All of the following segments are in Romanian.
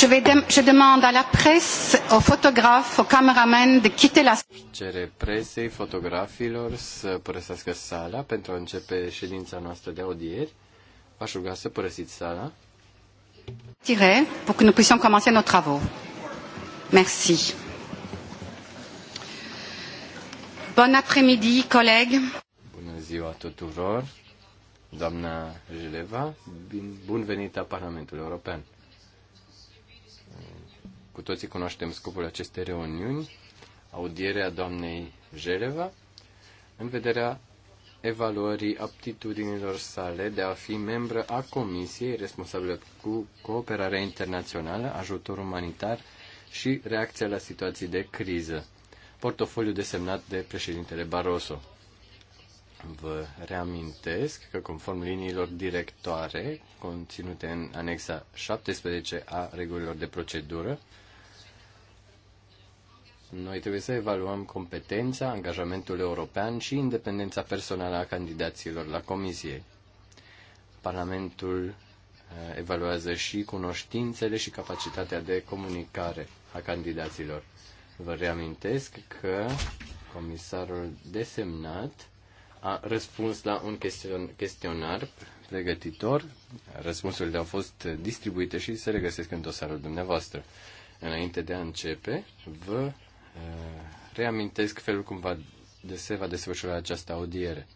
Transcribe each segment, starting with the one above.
Je, vais de je demande à la presse, aux photographes, aux caméramans de quitter la Cere presei, fotografilor să părăsească sala pentru a începe ședința noastră de audieri. V-aș ruga să părăsiți sala. Tirez, pour que nous puissions commencer nos travaux. Merci. Bon après-midi, collègues. Bună ziua tuturor. Doamna Jeleva, bun venit la Parlamentul European. Cu toții cunoaștem scopul acestei reuniuni, audierea doamnei Jereva, în vederea evaluării aptitudinilor sale de a fi membră a Comisiei responsabilă cu cooperarea internațională, ajutor umanitar și reacția la situații de criză, portofoliu desemnat de președintele Barroso. Vă reamintesc că conform liniilor directoare conținute în anexa 17 a regulilor de procedură, noi trebuie să evaluăm competența, angajamentul european și independența personală a candidaților la comisie. Parlamentul eh, evaluează și cunoștințele și capacitatea de comunicare a candidaților. Vă reamintesc că comisarul desemnat a răspuns la un chestionar pregătitor. Răspunsurile au fost distribuite și se regăsesc în dosarul dumneavoastră. Înainte de a începe, vă reamintesc felul cum va, de se va desfășura această audiere.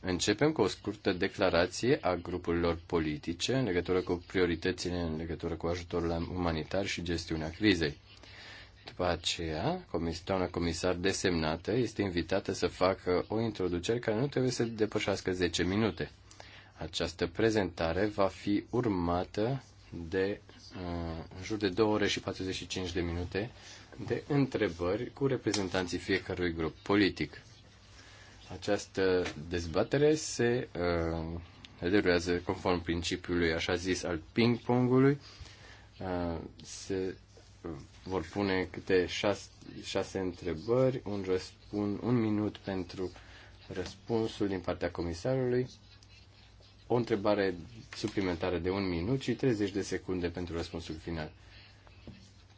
Începem cu o scurtă declarație a grupurilor politice în legătură cu prioritățile în legătură cu ajutorul umanitar și gestiunea crizei. După aceea, doamna comisar desemnată este invitată să facă o introducere care nu trebuie să depășească 10 minute. Această prezentare va fi urmată de uh, în jur de 2 ore și 45 de minute de întrebări cu reprezentanții fiecărui grup politic. Această dezbatere se uh, derulează conform principiului așa zis al ping-pongului. Uh, se vor pune câte șase, șase întrebări, un, răspun, un minut pentru răspunsul din partea comisarului, o întrebare suplimentară de un minut și 30 de secunde pentru răspunsul final.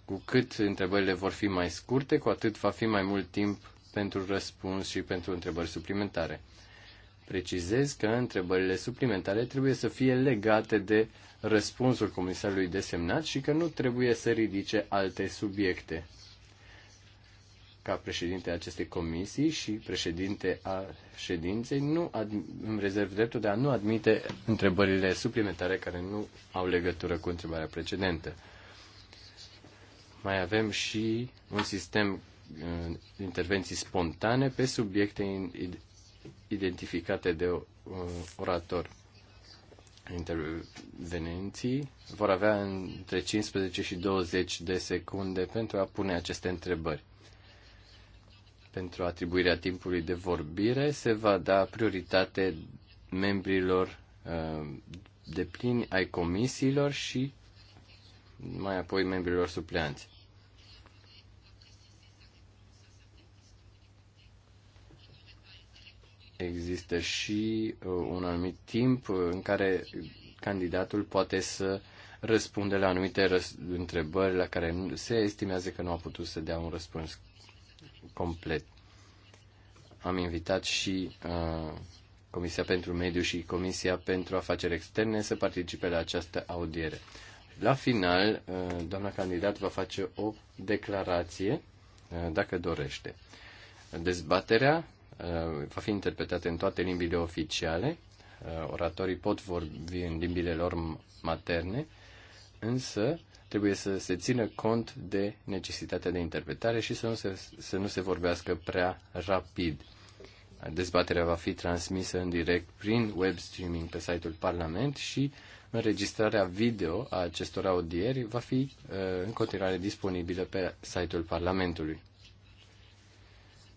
Cu cât întrebările vor fi mai scurte, cu atât va fi mai mult timp pentru răspuns și pentru întrebări suplimentare. Precizez că întrebările suplimentare trebuie să fie legate de răspunsul comisarului desemnat și că nu trebuie să ridice alte subiecte. Ca președinte acestei comisii și președinte a ședinței, nu ad- îmi rezerv dreptul de a nu admite întrebările suplimentare care nu au legătură cu întrebarea precedentă mai avem și un sistem de uh, intervenții spontane pe subiecte identificate de uh, orator. Intervenenții vor avea între 15 și 20 de secunde pentru a pune aceste întrebări. Pentru atribuirea timpului de vorbire se va da prioritate membrilor uh, de plin ai comisiilor și mai apoi membrilor supleanți. există și uh, un anumit timp în care candidatul poate să răspunde la anumite întrebări la care se estimează că nu a putut să dea un răspuns complet. Am invitat și uh, Comisia pentru Mediu și Comisia pentru Afaceri Externe să participe la această audiere. La final, uh, doamna candidat va face o declarație, uh, dacă dorește. Dezbaterea Uh, va fi interpretată în toate limbile oficiale. Uh, oratorii pot vorbi în limbile lor materne, însă trebuie să se țină cont de necesitatea de interpretare și să nu se, să nu se vorbească prea rapid. Uh, dezbaterea va fi transmisă în direct prin web streaming pe site-ul Parlament și înregistrarea video a acestor audieri va fi în continuare disponibilă pe site-ul Parlamentului.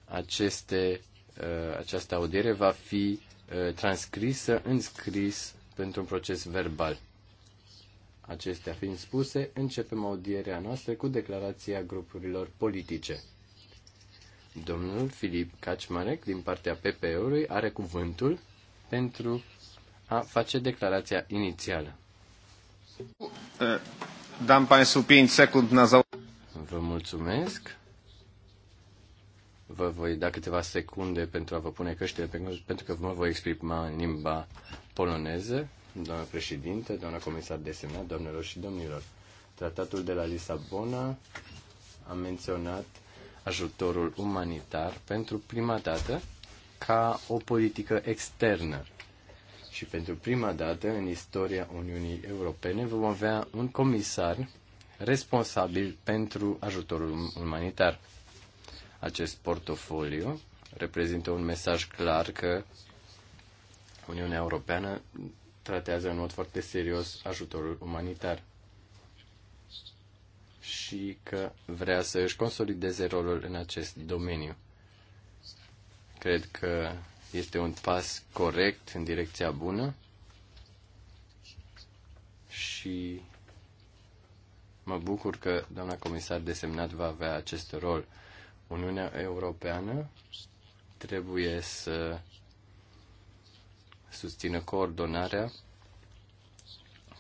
Aceste Uh, această audiere va fi uh, transcrisă în scris pentru un proces verbal. Acestea fiind spuse, începem audierea noastră cu declarația grupurilor politice. Domnul Filip Kaczmarek, din partea PPE-ului, are cuvântul pentru a face declarația inițială. 5 uh, Vă mulțumesc. Vă voi da câteva secunde pentru a vă pune căștile, pentru că mă voi exprima în limba poloneză, doamna președinte, doamna comisar de semnat, doamnelor și domnilor. Tratatul de la Lisabona a menționat ajutorul umanitar pentru prima dată ca o politică externă. Și pentru prima dată în istoria Uniunii Europene vom avea un comisar responsabil pentru ajutorul umanitar. Acest portofoliu reprezintă un mesaj clar că Uniunea Europeană tratează în mod foarte serios ajutorul umanitar și că vrea să își consolideze rolul în acest domeniu. Cred că este un pas corect în direcția bună și mă bucur că doamna comisar desemnat va avea acest rol. Uniunea Europeană trebuie să susțină coordonarea,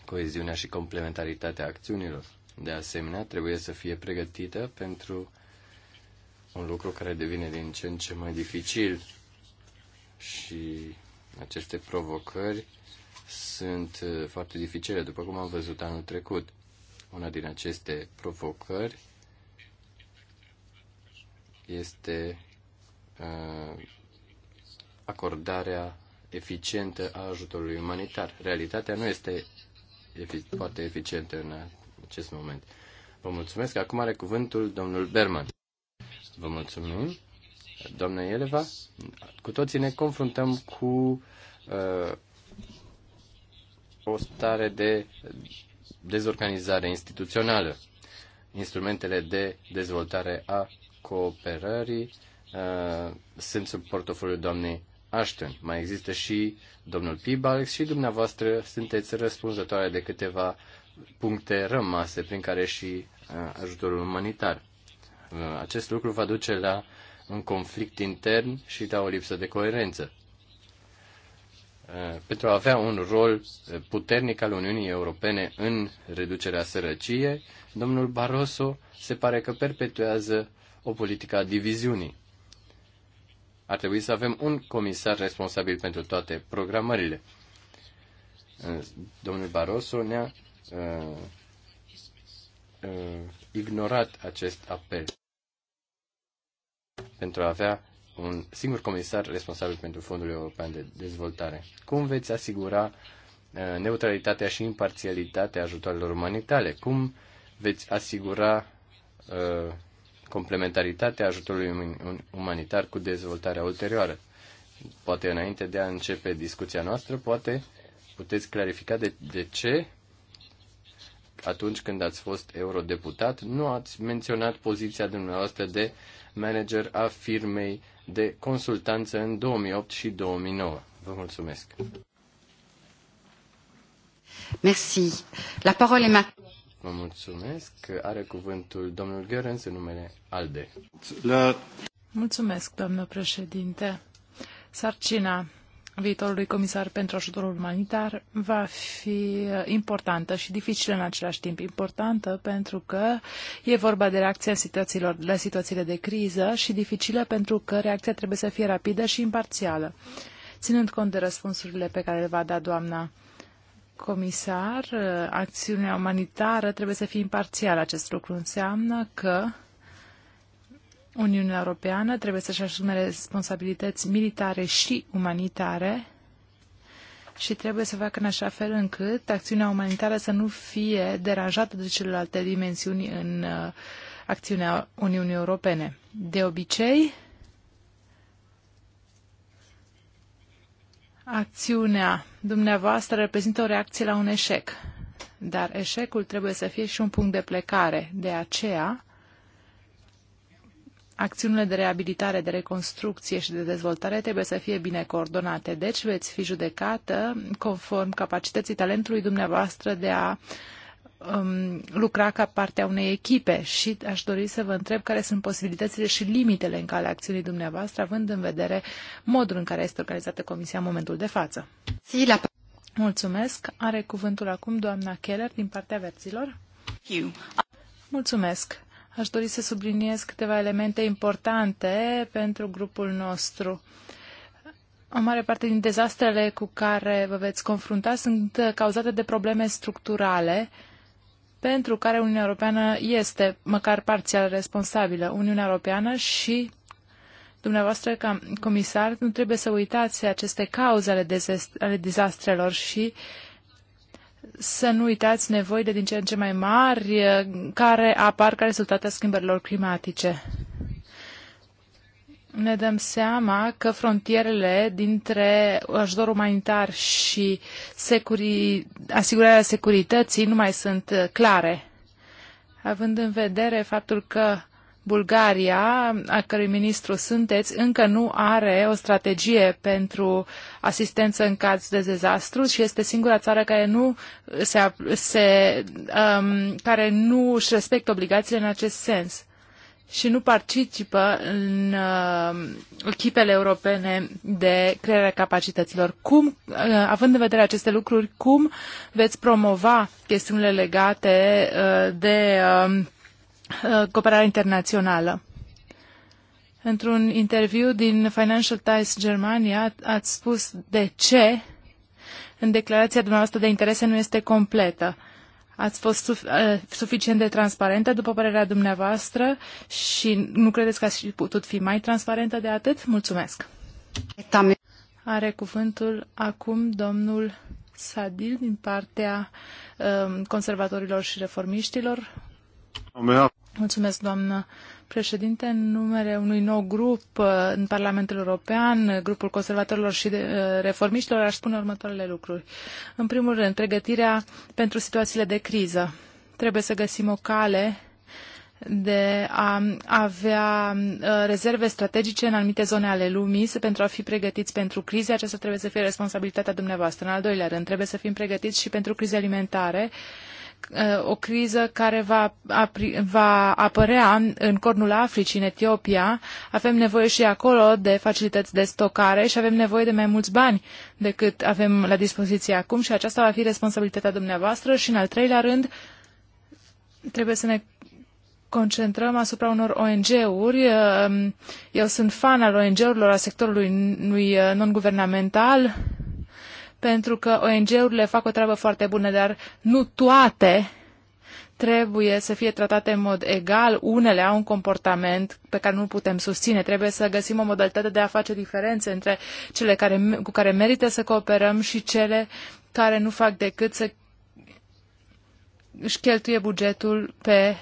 coeziunea și complementaritatea acțiunilor. De asemenea, trebuie să fie pregătită pentru un lucru care devine din ce în ce mai dificil și aceste provocări sunt uh, foarte dificile, după cum am văzut anul trecut. Una din aceste provocări este uh, acordarea eficientă a ajutorului umanitar. Realitatea nu este efic- foarte eficientă în acest moment. Vă mulțumesc. Acum are cuvântul domnul Berman. Vă mulțumim. Doamna Eleva, cu toții ne confruntăm cu uh, o stare de dezorganizare instituțională. Instrumentele de dezvoltare a cooperării uh, sunt sub portofoliul doamnei Ashton. Mai există și domnul Pibalex și dumneavoastră sunteți răspunzătoare de câteva puncte rămase, prin care și uh, ajutorul umanitar. Uh, acest lucru va duce la un conflict intern și la o lipsă de coerență. Uh, pentru a avea un rol uh, puternic al Uniunii Europene în reducerea sărăciei, domnul Barroso se pare că perpetuează o politică a diviziunii. Ar trebui să avem un comisar responsabil pentru toate programările. Uh, domnul Barroso ne-a uh, uh, ignorat acest apel pentru a avea un singur comisar responsabil pentru Fondul European de Dezvoltare. Cum veți asigura uh, neutralitatea și imparțialitatea ajutoarelor umanitare? Cum veți asigura uh, complementaritatea ajutorului umanitar cu dezvoltarea ulterioară. Poate înainte de a începe discuția noastră, poate puteți clarifica de, de ce atunci când ați fost eurodeputat, nu ați menționat poziția dumneavoastră de manager a firmei de consultanță în 2008 și 2009. Vă mulțumesc. Merci. La parole est Vă mulțumesc. Are cuvântul domnul Gheorens în numele ALDE. La... Mulțumesc, domnul președinte. Sarcina viitorului comisar pentru ajutorul umanitar va fi importantă și dificilă în același timp. Importantă pentru că e vorba de reacția situațiilor, la situațiile de criză și dificilă pentru că reacția trebuie să fie rapidă și imparțială. Ținând cont de răspunsurile pe care le va da doamna comisar, uh, acțiunea umanitară trebuie să fie imparțială. Acest lucru înseamnă că Uniunea Europeană trebuie să-și asume responsabilități militare și umanitare și trebuie să facă în așa fel încât acțiunea umanitară să nu fie deranjată de celelalte dimensiuni în uh, acțiunea Uniunii Europene. De obicei, acțiunea dumneavoastră reprezintă o reacție la un eșec, dar eșecul trebuie să fie și un punct de plecare. De aceea, acțiunile de reabilitare, de reconstrucție și de dezvoltare trebuie să fie bine coordonate. Deci veți fi judecată conform capacității talentului dumneavoastră de a um, lucra ca parte a unei echipe și aș dori să vă întreb care sunt posibilitățile și limitele în calea acțiunii dumneavoastră, având în vedere modul în care este organizată Comisia în momentul de față. Mulțumesc. Are cuvântul acum doamna Keller din partea verților. Mulțumesc. Aș dori să subliniez câteva elemente importante pentru grupul nostru. O mare parte din dezastrele cu care vă veți confrunta sunt cauzate de probleme structurale pentru care Uniunea Europeană este măcar parțial responsabilă. Uniunea Europeană și dumneavoastră ca comisar nu trebuie să uitați aceste cauze ale, ale dezastrelor și să nu uitați nevoile din ce în ce mai mari care apar ca rezultate a schimbărilor climatice ne dăm seama că frontierele dintre ajutor umanitar și securi... asigurarea securității nu mai sunt clare. Având în vedere faptul că Bulgaria, a cărui ministru sunteți, încă nu are o strategie pentru asistență în caz de dezastru și este singura țară care nu, se, se, um, care nu își respectă obligațiile în acest sens și nu participă în uh, echipele europene de a capacităților. Cum, uh, având în vedere aceste lucruri, cum veți promova chestiunile legate uh, de um, uh, cooperare internațională? Într-un interviu din Financial Times Germania ați spus de ce în declarația dumneavoastră de interese nu este completă ați fost eh, suficient de transparentă, după părerea dumneavoastră, și nu credeți că ați putut fi mai transparentă de atât? Mulțumesc! Are cuvântul acum domnul Sadil din partea eh, conservatorilor și reformiștilor. Mulțumesc, doamnă președinte în numele unui nou grup uh, în Parlamentul European, uh, grupul conservatorilor și uh, reformiștilor, aș spune următoarele lucruri. În primul rând, pregătirea pentru situațiile de criză. Trebuie să găsim o cale de a avea rezerve strategice în anumite zone ale lumii pentru a fi pregătiți pentru crize. Aceasta trebuie să fie responsabilitatea dumneavoastră. În al doilea rând, trebuie să fim pregătiți și pentru crize alimentare. Uh, Uh, o criză care va, apri, va apărea în cornul Africii, în Etiopia. Avem nevoie și acolo de facilități de stocare și avem nevoie de mai mulți bani decât avem la dispoziție acum și aceasta va fi responsabilitatea dumneavoastră. Și în al treilea rând, trebuie să ne concentrăm asupra unor ONG-uri. Uh, eu sunt fan al ONG-urilor, a sectorului uh, non-guvernamental pentru că ONG-urile fac o treabă foarte bună, dar nu toate trebuie să fie tratate în mod egal. Unele au un comportament pe care nu putem susține. Trebuie să găsim o modalitate de a face diferențe între cele care, cu care merită să cooperăm și cele care nu fac decât să își cheltuie bugetul pe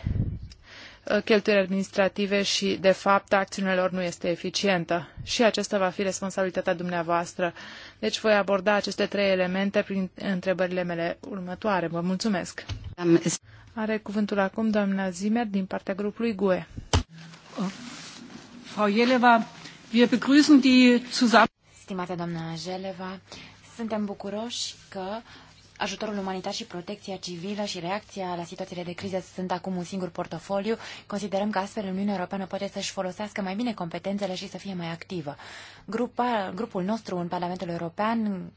uh, cheltuieli administrative și, de fapt, acțiunea lor nu este eficientă. Și aceasta va fi responsabilitatea dumneavoastră deci voi aborda aceste trei elemente prin întrebările mele următoare. Vă mulțumesc! Are cuvântul acum doamna Zimmer din partea grupului GUE. Frau Jeleva, wir begrüßen die zusammen... Stimată doamna Jeleva, suntem bucuroși că ajutorul umanitar și protecția civilă și reacția la situațiile de criză sunt acum un singur portofoliu, considerăm că astfel Uniunea Europeană poate să-și folosească mai bine competențele și să fie mai activă. Grupa, grupul nostru în Parlamentul European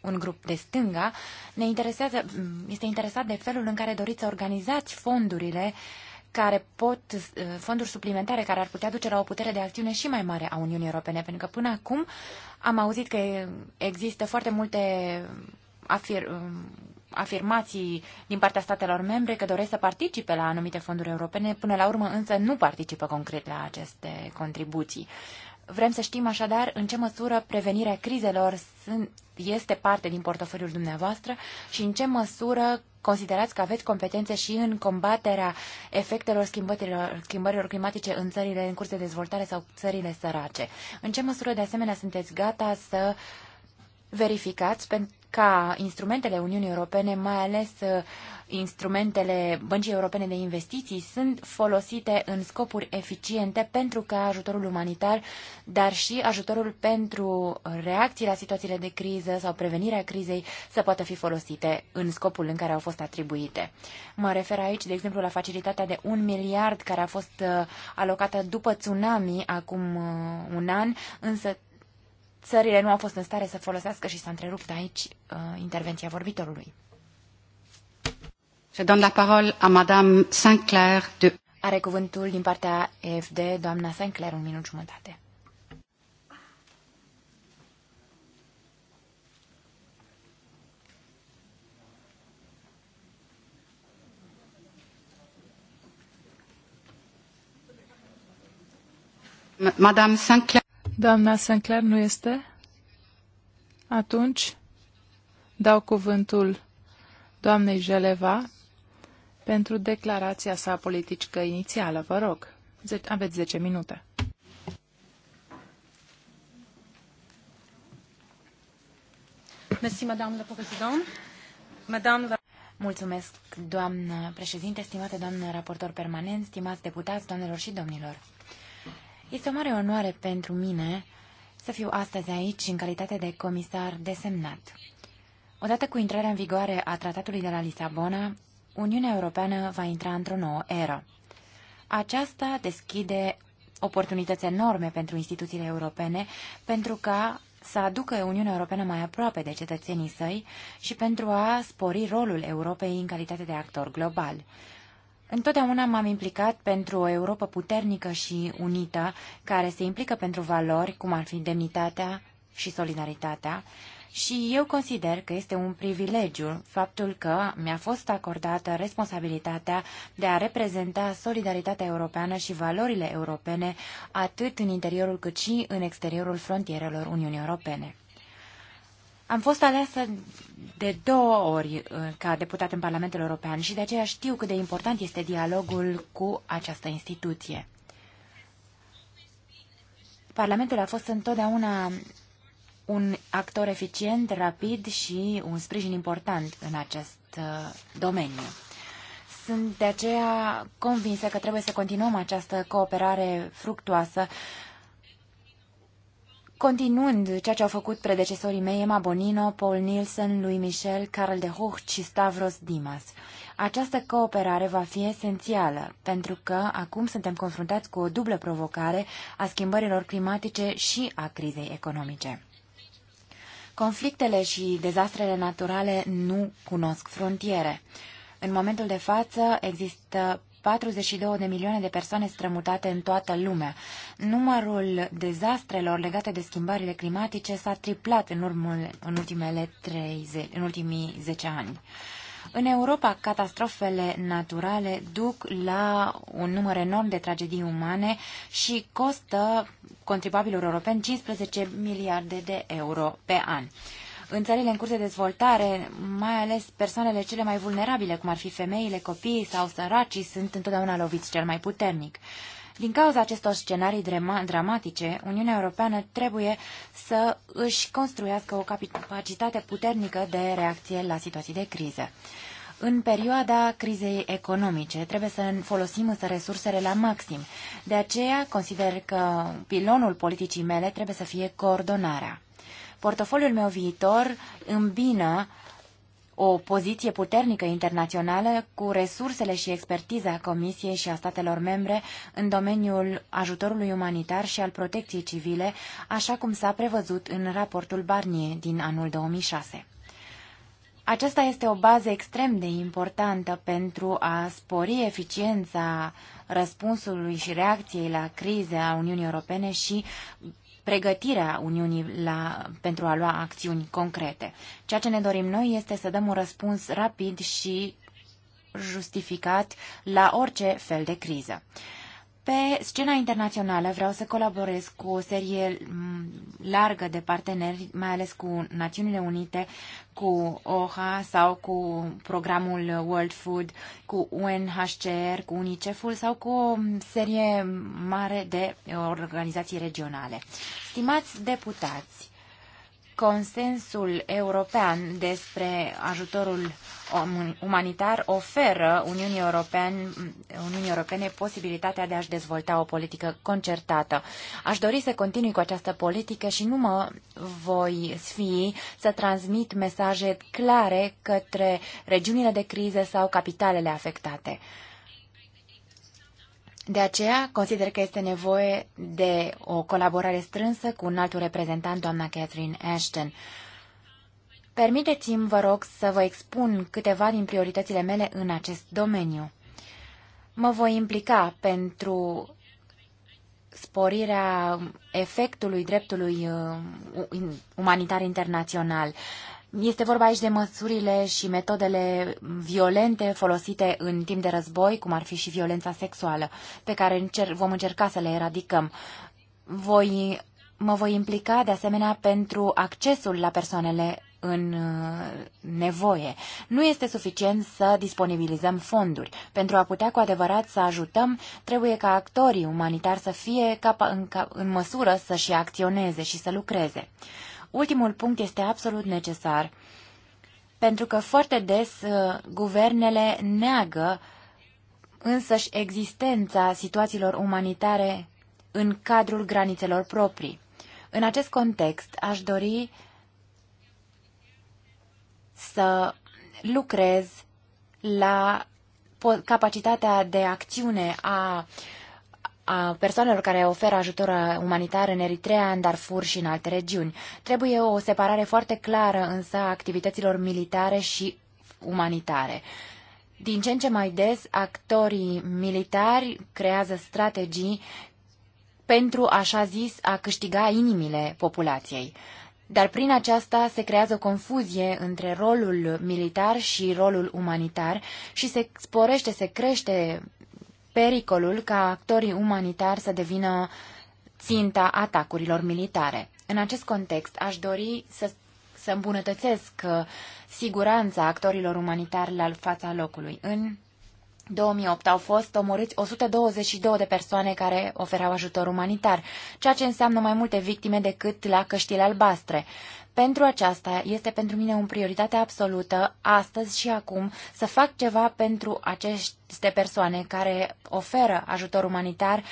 un grup de stânga, ne interesează, este interesat de felul în care doriți să organizați fondurile care pot, fonduri suplimentare care ar putea duce la o putere de acțiune și mai mare a Uniunii Europene, pentru că până acum am auzit că există foarte multe afir, um, afirmații din partea statelor membre că doresc să participe la anumite fonduri europene, până la urmă însă nu participă concret la aceste contribuții. Vrem să știm așadar în ce măsură prevenirea crizelor este parte din portofoliul dumneavoastră și în ce măsură considerați că aveți competențe și în combaterea efectelor schimbărilor, schimbărilor climatice în țările în curs de dezvoltare sau țările sărace. În ce măsură de asemenea sunteți gata să uh, verificați ca instrumentele Uniunii Europene, mai ales uh, instrumentele Băncii Europene de Investiții, sunt folosite în scopuri eficiente pentru ca ajutorul umanitar, dar și ajutorul pentru reacții la situațiile de criză sau prevenirea crizei să poată fi folosite în scopul în care au fost atribuite. Mă refer aici, de exemplu, la facilitatea de un miliard care a fost uh, alocată după tsunami acum uh, un an, însă țările nu au fost în stare să folosească și s-a întrerupt aici uh, intervenția vorbitorului. Je donne la parole à Madame Sinclair de... Are cuvântul din partea EFD, doamna Sinclair, un minut jumătate. Madame Sinclair. Doamna Sinclair nu este? Atunci dau cuvântul doamnei Jeleva pentru declarația sa politică inițială. Vă rog, aveți 10 minute. Mersi, madame la présidente. Madame la... Mulțumesc, doamnă președinte, stimată doamnă raportor permanent, stimați deputați, doamnelor și domnilor. Este o mare onoare pentru mine să fiu astăzi aici în calitate de comisar desemnat. Odată cu intrarea în vigoare a Tratatului de la Lisabona, Uniunea Europeană va intra într-o nouă eră. Aceasta deschide oportunități enorme pentru instituțiile europene pentru ca să aducă Uniunea Europeană mai aproape de cetățenii săi și pentru a spori rolul Europei în calitate de actor global. Întotdeauna m-am implicat pentru o Europa puternică și unită, care se implică pentru valori, cum ar fi demnitatea și solidaritatea, și eu consider că este un privilegiu faptul că mi-a fost acordată responsabilitatea de a reprezenta solidaritatea europeană și valorile europene atât în interiorul cât și în exteriorul frontierelor Uniunii Europene. Am fost aleasă de două ori uh, ca deputat în Parlamentul European și de aceea știu cât de important este dialogul cu această instituție. Parlamentul a fost întotdeauna un actor eficient, rapid și un sprijin important în acest uh, domeniu. Sunt de aceea convinsă că trebuie să continuăm această cooperare fructuoasă Continuând ceea ce au făcut predecesorii mei Emma Bonino, Paul Nielsen, lui Michel, Carl de Hoch și Stavros Dimas. Această cooperare va fi esențială, pentru că acum suntem confruntați cu o dublă provocare a schimbărilor climatice și a crizei economice. Conflictele și dezastrele naturale nu cunosc frontiere. În momentul de față există 42 de milioane de persoane strămutate în toată lumea. Numărul dezastrelor legate de schimbările climatice s-a triplat în, urmul, în, ultimele 30, în ultimii 10 ani. În Europa, catastrofele naturale duc la un număr enorm de tragedii umane și costă contribuabilor europeni 15 miliarde de euro pe an în țările în curs de dezvoltare, mai ales persoanele cele mai vulnerabile, cum ar fi femeile, copiii sau săracii, sunt întotdeauna loviți cel mai puternic. Din cauza acestor scenarii dramatice, Uniunea Europeană trebuie să își construiască o capacitate puternică de reacție la situații de criză. În perioada crizei economice trebuie să folosim însă resursele la maxim. De aceea consider că pilonul politicii mele trebuie să fie coordonarea. Portofoliul meu viitor îmbină o poziție puternică internațională cu resursele și expertiza Comisiei și a statelor membre în domeniul ajutorului umanitar și al protecției civile, așa cum s-a prevăzut în raportul Barnier din anul 2006. Aceasta este o bază extrem de importantă pentru a spori eficiența răspunsului și reacției la crize a Uniunii Europene și pregătirea Uniunii la, pentru a lua acțiuni concrete. Ceea ce ne dorim noi este să dăm un răspuns rapid și justificat la orice fel de criză. Pe scena internațională vreau să colaborez cu o serie mm, largă de parteneri, mai ales cu Națiunile Unite, cu OHA sau cu programul World Food, cu UNHCR, cu UNICEF-ul sau cu o serie mare de organizații regionale. Stimați deputați, Consensul european despre ajutorul umanitar oferă Uniunii, Europene, Uniunii Europene posibilitatea de a-și dezvolta o politică concertată. Aș dori să continui cu această politică și nu mă voi sfii să transmit mesaje clare către regiunile de criză sau capitalele afectate. De aceea, consider că este nevoie de o colaborare strânsă cu un alt reprezentant, doamna Catherine Ashton. Permiteți-mi, vă rog, să vă expun câteva din prioritățile mele în acest domeniu. Mă voi implica pentru sporirea efectului dreptului uh, umanitar internațional. Este vorba aici de măsurile și metodele violente folosite în timp de război, cum ar fi și violența sexuală, pe care încer- vom încerca să le eradicăm. Voi, mă voi implica, de asemenea, pentru accesul la persoanele în uh, nevoie. Nu este suficient să disponibilizăm fonduri. Pentru a putea cu adevărat să ajutăm, trebuie ca actorii umanitari să fie capa, în, în măsură să și acționeze și să lucreze. Ultimul punct este absolut necesar, pentru că foarte des uh, guvernele neagă însăși existența situațiilor umanitare în cadrul granițelor proprii. În acest context, aș dori să lucrez la capacitatea de acțiune a uh, a persoanelor care oferă ajutor umanitar în Eritrea, în Darfur și în alte regiuni. Trebuie o separare foarte clară însă a activităților militare și umanitare. Din ce în ce mai des, actorii militari creează strategii pentru, așa zis, a câștiga inimile populației. Dar prin aceasta se creează o confuzie între rolul militar și rolul umanitar și se sporește, se crește pericolul ca actorii umanitari să devină ținta atacurilor militare. În acest context, aș dori să, să îmbunătățesc uh, siguranța actorilor umanitari la fața locului. În 2008 au fost omorâți 122 de persoane care oferau ajutor umanitar, ceea ce înseamnă mai multe victime decât la căștile albastre. Pentru aceasta este pentru mine o prioritate absolută, astăzi și acum, să fac ceva pentru aceste persoane care oferă ajutor umanitar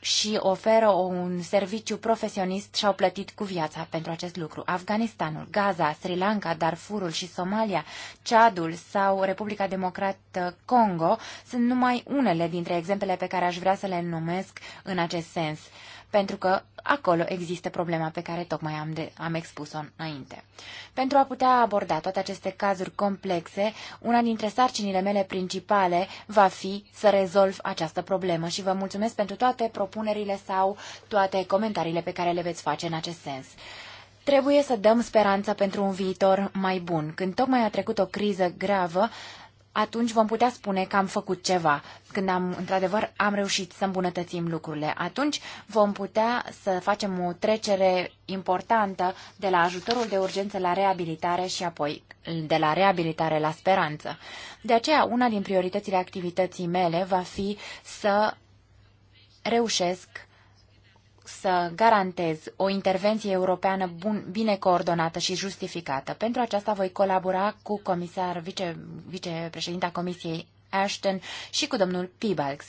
și oferă un serviciu profesionist și au plătit cu viața pentru acest lucru. Afganistanul, Gaza, Sri Lanka, Darfurul și Somalia, Chadul sau Republica Democrată Congo sunt numai unele dintre exemplele pe care aș vrea să le numesc în acest sens pentru că acolo există problema pe care tocmai am, de, am expus-o înainte. Pentru a putea aborda toate aceste cazuri complexe, una dintre sarcinile mele principale va fi să rezolv această problemă și vă mulțumesc pentru toate propunerile sau toate comentariile pe care le veți face în acest sens. Trebuie să dăm speranță pentru un viitor mai bun. Când tocmai a trecut o criză gravă, atunci vom putea spune că am făcut ceva, când am, într-adevăr, am reușit să îmbunătățim lucrurile. Atunci vom putea să facem o trecere importantă de la ajutorul de urgență la reabilitare și apoi de la reabilitare la speranță. De aceea, una din prioritățile activității mele va fi să reușesc să garantez o intervenție europeană bun, bine coordonată și justificată. Pentru aceasta voi colabora cu comisar, vice, vicepreședinta Comisiei Ashton și cu domnul Pibalx.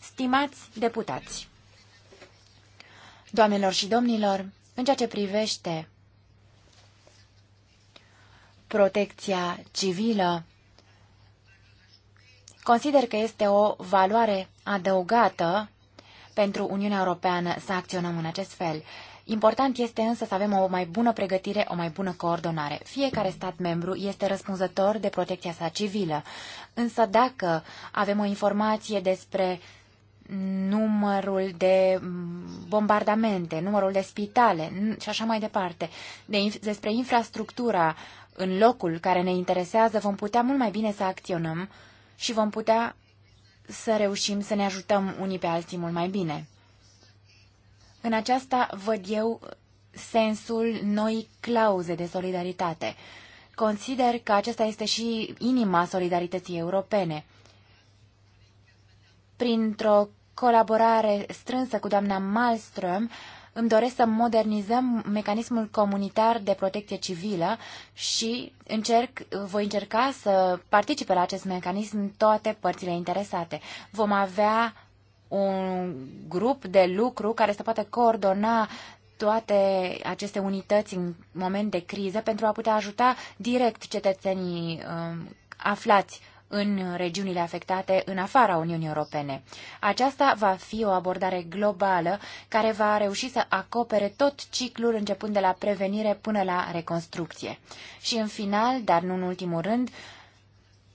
Stimați deputați, doamnelor și domnilor, în ceea ce privește protecția civilă, consider că este o valoare adăugată pentru Uniunea Europeană să acționăm în acest fel. Important este însă să avem o mai bună pregătire, o mai bună coordonare. Fiecare stat membru este răspunzător de protecția sa civilă, însă dacă avem o informație despre numărul de bombardamente, numărul de spitale și așa mai departe, de, despre infrastructura în locul care ne interesează, vom putea mult mai bine să acționăm și vom putea să reușim să ne ajutăm unii pe alții mult mai bine. În aceasta văd eu sensul noi clauze de solidaritate. Consider că acesta este și inima solidarității europene. Printr-o colaborare strânsă cu doamna Malmström, îmi doresc să modernizăm mecanismul comunitar de protecție civilă și încerc, voi încerca să participe la acest mecanism toate părțile interesate. Vom avea un grup de lucru care să poată coordona toate aceste unități în moment de criză pentru a putea ajuta direct cetățenii um, aflați în regiunile afectate în afara Uniunii Europene. Aceasta va fi o abordare globală care va reuși să acopere tot ciclul începând de la prevenire până la reconstrucție. Și în final, dar nu în ultimul rând,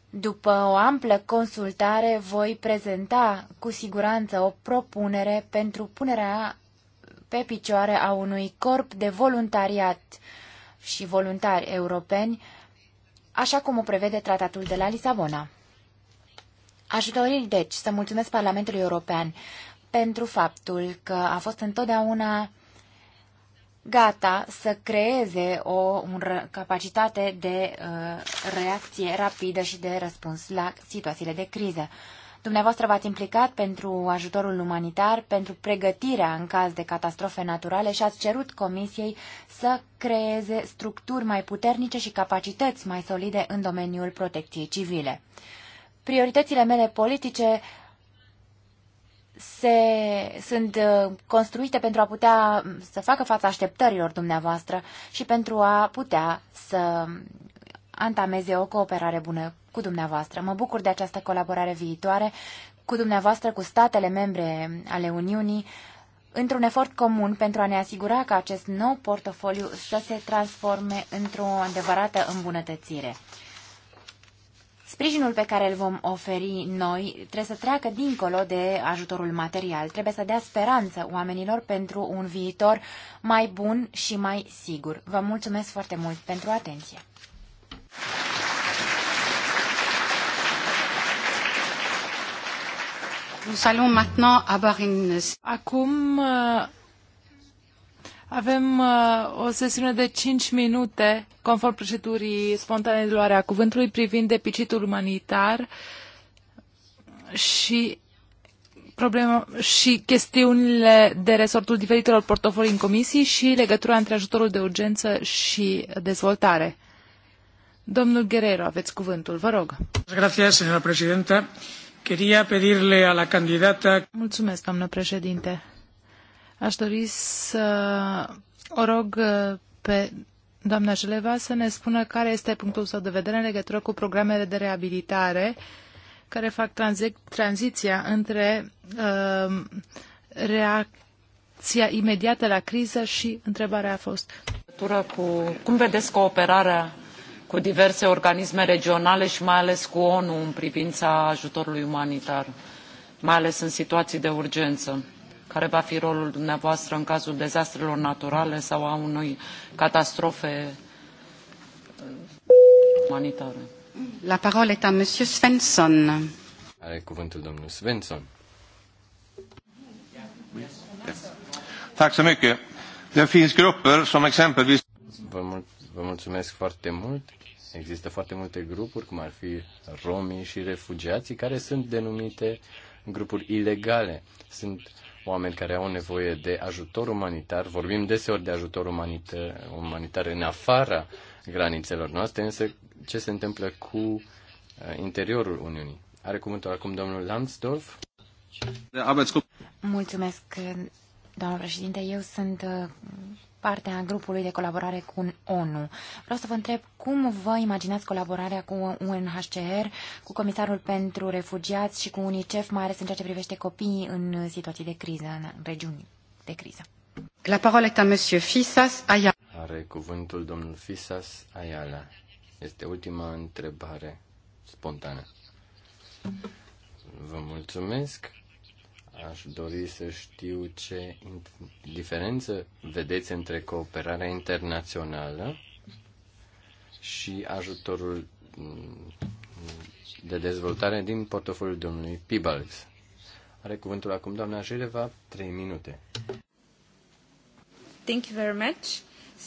după o amplă consultare, voi prezenta cu siguranță o propunere pentru punerea pe picioare a unui corp de voluntariat și voluntari europeni așa cum o prevede tratatul de la Lisabona. Aș dori, deci, să mulțumesc Parlamentului European pentru faptul că a fost întotdeauna gata să creeze o un, capacitate de uh, reacție rapidă și de răspuns la situațiile de criză. Uh, Dumneavoastră v-ați implicat pentru ajutorul umanitar, pentru pregătirea în caz de catastrofe naturale și ați cerut Comisiei să creeze structuri mai puternice și capacități mai solide în domeniul protecției civile. Prioritățile mele politice se, sunt uh, construite pentru a putea să facă fața așteptărilor dumneavoastră și pentru a putea să Meze, o cooperare bună cu dumneavoastră. Mă bucur de această colaborare viitoare cu dumneavoastră, cu statele membre ale Uniunii, într-un efort comun pentru a ne asigura că acest nou portofoliu să se transforme într-o adevărată îmbunătățire. Sprijinul pe care îl vom oferi noi trebuie să treacă dincolo de ajutorul material. Trebuie să dea speranță oamenilor pentru un viitor mai bun și mai sigur. Vă mulțumesc foarte mult pentru atenție! Acum uh, avem uh, o sesiune de 5 minute, conform procedurii spontane de luare a cuvântului, privind deficitul umanitar și problema și chestiunile de resortul diferitelor portofolii în comisii și legătura între ajutorul de urgență și dezvoltare. Domnul Guerrero, aveți cuvântul, vă rog. Mulțumesc, doamnă președinte. Aș dori să o rog uh, pe doamna Jeleva să ne spună care este punctul său de vedere în legătură cu programele de reabilitare care fac tranziția între uh, reacția imediată la criză și întrebarea a fost. Cu, cum vedeți cooperarea cu diverse organisme regionale și mai ales cu onu în privința ajutorului umanitar mai ales în situații de urgență care va fi rolul dumneavoastră în cazul dezastrelor naturale sau a unei catastrofe uh, umanitare. La parole est à monsieur Svensson. Are cuvântul domnul Svensson. Tack så mycket. Det finns grupper som exempelvis Vă Vă mulțumesc foarte mult. Există foarte multe grupuri, cum ar fi romii și refugiații, care sunt denumite grupuri ilegale. Sunt oameni care au nevoie de ajutor umanitar. Vorbim deseori de ajutor umanitar, umanitar în afara granițelor noastre, însă ce se întâmplă cu uh, interiorul Uniunii? Are cuvântul acum domnul Lansdorf. Mulțumesc, doamnă președinte. Eu sunt uh, parte a grupului de colaborare cu ONU. Vreau să vă întreb cum vă imaginați colaborarea cu UNHCR, cu Comisarul pentru Refugiați și cu UNICEF, mai ales în ceea ce privește copiii în situații de criză, în regiuni de criză. La parole este a monsieur Fisas Ayala. Are cuvântul domnul Fisas Ayala. Este ultima întrebare spontană. Vă mulțumesc aș dori să știu ce diferență vedeți între cooperarea internațională și ajutorul mm, de dezvoltare din portofoliul domnului Pibalgs. Are cuvântul acum doamna Jeleva, 3 minute. Thank you very much.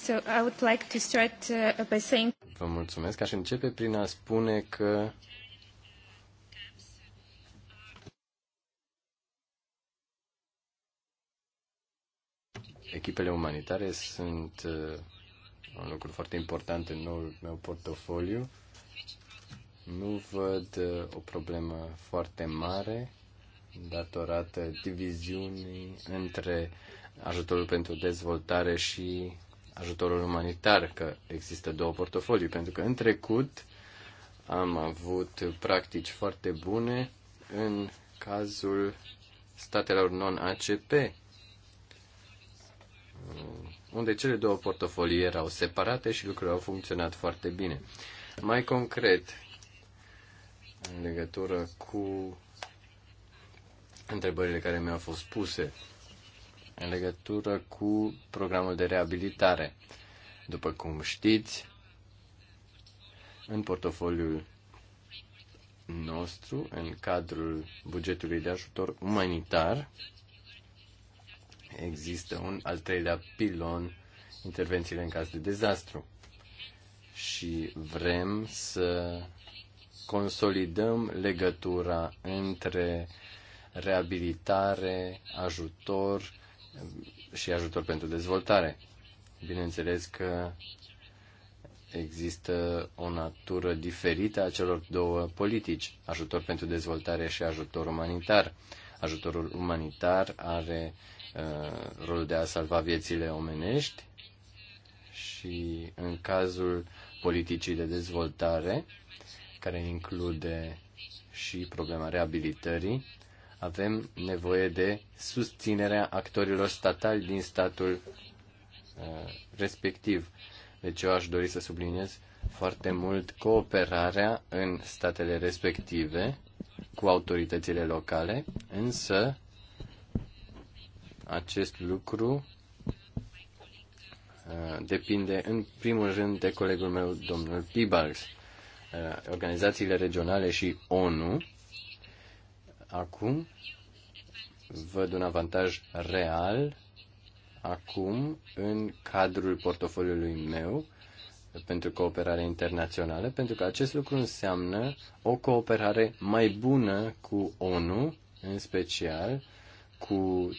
So I would like to start uh, by saying Vă mulțumesc. Aș începe prin a spune că echipele umanitare sunt uh, un lucru foarte important în noul meu portofoliu. Nu văd uh, o problemă foarte mare datorată diviziunii între ajutorul pentru dezvoltare și ajutorul umanitar, că există două portofolii, pentru că în trecut am avut practici foarte bune în cazul statelor non-ACP, unde cele două portofolii erau separate și lucrurile au funcționat foarte bine. Mai concret, în legătură cu întrebările care mi-au fost puse, în legătură cu programul de reabilitare. După cum știți, în portofoliul nostru, în cadrul bugetului de ajutor umanitar, există un al treilea pilon, intervențiile în caz de dezastru. Și vrem să consolidăm legătura între reabilitare, ajutor um, și ajutor pentru dezvoltare. Bineînțeles că există o natură diferită a celor două politici, ajutor pentru dezvoltare și ajutor umanitar. Ajutorul umanitar are uh, rolul de a salva viețile omenești și în cazul politicii de dezvoltare, care include și problema reabilitării, avem nevoie de susținerea actorilor statali din statul uh, respectiv. Deci eu aș dori să subliniez foarte mult cooperarea în statele respective cu autoritățile locale, însă acest lucru uh, depinde în primul rând de colegul meu, domnul Pibals. Uh, organizațiile regionale și ONU acum văd un avantaj real acum în cadrul portofoliului meu pentru cooperare internațională, pentru că acest lucru înseamnă o cooperare mai bună cu ONU, în special cu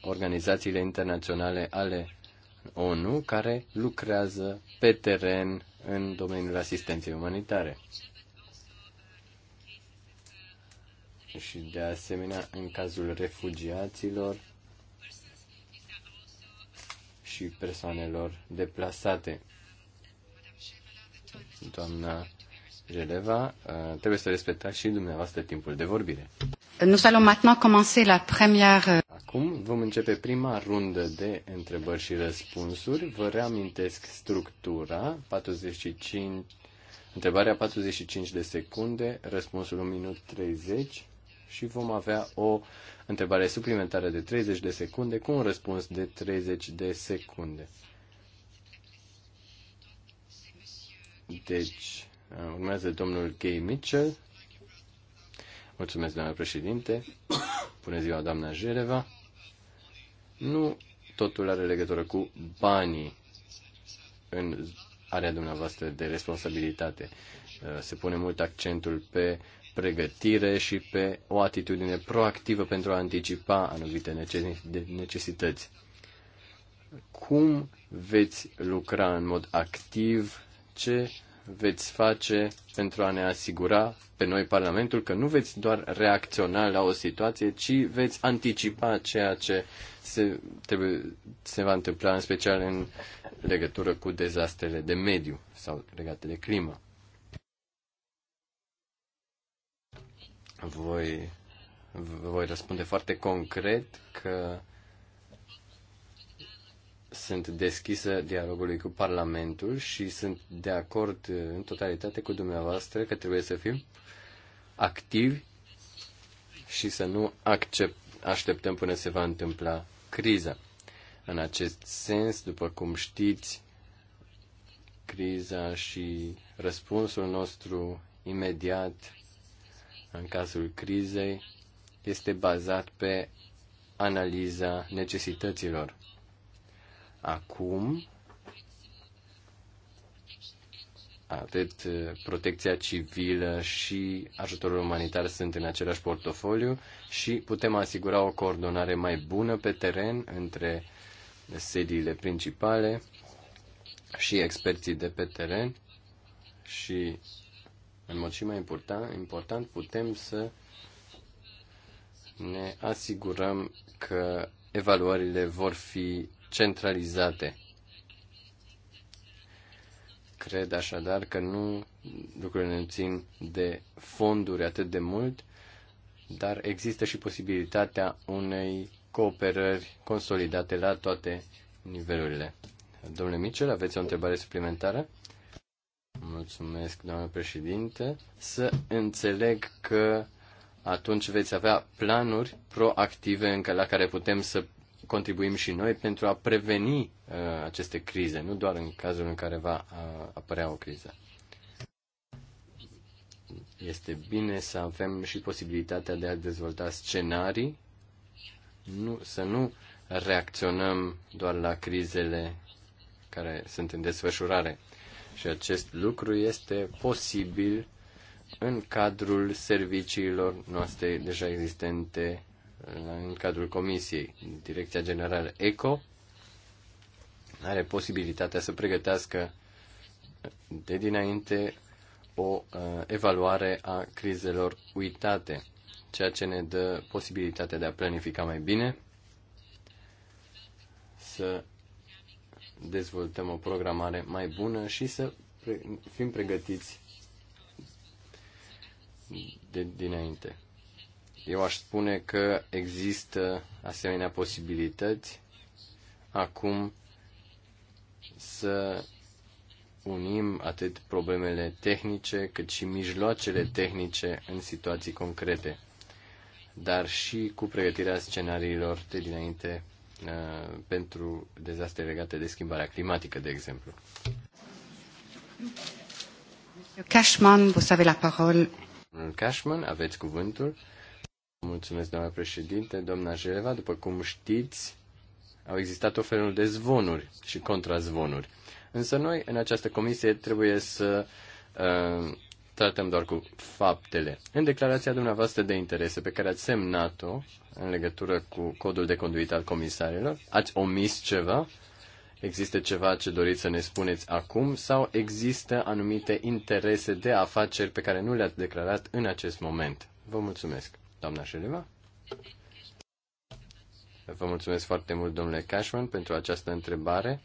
organizațiile internaționale ale ONU care lucrează pe teren în domeniul asistenței umanitare. Și de asemenea, în cazul refugiaților, și persoanelor deplasate. Doamna Geleva, uh, trebuie să respectați și dumneavoastră timpul de vorbire. Nous allons maintenant commencer la première... Euh, Acum vom începe prima rundă de întrebări și răspunsuri. Vă reamintesc structura 45 Întrebarea 45 de secunde, răspunsul 1 minut 30, și vom avea o întrebare suplimentară de 30 de secunde cu un răspuns de 30 de secunde. Deci, urmează domnul Gay Mitchell. Mulțumesc, doamna președinte. Bună ziua, doamna Jereva. Nu totul are legătură cu banii în area dumneavoastră de responsabilitate. Se pune mult accentul pe uh, pregătire și pe o atitudine proactivă pentru a anticipa anumite necesități. Cum veți lucra în mod activ? Ce veți face pentru a ne asigura pe noi Parlamentul că nu veți doar reacționa la o situație, ci veți anticipa ceea ce se, trebuie, se va întâmpla, în special în legătură cu dezastrele de mediu sau legate de climă. voi, voi răspunde foarte concret că sunt deschisă dialogului cu Parlamentul și sunt de acord în totalitate cu dumneavoastră că trebuie să fim activi și să nu accept, așteptăm până se va întâmpla criza. În acest sens, după cum știți, criza și răspunsul nostru imediat în cazul crizei este bazat pe analiza necesităților. Acum, atât protecția civilă și ajutorul umanitar sunt în același portofoliu și putem asigura o coordonare mai bună pe teren între sediile principale și experții de pe teren și în mod și mai important, important putem să ne asigurăm că evaluările vor fi centralizate. Cred așadar că nu lucrurile ne țin de fonduri atât de mult, dar există și posibilitatea unei cooperări consolidate la toate nivelurile. Domnule Mitchell, aveți o întrebare suplimentară? Mulțumesc, doamnă președinte. Să înțeleg că atunci veți avea planuri proactive încă la care putem să contribuim și noi pentru a preveni uh, aceste crize, nu doar în cazul în care va uh, apărea o criză. Este bine să avem și posibilitatea de a dezvolta scenarii, nu, să nu reacționăm doar la crizele care sunt în desfășurare. Și acest lucru este posibil în cadrul serviciilor noastre deja existente în cadrul comisiei. Direcția Generală ECO are posibilitatea să pregătească de dinainte o uh, evaluare a crizelor uitate, ceea ce ne dă posibilitatea de a planifica mai bine, să dezvoltăm o programare mai bună și să fim pregătiți de dinainte. Eu aș spune că există asemenea posibilități acum să unim atât problemele tehnice cât și mijloacele tehnice în situații concrete, dar și cu pregătirea scenariilor de dinainte Uh, pentru dezastre legate de schimbarea climatică, de exemplu. Cashman, vous avez la parole. Cashman, aveți cuvântul. Mulțumesc, doamna președinte. Doamna Jeleva, după cum știți, au existat o felul de zvonuri și contrazvonuri. Însă noi, în această comisie, trebuie să uh, tratăm doar cu faptele. În declarația dumneavoastră de interese pe care ați semnat-o în legătură cu codul de conduită al comisarilor, ați omis ceva? Există ceva ce doriți să ne spuneți acum sau există anumite interese de afaceri pe care nu le-ați declarat în acest moment? Vă mulțumesc, doamna Șeleva. Vă mulțumesc foarte mult, domnule Cashman, pentru această întrebare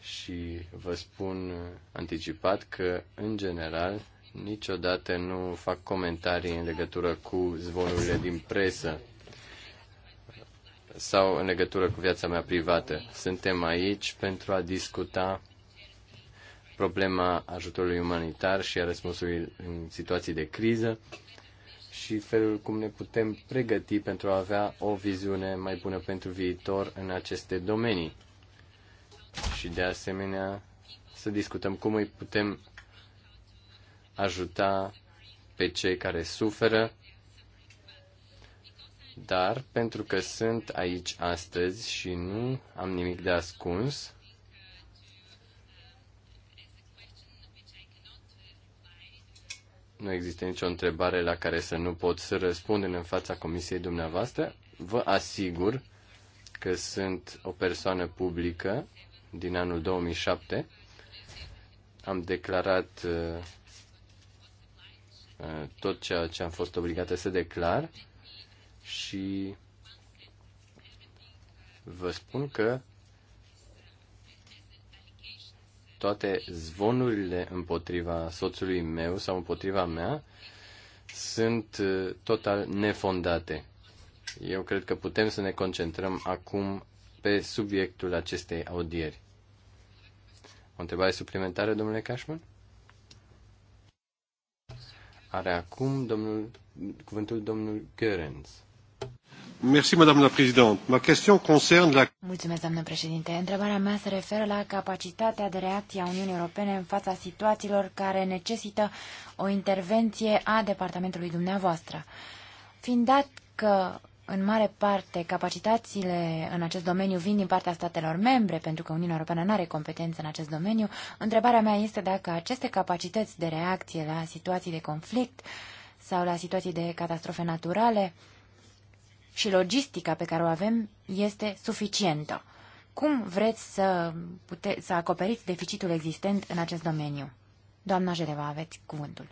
și vă spun anticipat că, în general, niciodată nu fac comentarii în legătură cu zvonurile din presă sau în legătură cu viața mea privată. Suntem aici pentru a discuta problema ajutorului umanitar și a răspunsului în situații de criză și felul cum ne putem pregăti pentru a avea o viziune mai bună pentru viitor în aceste domenii și de asemenea să discutăm cum îi putem ajuta pe cei care suferă, dar pentru că sunt aici astăzi și nu am nimic de ascuns, nu există nicio întrebare la care să nu pot să răspund în fața comisiei dumneavoastră, vă asigur că sunt o persoană publică din anul 2007 am declarat uh, uh, tot ceea ce am fost obligată să declar și vă spun că toate zvonurile împotriva soțului meu sau împotriva mea sunt uh, total nefondate. Eu cred că putem să ne concentrăm acum pe subiectul acestei audieri. O întrebare suplimentară, domnule Cashman? Are acum domnul, cuvântul domnul Görens. Merci, madame la présidente. Ma question concerne la... Mulțumesc, doamnă președinte. Întrebarea mea se referă la capacitatea de reacție a Uniunii Europene în fața situațiilor care necesită o intervenție a departamentului dumneavoastră. Fiind dat că în mare parte, capacitățile în acest domeniu vin din partea statelor membre, pentru că Uniunea Europeană nu are competențe în acest domeniu. Întrebarea mea este dacă aceste capacități de reacție la situații de conflict sau la situații de catastrofe naturale și logistica pe care o avem este suficientă. Cum vreți să, pute- să acoperiți deficitul existent în acest domeniu? Doamna Jereva, aveți cuvântul.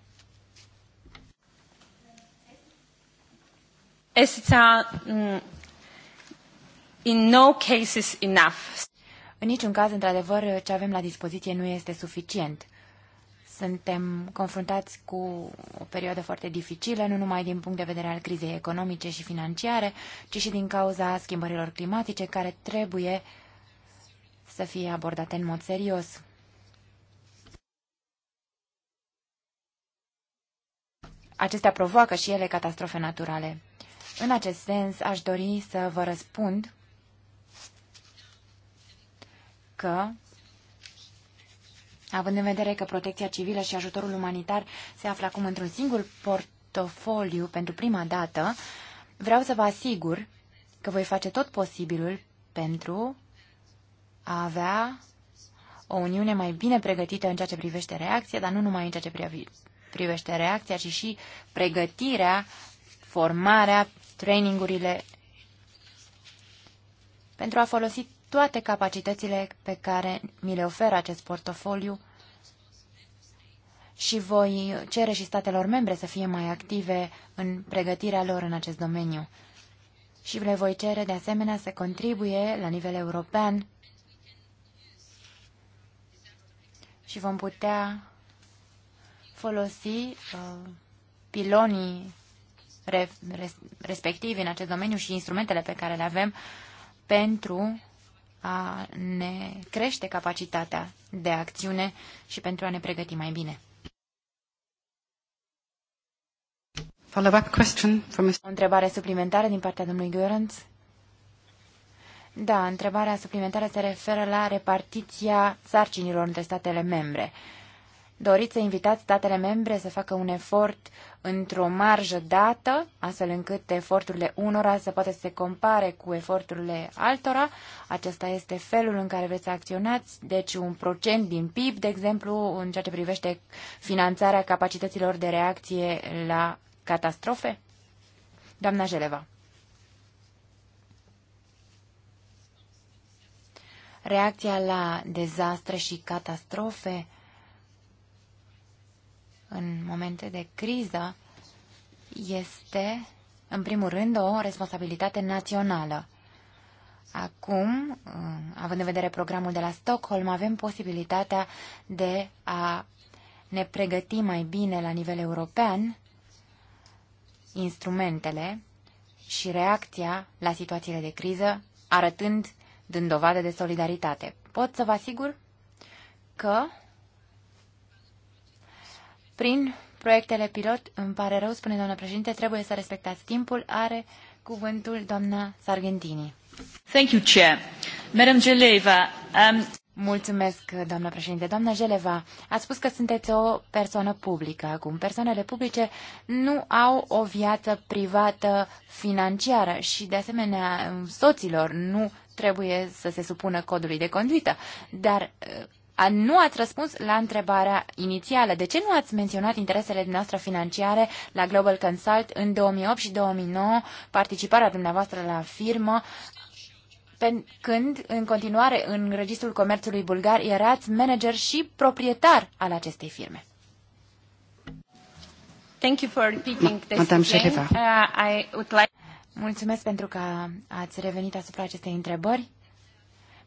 ESTA mm, in no cases enough. În niciun caz, într-adevăr, ce avem la dispoziție nu este suficient. Suntem confruntați cu o perioadă foarte dificilă, nu numai din punct de vedere al crizei economice și financiare, ci și din cauza schimbărilor climatice care trebuie să fie abordate în mod serios. Acestea provoacă și ele catastrofe naturale. În acest sens, aș dori să vă răspund că, având în vedere că protecția civilă și ajutorul umanitar se află acum într-un singur portofoliu pentru prima dată, vreau să vă asigur că voi face tot posibilul pentru a avea o Uniune mai bine pregătită în ceea ce privește reacția, dar nu numai în ceea ce privește reacția, ci și pregătirea, formarea trainingurile, pentru a folosi toate capacitățile pe care mi le oferă acest portofoliu și voi cere și statelor membre să fie mai active în pregătirea lor în acest domeniu. Și le voi cere de asemenea să contribuie la nivel european și vom putea folosi uh, pilonii respectiv în acest domeniu și instrumentele pe care le avem pentru a ne crește capacitatea de acțiune și pentru a ne pregăti mai bine. Follow-up question from... O întrebare suplimentară din partea domnului Görans. Da, întrebarea suplimentară se referă la repartiția sarcinilor între statele membre. Uh, doriți să invitați statele membre să facă un efort într-o marjă dată, astfel încât eforturile unora să poată să se compare cu eforturile altora. Acesta este felul în care vreți să acționați, deci un procent din PIB, de exemplu, în ceea ce privește finanțarea capacităților de reacție la catastrofe? Doamna Jeleva. Reacția la dezastre și catastrofe în momente de criză este, în primul rând, o responsabilitate națională. Acum, uh, având în vedere programul de la Stockholm, avem posibilitatea de a ne pregăti mai bine la nivel european instrumentele și reacția la situațiile de criză, arătând, dând dovadă de solidaritate. Pot să vă asigur că prin proiectele pilot, îmi pare rău, spune doamna președinte, trebuie să respectați timpul, are cuvântul doamna Sargentini. Thank you, Chair. Madam Geleva, um... Mulțumesc, doamna președinte. Doamna Geleva, ați spus că sunteți o persoană publică acum. Persoanele publice nu au o viață privată financiară și, de asemenea, soților nu trebuie să se supună codului de conduită. Dar a, nu ați răspuns la întrebarea inițială. De ce nu ați menționat interesele noastre financiare la Global Consult în 2008 și 2009, participarea dumneavoastră la firmă, pe, când, în continuare, în Registrul Comerțului Bulgar erați manager și proprietar al acestei firme? Thank you for repeating this again. Uh, I would like... Mulțumesc pentru că ați revenit asupra acestei întrebări.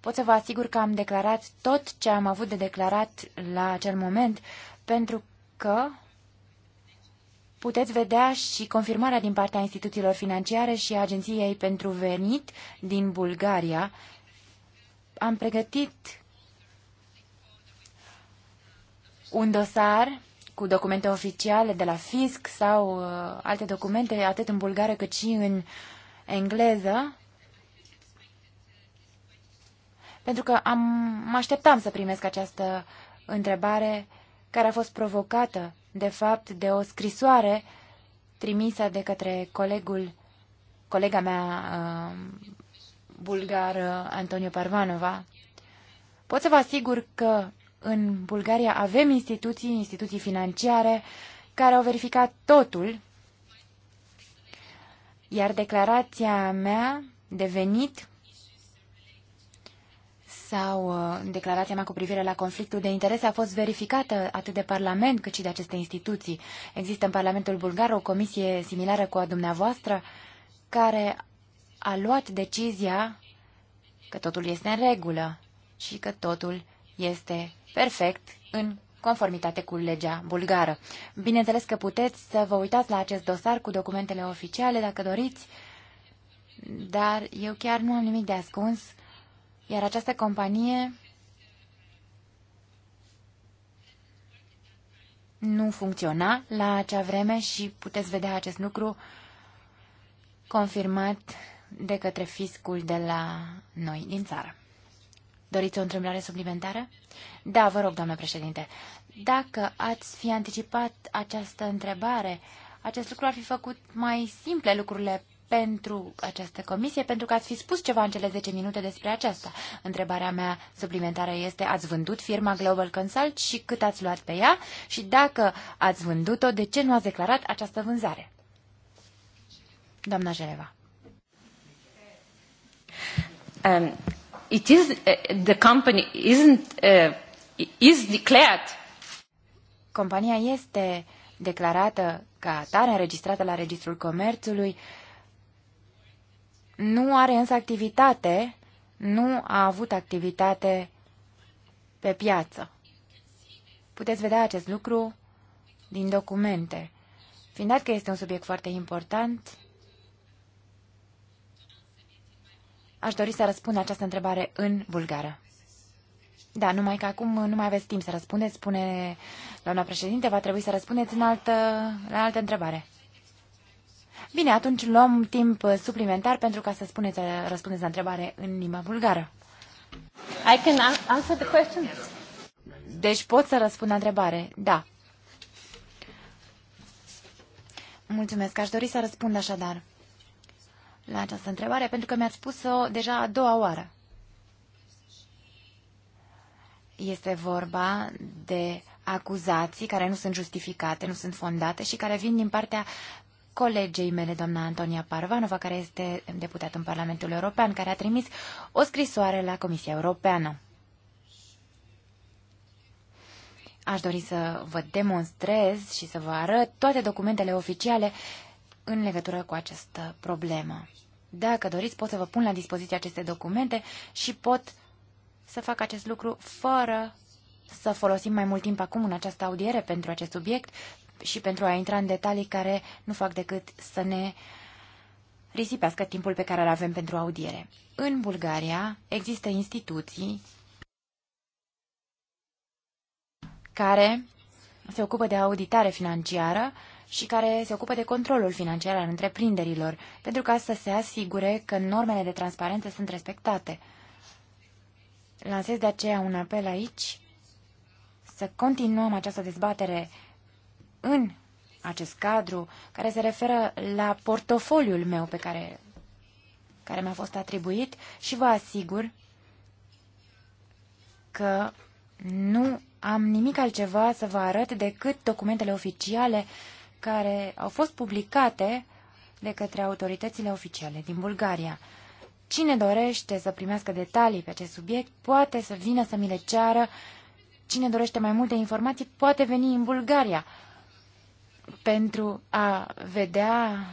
Pot să vă asigur că am declarat tot ce am avut de declarat la acel moment, pentru că puteți vedea și confirmarea din partea instituțiilor financiare și Agenției pentru Venit din Bulgaria. Am pregătit un dosar cu documente oficiale de la fisc sau uh, alte documente, atât în bulgară cât și în engleză, pentru că am, mă așteptam să primesc această întrebare care a fost provocată, de fapt, de o scrisoare trimisă de către colegul, colega mea uh, bulgar, uh, Antonio Parvanova. Pot să vă asigur că în Bulgaria avem instituții, instituții financiare, care au verificat totul, iar declarația mea de venit sau uh, declarația mea cu privire la conflictul de interese a fost verificată atât de Parlament cât și de aceste instituții. Există în Parlamentul Bulgar o comisie similară cu a dumneavoastră care a luat decizia că totul este în regulă și că totul este perfect în conformitate cu legea bulgară. Bineînțeles că puteți să vă uitați la acest dosar cu documentele oficiale dacă doriți, dar eu chiar nu am nimic de ascuns iar această companie nu funcționa la acea vreme și puteți vedea acest lucru confirmat de către fiscul de la noi din țară. Doriți o întrebare suplimentară? Da, vă rog, doamnă președinte. Dacă ați fi anticipat această întrebare, acest lucru ar fi făcut mai simple lucrurile pentru această comisie, pentru că ați fi spus ceva în cele 10 minute despre aceasta. Întrebarea mea suplimentară este, ați vândut firma Global Consult și cât ați luat pe ea? Și dacă ați vândut-o, de ce nu ați declarat această vânzare? Doamna Jeleva. Um, it is, uh, the company isn't, uh, is declared. Compania este declarată ca atare, înregistrată la Registrul Comerțului, uh, nu are însă activitate, nu a avut activitate pe piață. Puteți vedea acest lucru din documente. Fiind dat că este un subiect foarte important, aș dori să răspund această întrebare în bulgară. Da, numai că acum nu mai aveți timp să răspundeți, spune doamna președinte, va trebui să răspundeți în altă, la altă întrebare. Bine, atunci luăm timp suplimentar pentru ca să spuneți, răspundeți la întrebare în limba bulgară. I can answer the question? Deci pot să răspund la întrebare, da. Mulțumesc, aș dori să răspund așadar la această întrebare, pentru că mi-ați spus-o deja a doua oară. Este vorba de acuzații care nu sunt justificate, nu sunt fondate și care vin din partea colegei mele, doamna Antonia Parvanova, care este deputat în Parlamentul European, care a trimis o scrisoare la Comisia Europeană. Aș dori să vă demonstrez și să vă arăt toate documentele oficiale în legătură cu această problemă. Dacă doriți, pot să vă pun la dispoziție aceste documente și pot să fac acest lucru fără să folosim mai mult timp acum în această audiere pentru acest subiect, și pentru a intra în detalii care nu fac decât să ne risipească timpul pe care îl avem pentru audiere. În Bulgaria există instituții care se ocupă de auditare financiară și care se ocupă de controlul financiar al întreprinderilor, pentru ca să se asigure că normele de transparență sunt respectate. Lansez de aceea un apel aici să continuăm această dezbatere în acest cadru, care se referă la portofoliul meu pe care, care mi-a fost atribuit și vă asigur că nu am nimic altceva să vă arăt decât documentele oficiale care au fost publicate de către autoritățile oficiale din Bulgaria. Cine dorește să primească detalii pe acest subiect poate să vină să mi le ceară. Cine dorește mai multe informații poate veni în Bulgaria pentru a vedea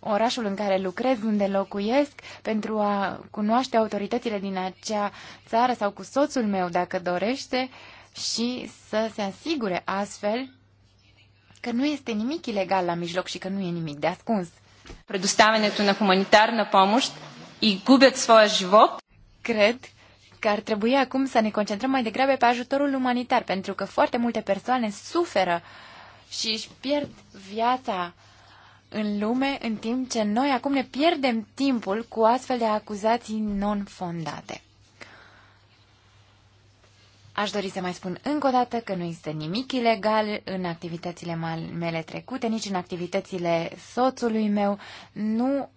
orașul în care lucrez, unde locuiesc, pentru a cunoaște autoritățile din acea țară sau cu soțul meu, dacă dorește, și să se asigure astfel că nu este nimic ilegal la mijloc și că nu e nimic de ascuns. na humanitar na pomoșt i gubet своя život. Cred că ar trebui acum să ne concentrăm mai degrabă pe ajutorul umanitar, pentru că foarte multe persoane suferă uh, și își pierd viața în lume, în timp ce noi acum ne pierdem timpul cu astfel de acuzații non-fondate. Aș dori să mai spun încă o dată că nu există nimic ilegal în activitățile mele trecute, nici în activitățile soțului meu. Nu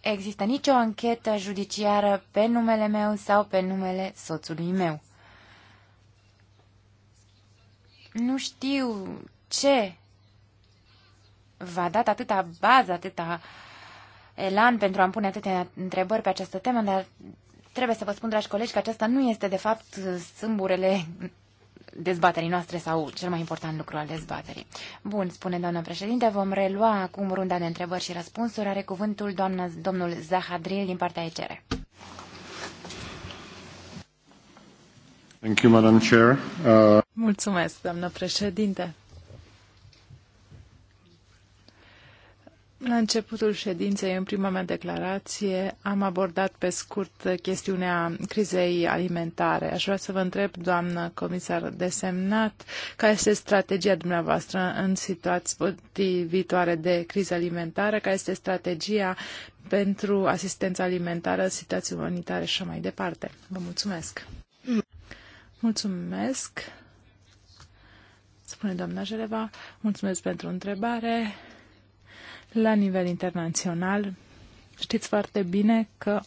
există nicio anchetă judiciară pe numele meu sau pe numele soțului meu. Nu știu ce v-a dat atâta bază, atâta elan pentru a-mi pune atâtea întrebări pe această temă, dar trebuie să vă spun, dragi colegi, că aceasta nu este, de fapt, sâmburele dezbaterii noastre sau cel mai important lucru al dezbaterii. Bun, spune doamna președinte, vom relua acum runda de întrebări și răspunsuri. Are cuvântul doamna, domnul Zahadril din partea ECR. Thank you, Madam Chair. Uh... Mulțumesc, doamnă președinte. La începutul ședinței, în prima mea declarație, am abordat pe scurt chestiunea crizei alimentare. Aș vrea să vă întreb, doamnă comisar desemnat, care este strategia dumneavoastră în situații viitoare de criză alimentară, care este strategia pentru asistența alimentară, situații umanitare și așa mai departe. Vă mulțumesc! Mulțumesc! Spune doamna Jeleva, mulțumesc pentru întrebare la nivel internațional. Știți foarte bine că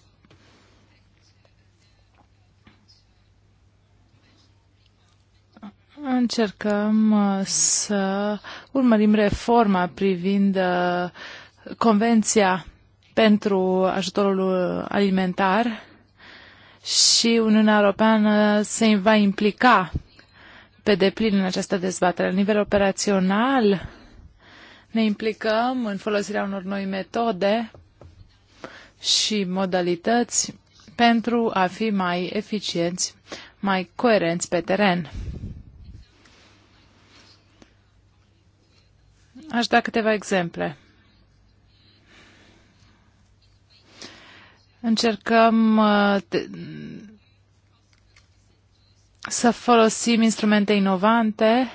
încercăm uh, să urmărim reforma privind uh, Convenția pentru ajutorul uh, alimentar și Uniunea Europeană se va implica pe deplin în această dezbatere. La nivel operațional, ne implicăm în folosirea unor noi metode și modalități pentru a fi mai eficienți, mai coerenți pe teren. Aș da câteva exemple. Încercăm uh, să folosim instrumente inovante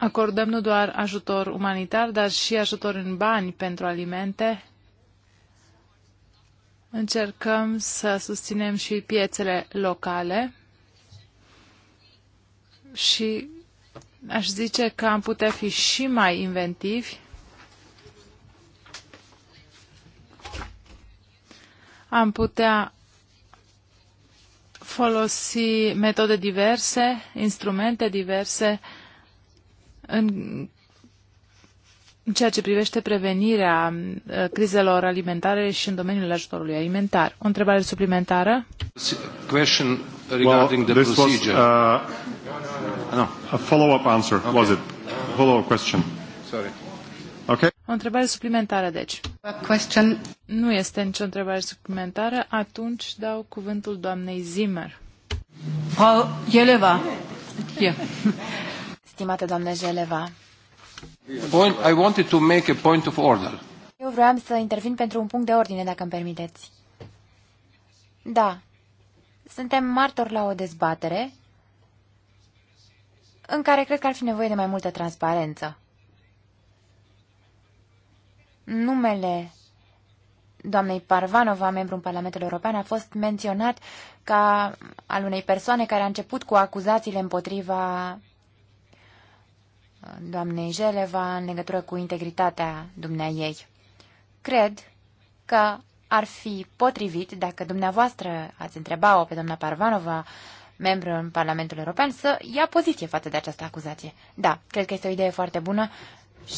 acordăm nu doar ajutor umanitar, dar și ajutor în bani pentru alimente. Încercăm să susținem și piețele locale și aș zice că am putea fi și mai inventivi. Am putea folosi metode diverse, instrumente diverse, uh, în ceea ce privește prevenirea uh, crizelor alimentare și în domeniul ajutorului alimentar. O întrebare suplimentară? Question regarding well, the procedure. Was, uh, ah, no. A follow-up answer, okay. was it? Follow-up question. Sorry. Okay. O întrebare suplimentară, deci. A Question. Nu este nicio întrebare suplimentară, atunci dau cuvântul doamnei Zimmer. Paul Jeleva. Here stimată doamnă Jeleva. Point, I wanted to make a point of order. Eu vreau să intervin pentru un punct de ordine, dacă îmi permiteți. Da, suntem martori la o dezbatere în care cred că ar fi nevoie de mai multă transparență. Numele doamnei Parvanova, membru în Parlamentul European, a fost menționat ca al unei persoane care a început cu acuzațiile împotriva doamnei Jeleva în legătură cu integritatea ei. Cred că ar fi potrivit dacă dumneavoastră ați întreba-o pe doamna Parvanova, membru în Parlamentul European, să ia poziție față de această acuzație. Da, cred că este o idee foarte bună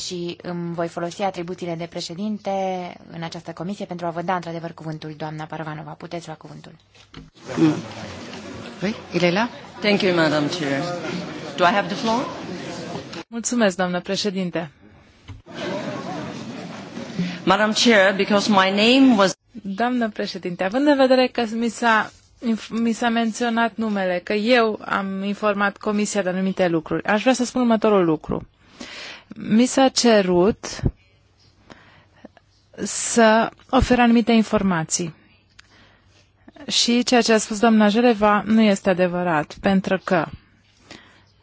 și îmi voi folosi atribuțiile de președinte în această comisie pentru a vă da într-adevăr cuvântul, doamna Parvanova. Puteți lua cuvântul. Mm. Oui, păi, il Thank you, Madam Chair. Do I have the floor? Mulțumesc, doamnă președinte. Madam Chair, because my name was... Doamnă președinte, având în vedere că mi s-a mi s-a menționat numele, că eu am informat comisia de anumite lucruri. Aș vrea să spun următorul lucru. Mi s-a cerut să ofer anumite informații. Și ceea ce a spus doamna Jeleva nu este adevărat, pentru că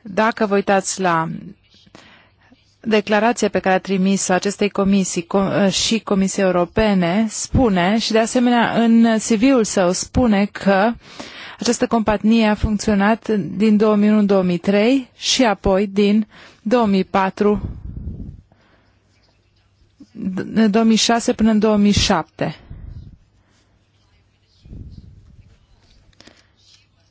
dacă vă uitați la declarație pe care a trimis o acestei comisii uh, și Comisiei Europene spune și de asemenea în CV-ul său spune că această companie a funcționat din 2001-2003 și apoi din 2004 2006 până în 2007.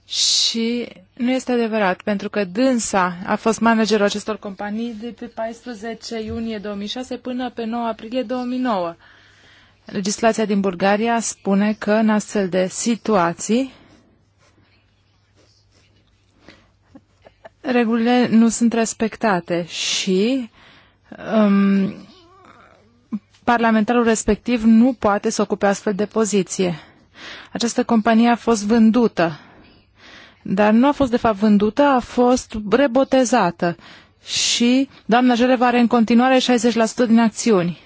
Și nu este adevărat, pentru că dânsa a fost managerul acestor companii de pe 14 iunie 2006 până pe 9 aprilie 2009. Legislația din Bulgaria spune că în astfel de situații regulile nu sunt respectate și um, parlamentarul respectiv nu poate să ocupe astfel de poziție. Această companie a fost vândută dar nu a fost de fapt vândută, a fost rebotezată și doamna Jeleva are în continuare 60% din acțiuni.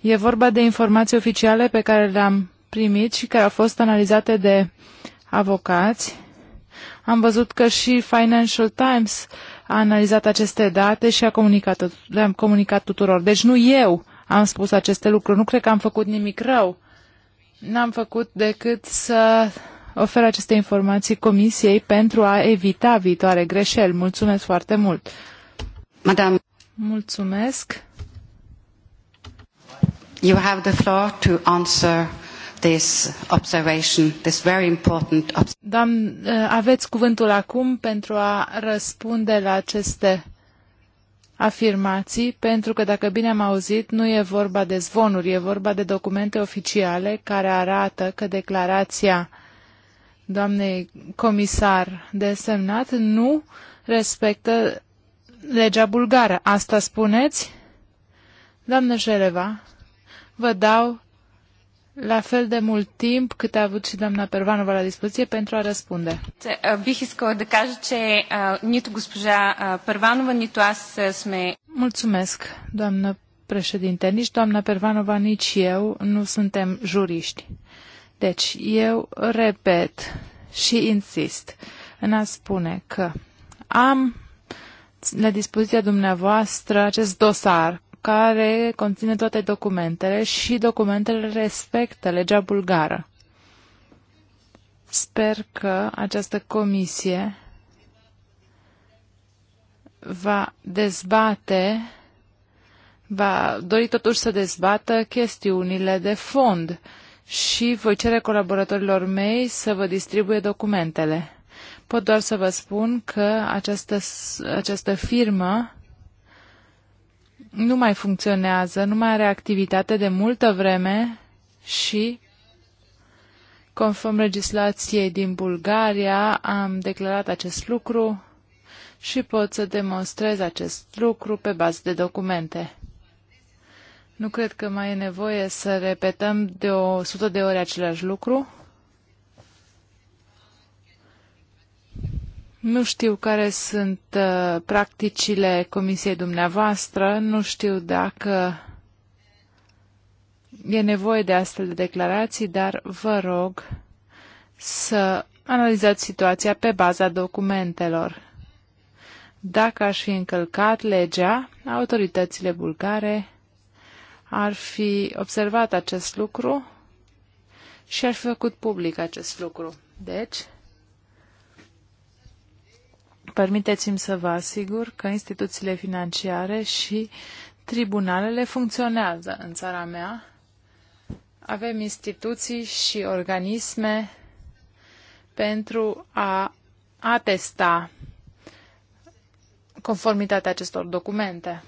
E vorba de informații oficiale pe care le-am primit și care au fost analizate de avocați. Am văzut că și Financial Times a analizat aceste date și a comunicat, le-am comunicat tuturor. Deci nu eu am spus aceste lucruri, nu cred că am făcut nimic rău. N-am făcut decât să ofer aceste informații Comisiei pentru a evita viitoare greșeli. Mulțumesc foarte mult! Madame. Mulțumesc! You have the floor to answer this observation, this very important Doamn, eh, aveți cuvântul acum pentru a răspunde la aceste afirmații, pentru că, dacă bine am auzit, nu e vorba de zvonuri, e vorba de documente oficiale care arată că declarația doamnei comisar desemnat nu respectă legea bulgară. Asta spuneți? Doamnă Jeleva, vă dau la fel de mult timp cât a avut și doamna Pervanova la dispoziție pentru a răspunde. Eh, da eh, eh, Pervanova, Mulțumesc, doamnă președinte. Nici doamna Pervanova, nici eu nu suntem juriști. Deci, eu repet și insist în a spune că am la dispoziția dumneavoastră acest dosar care conține toate documentele și documentele respectă legea bulgară. Sper că această comisie va dezbate, va dori totuși să dezbată chestiunile de fond și voi cere colaboratorilor mei să vă distribuie documentele. Pot doar să vă spun că această, această firmă nu mai funcționează, nu mai are activitate de multă vreme și, conform legislației din Bulgaria, am declarat acest lucru și pot să demonstrez acest lucru pe bază de documente. Nu cred că mai e nevoie să repetăm de o sută de ori același lucru. Nu știu care sunt uh, practicile comisiei dumneavoastră, nu știu dacă e nevoie de astfel de declarații, dar vă rog să analizați situația pe baza documentelor. Dacă aș fi încălcat legea, autoritățile bulgare ar fi observat acest lucru și ar fi făcut public acest lucru. Deci, permiteți-mi să vă asigur că instituțiile financiare și tribunalele funcționează în țara mea. Avem instituții și organisme pentru a atesta conformitatea acestor documente.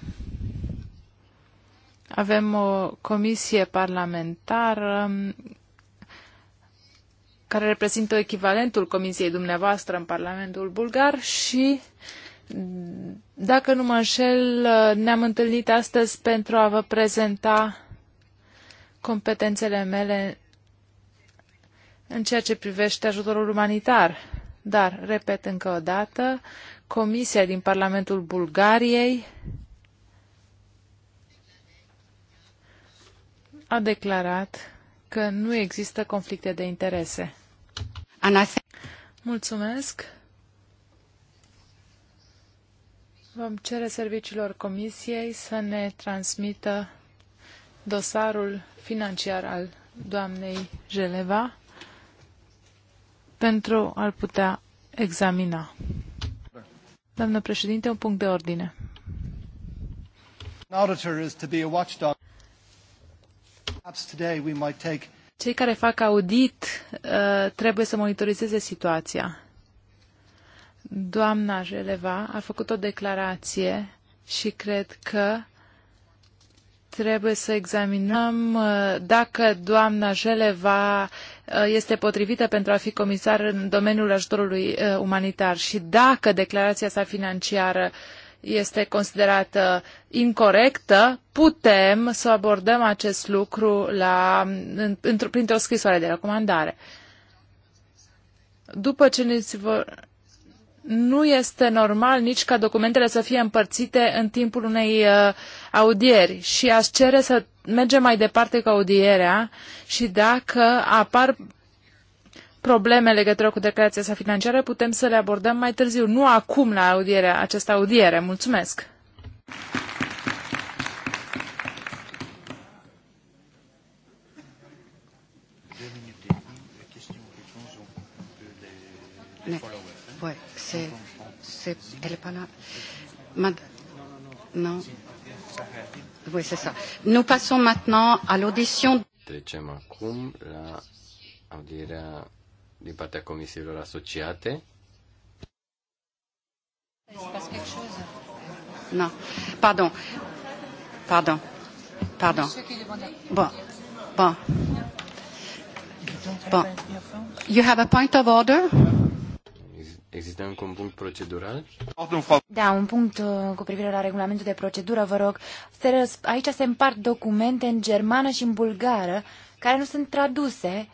Avem o comisie parlamentară care reprezintă echivalentul comisiei dumneavoastră în Parlamentul Bulgar și dacă nu mă înșel, ne-am întâlnit astăzi pentru a vă prezenta competențele mele în ceea ce privește ajutorul umanitar. Dar, repet încă o dată, Comisia din Parlamentul Bulgariei a declarat că nu există conflicte de interese. Mulțumesc. Vom cere serviciilor comisiei să ne transmită dosarul financiar al doamnei Jeleva pentru a-l putea examina. Doamnă președinte, un punct de ordine. Cei care fac audit uh, trebuie să monitorizeze situația. Doamna Jeleva a făcut o declarație și cred că trebuie să examinăm uh, dacă doamna Jeleva uh, este potrivită pentru a fi comisar în domeniul ajutorului umanitar și dacă declarația sa financiară uh, este considerată incorrectă, putem să abordăm acest lucru la, într- printr-o scrisoare de recomandare. După ce ne vor nu este normal nici ca documentele să fie împărțite în timpul unei uh, audieri și aș cere să mergem mai departe cu audierea și dacă apar probleme legătură cu declarația sa financiară putem să le abordăm mai târziu, nu acum la audierea, această audiere. Mulțumesc! Trecem acum la audierea din partea comisiilor asociate. Nu. Pardon. Pardon. Pardon. Bon. Bon. Bon. You have a point of order? Există încă un punct procedural? Da, un punct uh, cu privire la regulamentul de procedură, vă rog. Se aici se împart documente în germană și în bulgară care nu sunt traduse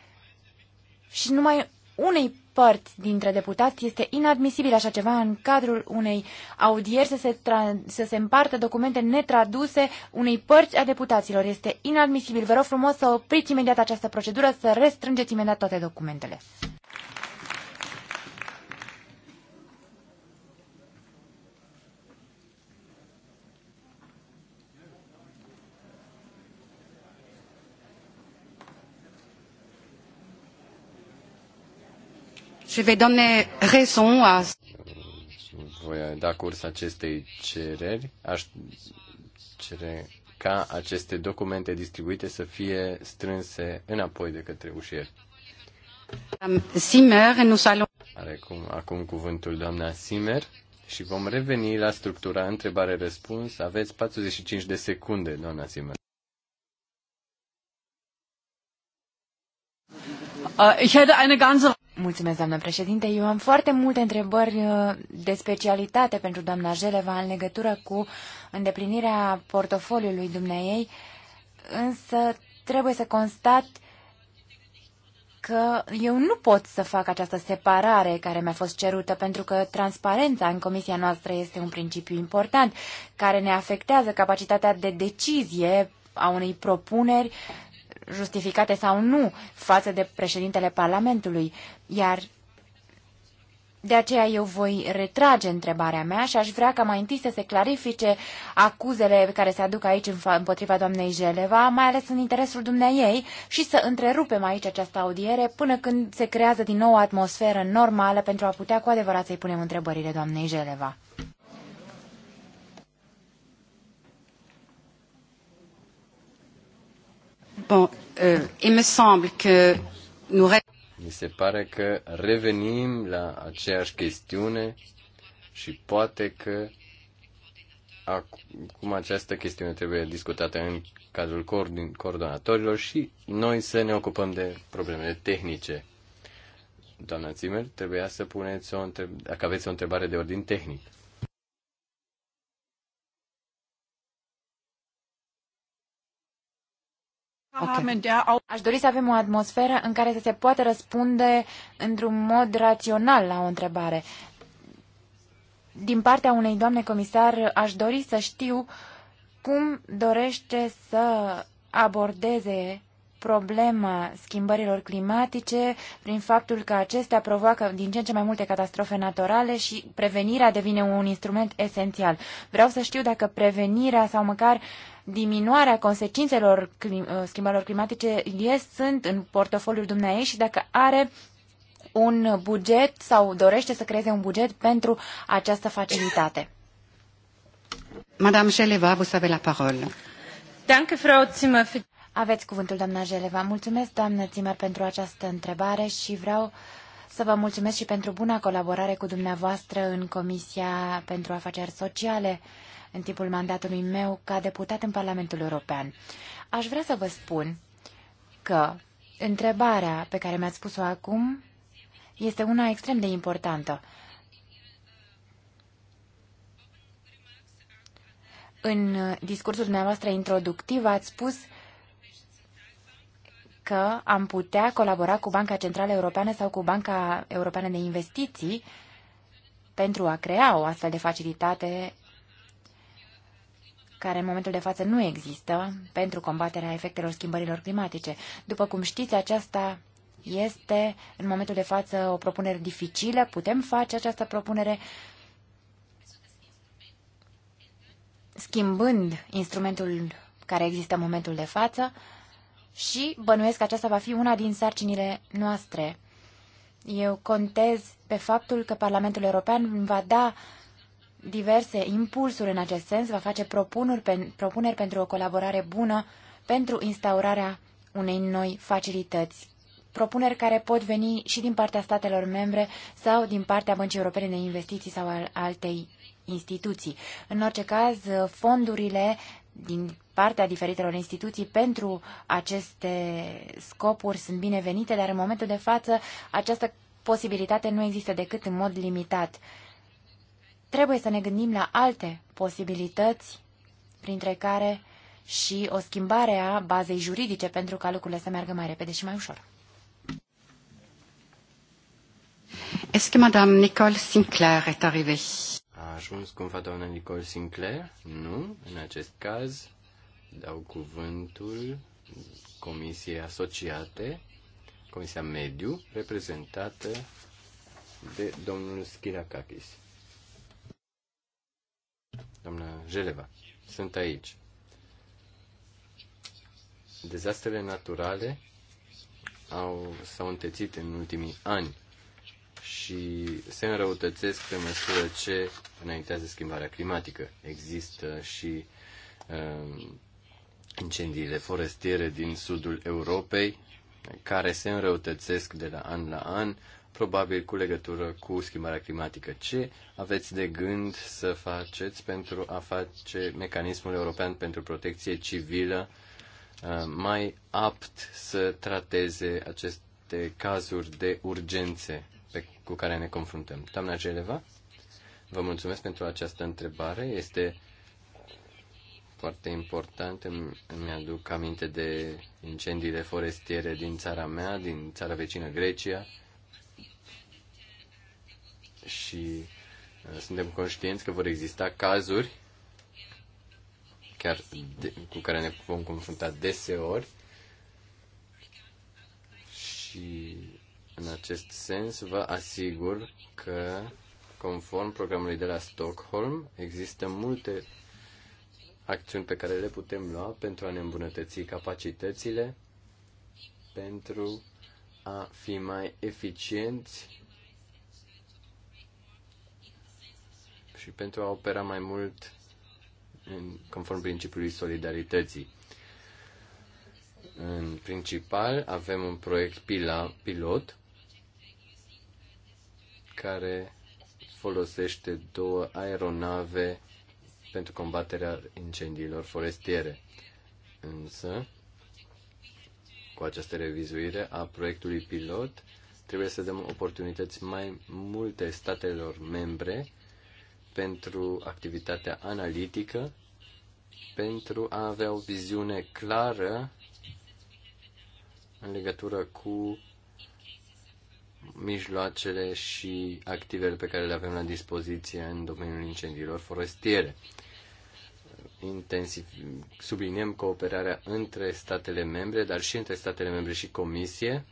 și numai unei părți dintre deputați este inadmisibil așa ceva în cadrul unei audieri să se, să se împartă documente netraduse unei părți a deputaților. Este inadmisibil. Vă rog frumos să opriți imediat această procedură, să restrângeți imediat toate documentele. Je vais donner raison à... Voi da curs acestei cereri. Aș cere ca aceste documente distribuite să fie strânse înapoi de către ușier. Simer, nous allons... Are cum, acum cuvântul doamna Simer și vom reveni la structura întrebare-răspuns. Aveți 45 de secunde, doamna Simer. Uh, äh, ich hätte eine ganze Mulțumesc, doamnă președinte. Eu am foarte multe întrebări uh, de specialitate pentru doamna Jeleva în legătură cu îndeplinirea portofoliului dumneiei, însă trebuie să constat că eu nu pot să fac această separare care mi-a fost cerută, pentru că transparența în comisia noastră este un principiu important care ne afectează capacitatea de decizie a unei propuneri justificate sau nu față de președintele Parlamentului, iar de aceea eu voi retrage întrebarea mea și aș vrea ca mai întâi să se clarifice acuzele care se aduc aici împotriva doamnei Jeleva, mai ales în interesul ei, și să întrerupem aici această audiere până când se creează din nou o atmosferă normală pentru a putea cu adevărat să-i punem întrebările doamnei Jeleva. Bon, euh, il me semble que nous... Mi se pare că revenim la aceeași chestiune și poate că acum această chestiune trebuie discutată în cadrul coordonatorilor și noi să ne ocupăm de problemele tehnice. Doamna Zimmer, trebuia să puneți o întreb- dacă aveți o întrebare de ordin tehnic. Okay. Ah, aș dori să avem o atmosferă în care să se poată răspunde într-un mod rațional la o întrebare. Din partea unei doamne comisar, aș dori să știu cum dorește să abordeze problema schimbărilor climatice prin faptul că acestea provoacă din ce în ce mai multe catastrofe naturale și prevenirea devine un instrument esențial. Vreau să știu dacă prevenirea sau măcar uh, diminuarea consecințelor clim, uh, schimbărilor climatice e, sunt în portofoliul dumneavoastră și dacă are un buget sau dorește să creeze un buget pentru această facilitate. Madame Geleva, vous avez la parole. Danke, Frau Zimmer. Aveți cuvântul, doamna Geleva. Mulțumesc, doamnă Zimmer, pentru această întrebare și vreau să vă mulțumesc și pentru buna colaborare cu dumneavoastră în Comisia pentru Afaceri Sociale în timpul mandatului meu ca deputat în Parlamentul European. Aș vrea să vă spun că întrebarea pe care mi-ați spus-o acum este una extrem de importantă. În discursul dumneavoastră introductiv ați spus că am putea colabora cu Banca Centrală Europeană sau cu Banca Europeană de Investiții pentru a crea o astfel de facilitate care în momentul de față nu există pentru combaterea efectelor schimbărilor climatice. După cum știți, aceasta este în momentul de față o propunere dificilă. Putem face această propunere schimbând instrumentul care există în momentul de față și bănuiesc că aceasta va fi una din sarcinile noastre. Eu contez pe faptul că Parlamentul European va da uh, diverse impulsuri în acest sens, va face propuneri, pen, propuneri pentru o colaborare bună pentru instaurarea unei noi facilități. Propuneri care pot veni și din partea statelor membre sau din partea Băncii Europene de Investiții sau al altei instituții. În orice caz, fondurile din partea diferitelor instituții pentru aceste scopuri sunt binevenite, dar în momentul de față această posibilitate nu există decât în mod limitat. Trebuie să ne gândim la alte posibilități, printre care și o schimbare a bazei juridice pentru ca lucrurile să meargă mai repede și mai ușor. Est-ce que Madame Nicole Sinclair est arrivée? A ajuns cumva doamna Nicole Sinclair? Nu. În acest caz, dau cuvântul Comisiei Asociate, Comisia Mediu, reprezentată de domnul Schirakakis. Doamna Jeleva, sunt aici. Dezastrele naturale au, s-au întețit în ultimii ani și se înrăutățesc pe măsură ce înaintează schimbarea climatică. Există și um, incendiile forestiere din sudul Europei, care se înrăutățesc de la an la an, probabil cu legătură cu schimbarea climatică. Ce aveți de gând să faceți pentru a face mecanismul european pentru protecție civilă uh, mai apt să trateze aceste cazuri de urgențe pe, cu care ne confruntăm? Doamna Geleva, vă mulțumesc pentru această întrebare. Este foarte important. Îmi, aduc aminte de incendiile forestiere din țara mea, din țara vecină Grecia, și uh, suntem conștienți că vor exista cazuri chiar de, cu care ne vom confrunta deseori și în acest sens vă asigur că conform programului de la Stockholm există multe acțiuni pe care le putem lua pentru a ne îmbunătăți capacitățile pentru a fi mai eficienți și pentru a opera mai mult în, conform principiului solidarității. În principal, avem un proiect pila, pilot care folosește două aeronave pentru combaterea incendiilor forestiere. Însă, cu această revizuire a proiectului pilot, trebuie să dăm oportunități mai multe statelor membre pentru activitatea analitică, pentru a avea o viziune clară în legătură cu mijloacele și activele pe care le avem la dispoziție în domeniul incendiilor forestiere. Intensiv, subliniem cooperarea între statele membre, dar și între statele membre și comisie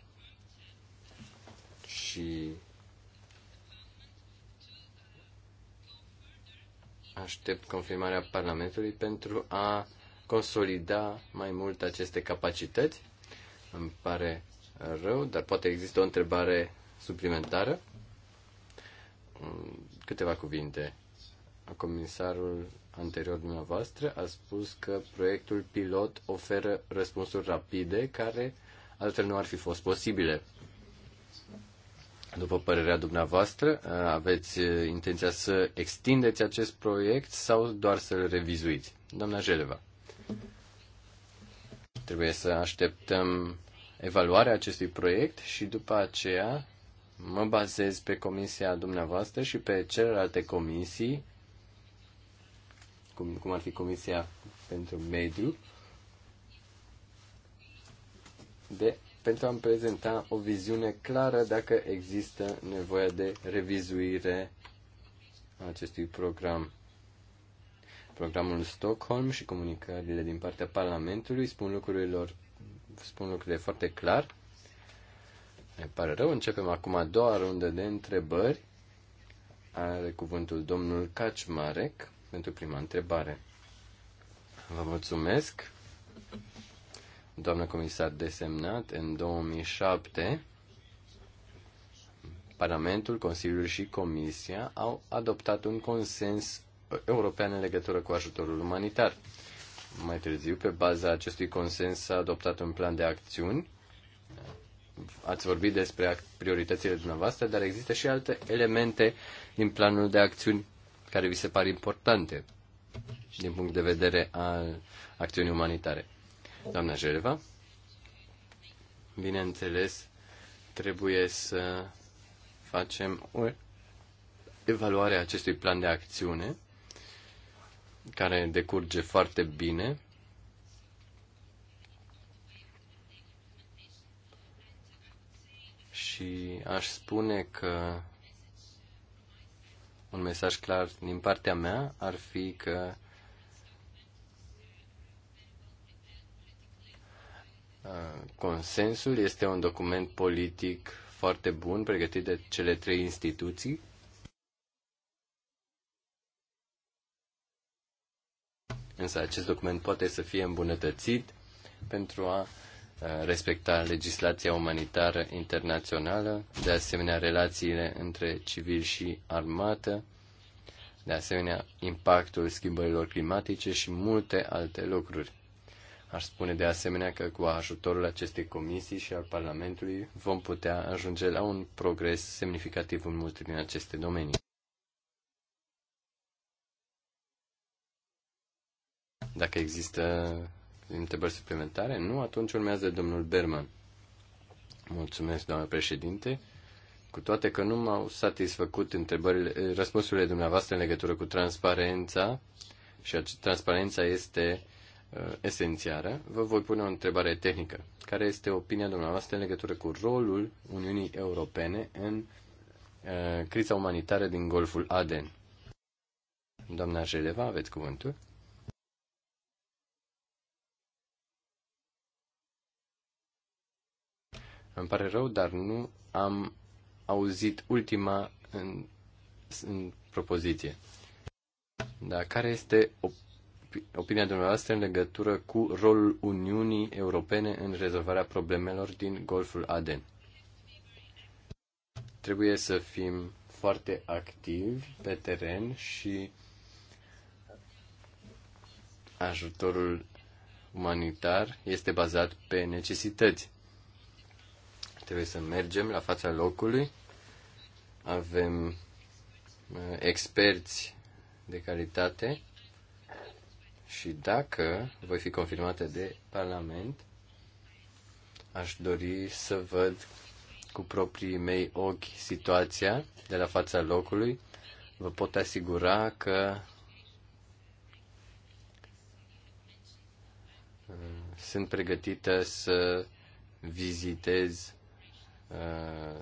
și aștept confirmarea Parlamentului pentru a consolida mai mult aceste capacități. Îmi pare rău, dar poate există o întrebare suplimentară. Câteva cuvinte. Comisarul anterior dumneavoastră a spus că proiectul pilot oferă răspunsuri rapide care altfel nu ar fi fost posibile. După părerea dumneavoastră, uh, aveți uh, intenția să extindeți acest proiect sau doar să-l revizuiți? Doamna Jeleva. Trebuie să așteptăm evaluarea acestui proiect și după aceea mă bazez pe comisia dumneavoastră și pe celelalte comisii, cum, cum ar fi Comisia pentru Mediu, de pentru a-mi prezenta o viziune clară dacă există nevoie de revizuire a acestui program. Programul Stockholm și comunicările din partea Parlamentului spun lucrurilor, spun lucrurile foarte clar. Ne pare rău, începem acum a doua rundă de întrebări. Are cuvântul domnul Kaczmarek pentru prima întrebare. Vă mulțumesc doamnă comisar desemnat în 2007, Parlamentul, Consiliul și Comisia au adoptat un consens european în legătură cu ajutorul umanitar. Mai târziu, pe baza acestui consens, s-a adoptat un plan de acțiuni. Ați vorbit despre prioritățile dumneavoastră, dar există și alte elemente din planul de acțiuni care vi se par importante din punct de vedere al acțiunii umanitare doamna Jelva. Bineînțeles, trebuie să facem o evaluare a acestui plan de acțiune, care decurge foarte bine. Și aș spune că un mesaj clar din partea mea ar fi că Consensul este un document politic foarte bun, pregătit de cele trei instituții. Însă acest document poate să fie îmbunătățit pentru a respecta legislația umanitară internațională, de asemenea relațiile între civil și armată, de asemenea impactul schimbărilor climatice și multe alte lucruri. Aș spune de asemenea că cu ajutorul acestei comisii și al Parlamentului vom putea ajunge la un progres semnificativ în multe din aceste domenii. Dacă există întrebări suplimentare, nu, atunci urmează domnul Berman. Mulțumesc, doamnă președinte. Cu toate că nu m-au satisfăcut întrebările, răspunsurile dumneavoastră în legătură cu transparența, și transparența este Uh, esențială, vă voi pune o întrebare tehnică. Care este opinia dumneavoastră în legătură cu rolul Uniunii Europene în uh, criza umanitară din Golful Aden? Doamna Jeleva, aveți cuvântul? Îmi pare rău, dar nu am auzit ultima în, în propoziție. Dar care este opinia dumneavoastră în legătură cu rolul Uniunii Europene în rezolvarea problemelor din Golful Aden. Trebuie să fim foarte activi pe teren și ajutorul umanitar este bazat pe necesități. Trebuie să mergem la fața locului. Avem uh, experți de calitate și dacă voi fi confirmată de Parlament, aș dori să văd cu proprii mei ochi situația de la fața locului. Vă pot asigura că uh, sunt pregătită să vizitez uh,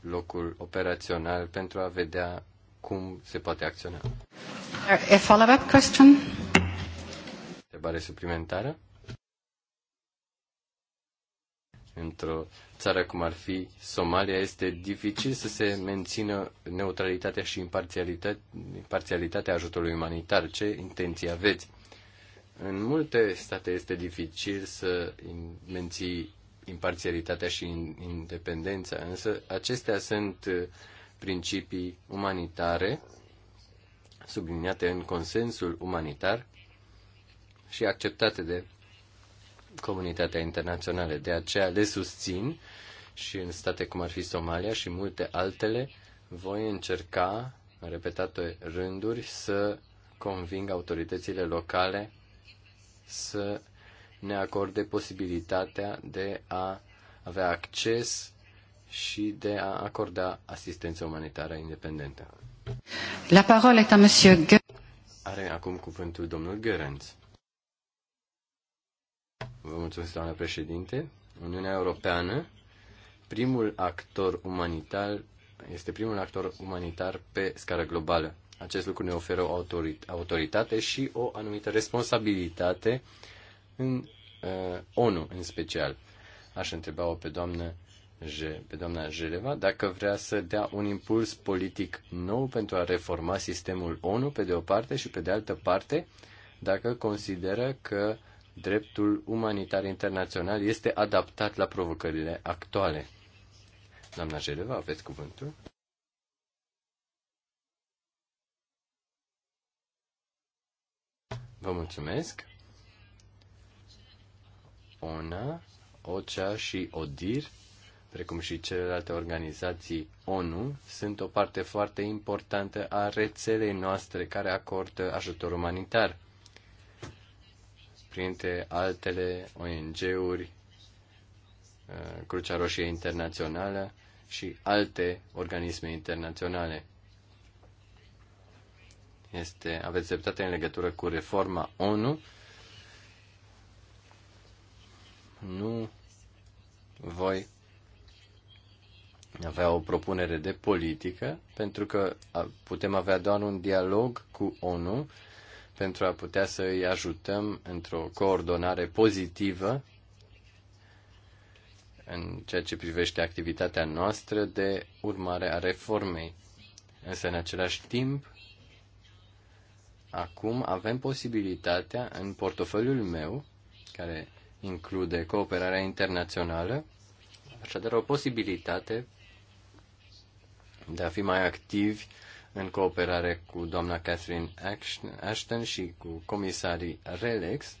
locul operațional pentru a vedea cum se poate acționa. A follow-up question? Întrebare suplimentară? Într-o țară cum ar fi Somalia, este dificil să se mențină neutralitatea și imparțialitatea, imparțialitatea ajutorului umanitar. Ce intenții aveți? În multe state este dificil să menții imparțialitatea și independența, însă acestea sunt uh, principii umanitare subliniate în consensul umanitar și acceptate de comunitatea internațională. De aceea le susțin și în state cum ar fi Somalia și multe altele voi încerca, în repetate rânduri, să conving autoritățile locale să ne acorde posibilitatea de a avea acces și de a acorda asistență umanitară independentă. La parole est à monsieur Gö Are acum cuvântul domnul Gerenț. Vă mulțumesc, doamna președinte. Uniunea Europeană, primul actor umanitar, este primul actor umanitar pe scară globală. Acest lucru ne oferă o autoritate și o anumită responsabilitate în uh, ONU în special. Aș întreba-o pe doamnă pe doamna Jeleva dacă vrea să dea un impuls politic nou pentru a reforma sistemul ONU pe de o parte și pe de altă parte dacă consideră că dreptul umanitar internațional este adaptat la provocările actuale. Doamna Jeleva, aveți cuvântul? Vă mulțumesc. Ona, Ocea și Odir precum și celelalte organizații ONU, sunt o parte foarte importantă a rețelei noastre care acordă ajutor umanitar. Printre altele, ONG-uri, uh, Crucea Roșie Internațională și alte organisme internaționale. Este, aveți dreptate în legătură cu reforma ONU. Nu voi avea o propunere de politică, pentru că putem avea doar un dialog cu ONU pentru a putea să îi ajutăm într-o coordonare pozitivă în ceea ce privește activitatea noastră de urmare a reformei. Însă, în același timp, acum avem posibilitatea în portofoliul meu, care include cooperarea internațională, așadar o posibilitate de a fi mai activi în cooperare cu doamna Catherine Ashton și cu comisarii Relex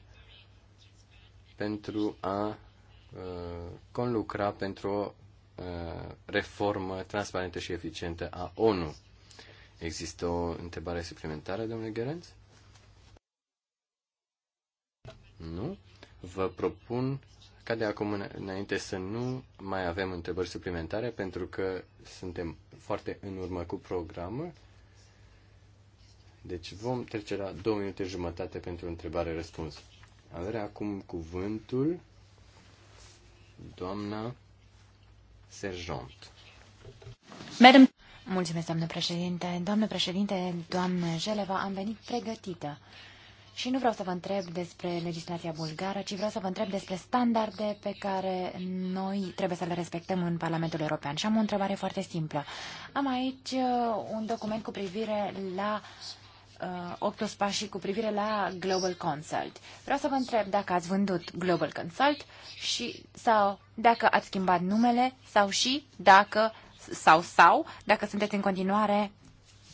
pentru a uh, conlucra pentru o uh, reformă transparentă și eficientă a ONU. Există o întrebare suplimentară, domnule Gerenț? Nu? Vă propun ca de acum înainte să nu mai avem întrebări suplimentare, pentru că suntem foarte în urmă cu programul. Deci vom trece la două minute jumătate pentru întrebare-răspuns. Avere acum cuvântul doamna Sergent. Madam... Mulțumesc, doamnă președinte. Doamnă președinte, doamnă Jeleva, am venit pregătită. Și nu vreau să vă întreb despre legislația bulgară, ci vreau să vă întreb despre standarde pe care noi trebuie să le respectăm în Parlamentul European. Și am o întrebare foarte simplă. Am aici uh, un document cu privire la uh, 18 cu privire la Global Consult. Vreau să vă întreb dacă ați vândut Global Consult și, sau dacă ați schimbat numele sau și dacă sau sau dacă sunteți în continuare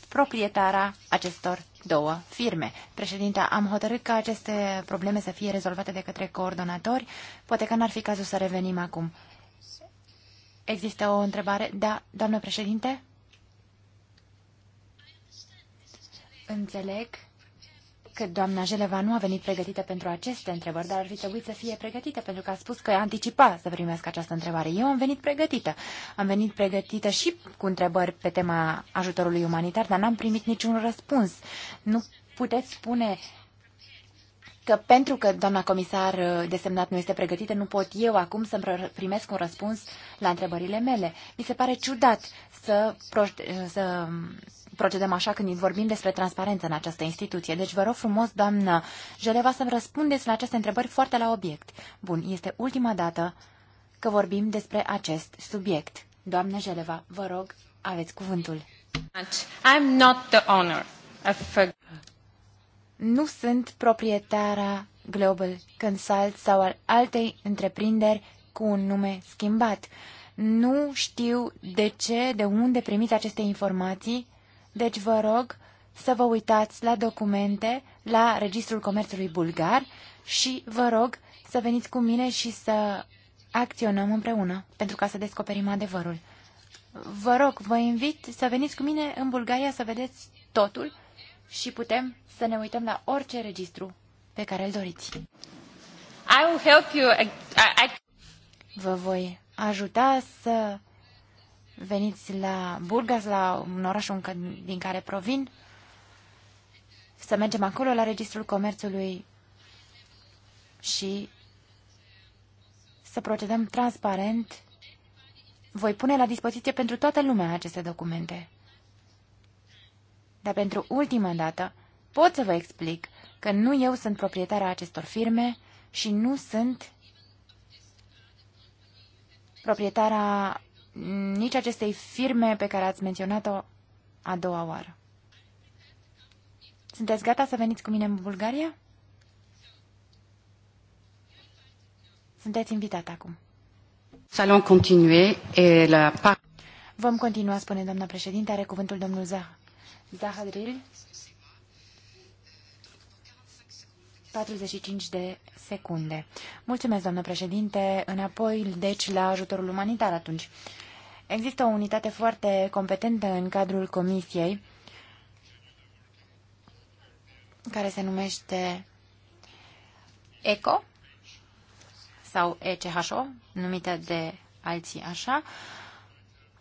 proprietara acestor două firme. Președinte, am hotărât ca aceste probleme să fie rezolvate de către coordonatori. Poate că n-ar fi cazul să revenim acum. Există o întrebare? Da, doamnă președinte? Înțeleg că doamna Jeleva nu a venit pregătită pentru aceste întrebări, dar ar fi trebuit să fie pregătită, pentru că a spus că anticipa să primească această întrebare. Eu am venit pregătită. Am venit pregătită și cu întrebări pe tema ajutorului umanitar, dar n-am primit niciun răspuns. Nu puteți spune că pentru că doamna comisar uh, desemnat nu este pregătită, nu pot eu acum să primesc un răspuns la întrebările mele. Mi se pare ciudat să, uh, să procedăm așa când vorbim despre transparență în această instituție. Deci vă rog frumos, doamnă Jeleva, să-mi răspundeți la aceste întrebări foarte la obiect. Bun, este ultima dată că vorbim despre acest subiect. Doamnă Jeleva, vă rog, aveți cuvântul. I'm not the owner of Nu sunt proprietara Global Consult sau al altei întreprinderi cu un nume schimbat. Nu știu de ce, de unde primiți aceste informații deci vă rog să vă uitați la documente, la Registrul Comerțului Bulgar și vă rog să veniți cu mine și să acționăm împreună pentru ca să descoperim adevărul. Vă rog, vă invit să veniți cu mine în Bulgaria să vedeți totul și putem să ne uităm la orice registru pe care îl doriți. I will help you. I, I... Vă voi ajuta să veniți la Burgas, la un oraș din care provin, să mergem acolo la Registrul Comerțului și să procedăm transparent. Voi pune la dispoziție pentru toată lumea aceste documente. Dar pentru ultima dată pot să vă explic că nu eu sunt proprietarea acestor firme și nu sunt proprietara nici acestei firme pe care ați menționat-o a doua oară. Sunteți gata să veniți cu mine în Bulgaria? Sunteți invitat acum. Salon continue e la... Vom continua, spune doamna președinte, are cuvântul domnul Zah. Zahadril 45 de secunde. Mulțumesc, doamnă președinte. Înapoi, deci, la ajutorul umanitar atunci. Există o unitate foarte competentă în cadrul comisiei care se numește ECO sau ECHO, numită de alții așa.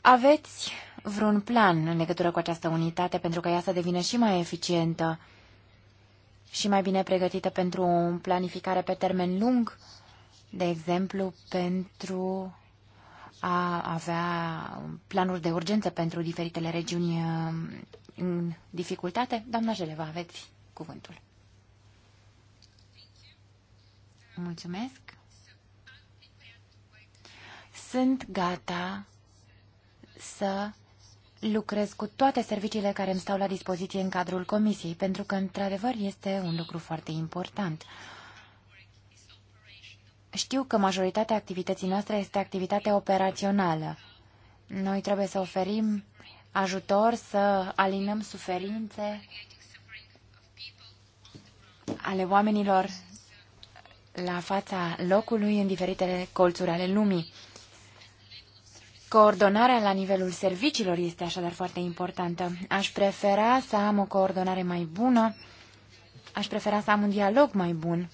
Aveți vreun plan în legătură cu această unitate pentru ca ea să devină și mai eficientă și mai bine pregătită pentru o planificare pe termen lung, de exemplu, pentru a avea planuri de urgență pentru diferitele regiuni uh, în dificultate. Doamna Jeleva, aveți cuvântul. Mulțumesc. Sunt gata să lucrez cu toate serviciile care îmi stau la dispoziție în cadrul comisiei, pentru că, într-adevăr, este un lucru foarte important. Știu că majoritatea activității noastre este activitate operațională. Noi trebuie să oferim ajutor, să alinăm suferințe ale oamenilor la fața locului în diferitele colțuri ale lumii. Coordonarea la nivelul serviciilor este așadar foarte importantă. Aș prefera să am o coordonare mai bună, aș prefera să am un dialog mai bun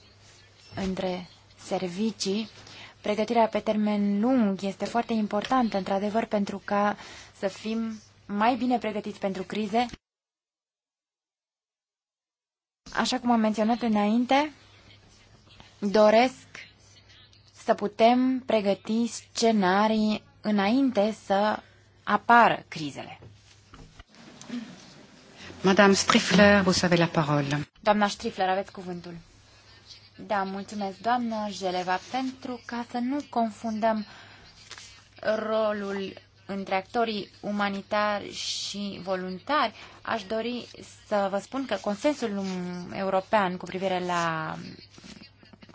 între servicii. Pregătirea pe termen lung este foarte importantă, într-adevăr, pentru ca să fim mai bine pregătiți pentru crize. Așa cum am menționat înainte, doresc să putem pregăti scenarii înainte să apară crizele. Madame Strifler, vous avez la parole. Doamna Strifler, aveți cuvântul. Da, mulțumesc, doamnă Jeleva, pentru ca să nu confundăm rolul între actorii umanitari și voluntari, aș dori să vă spun că consensul european cu privire la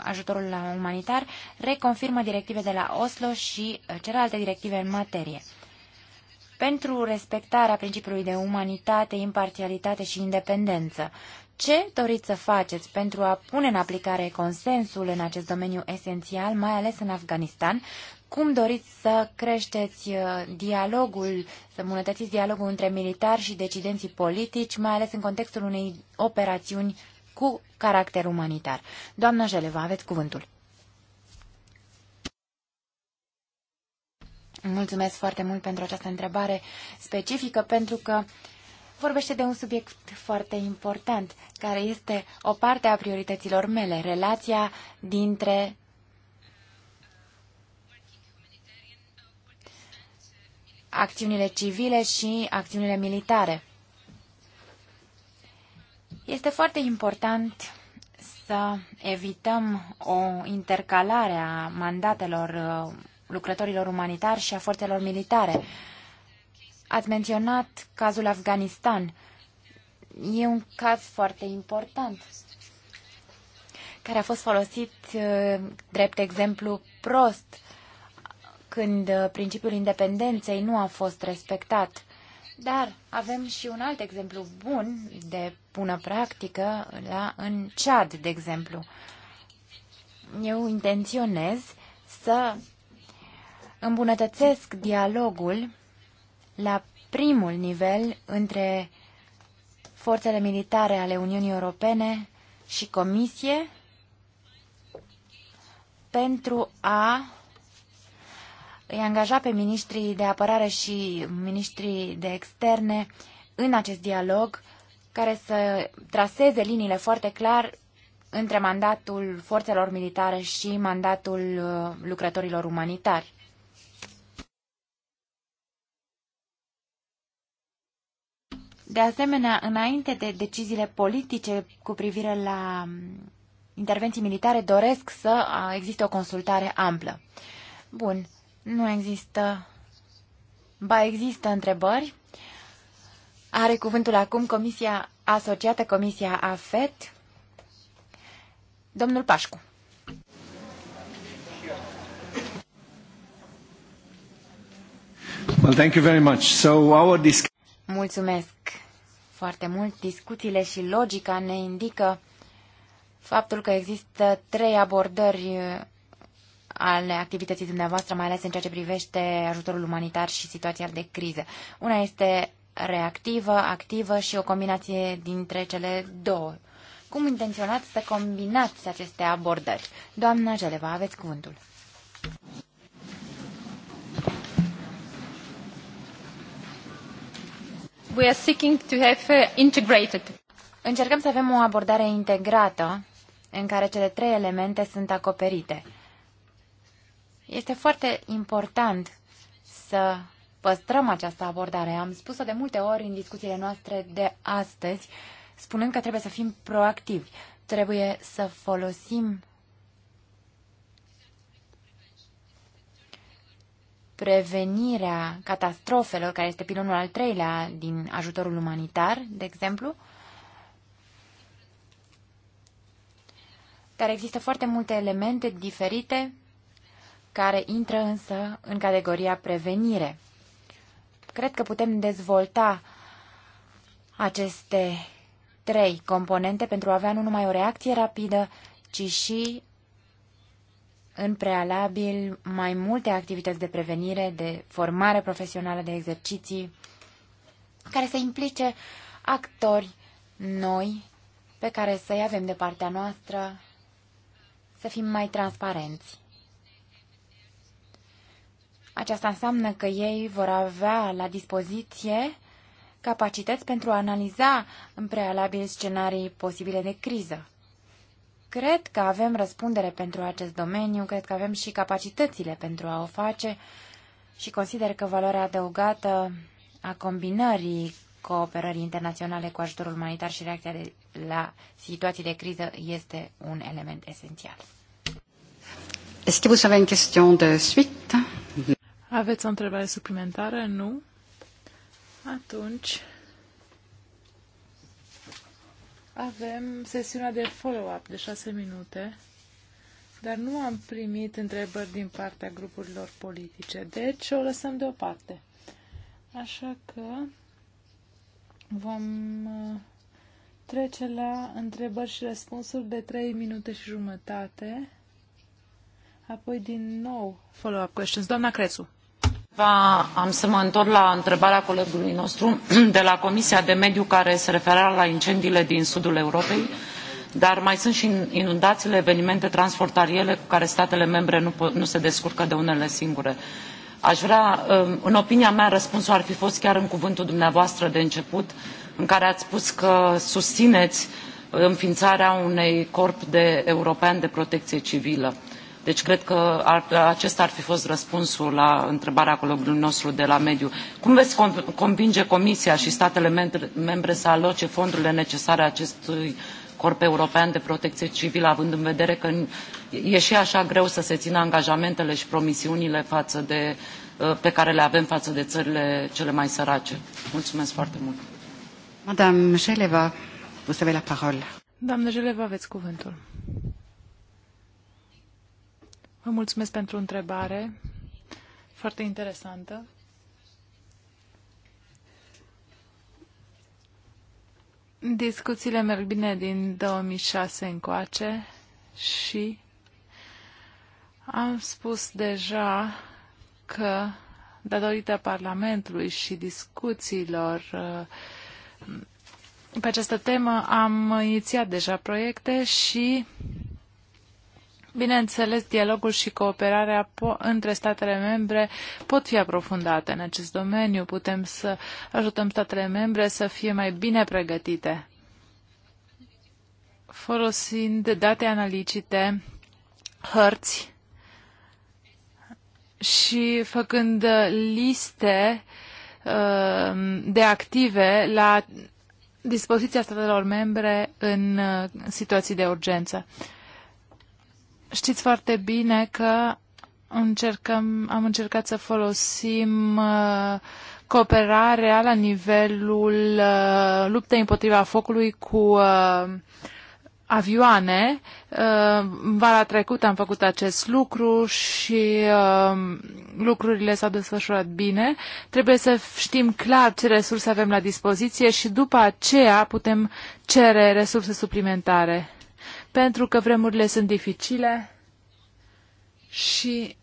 ajutorul umanitar reconfirmă directive de la Oslo și uh, celelalte directive în materie. Pentru respectarea principiului de umanitate, imparțialitate și independență, ce doriți să faceți pentru a pune în aplicare consensul în acest domeniu esențial, mai ales în Afganistan? Cum doriți să creșteți uh, dialogul, să îmbunătățiți dialogul între militari și decidenții politici, mai ales în contextul unei operațiuni cu caracter umanitar. Doamna Jeleva, aveți cuvântul. Mulțumesc foarte mult pentru această întrebare specifică, pentru că vorbește de un subiect foarte important, care este o parte a priorităților mele, relația dintre acțiunile civile și acțiunile militare. Este foarte important să evităm o intercalare a mandatelor uh, lucrătorilor umanitari și a forțelor militare. Ați menționat cazul Afganistan. E un caz foarte important care a fost folosit uh, drept exemplu prost când uh, principiul independenței nu a fost respectat. Dar avem și un alt exemplu bun de bună practică la, în Chad, de exemplu. Eu intenționez să îmbunătățesc dialogul la primul nivel între forțele militare ale Uniunii Europene și Comisie pentru a îi angaja pe ministrii de apărare și ministrii de externe în acest dialog care să traseze liniile foarte clar între mandatul forțelor militare și mandatul uh, lucrătorilor umanitari. De asemenea, înainte de deciziile politice cu privire la um, intervenții militare, doresc să uh, existe o consultare amplă. Bun. Nu există. Ba, există întrebări. Are cuvântul acum Comisia Asociată, Comisia AFET. Domnul Pașcu. Well, thank you very much. So our Mulțumesc foarte mult. Discuțiile și logica ne indică faptul că există trei abordări ale activității dumneavoastră, mai ales în ceea ce privește ajutorul umanitar și situația de criză. Una este reactivă, activă și o combinație dintre cele două. Cum intenționați să combinați aceste abordări? Doamna Jeleva, aveți cuvântul. We are seeking to have uh, integrated. Încercăm să avem o abordare integrată în care cele trei elemente sunt acoperite. Este foarte important să păstrăm această abordare. Am spus-o de multe ori în discuțiile noastre de astăzi, spunând că trebuie să fim proactivi. Trebuie să folosim prevenirea catastrofelor, care este pilonul al treilea din ajutorul umanitar, de exemplu. Dar există foarte multe elemente diferite care intră însă în categoria prevenire. Cred că putem dezvolta aceste trei componente pentru a avea nu numai o reacție rapidă, ci și în prealabil mai multe activități de prevenire, de formare profesională, de exerciții, care să implice actori noi pe care să-i avem de partea noastră, să fim mai transparenți. Aceasta înseamnă că ei vor avea la dispoziție capacități pentru a analiza în prealabil scenarii posibile de criză. Cred că avem răspundere pentru acest domeniu, cred că avem și capacitățile pentru a o face și consider că valoarea adăugată a combinării cooperării internaționale cu ajutorul umanitar și reacția de, la situații de criză este un element esențial. Est-ce que vous avez une question de suite? Aveți o întrebare suplimentară? Nu? Atunci avem sesiunea de follow-up de șase minute, dar nu am primit întrebări din partea grupurilor politice, deci o lăsăm deoparte. Așa că vom uh, trece la întrebări și răspunsuri de 3 minute și jumătate. Apoi din nou follow-up questions. Doamna Crețu am să mă întorc la întrebarea colegului nostru de la comisia de mediu care se referea la incendiile din sudul europei dar mai sunt și inundațiile evenimente transfrontaliere cu care statele membre nu, nu se descurcă de unele singure. aș vrea um, în opinia mea răspunsul ar fi fost chiar în cuvântul dumneavoastră de început în care ați spus că susțineți înființarea unui corp de, european de protecție civilă deci cred că acesta ar fi fost răspunsul la întrebarea colegului nostru de la mediu. Cum veți convinge Comisia și statele membre să aloce fondurile necesare acestui corp european de protecție civilă, având în vedere că e și așa greu să se țină angajamentele și promisiunile față de, uh, pe care le avem față de țările cele mai sărace. Mulțumesc foarte mult. Madame Jeleva, vă la parol. Doamne Jeleva, aveți cuvântul. Vă mulțumesc pentru întrebare. Foarte interesantă. Discuțiile merg bine din 2006 încoace și am spus deja că datorită Parlamentului și discuțiilor uh, pe această temă am inițiat deja proiecte și Bineînțeles, dialogul și cooperarea între statele membre pot fi aprofundate în acest domeniu. Putem să ajutăm statele membre să fie mai bine pregătite folosind date analitice, hărți și făcând liste uh, de active la dispoziția statelor membre în uh, situații de urgență. Știți foarte bine că încercăm, am încercat să folosim uh, cooperarea la nivelul uh, luptei împotriva focului cu uh, avioane. Uh, vara trecută am făcut acest lucru și uh, lucrurile s-au desfășurat bine. Trebuie să știm clar ce resurse avem la dispoziție și după aceea putem cere resurse suplimentare pentru că vremurile sunt dificile și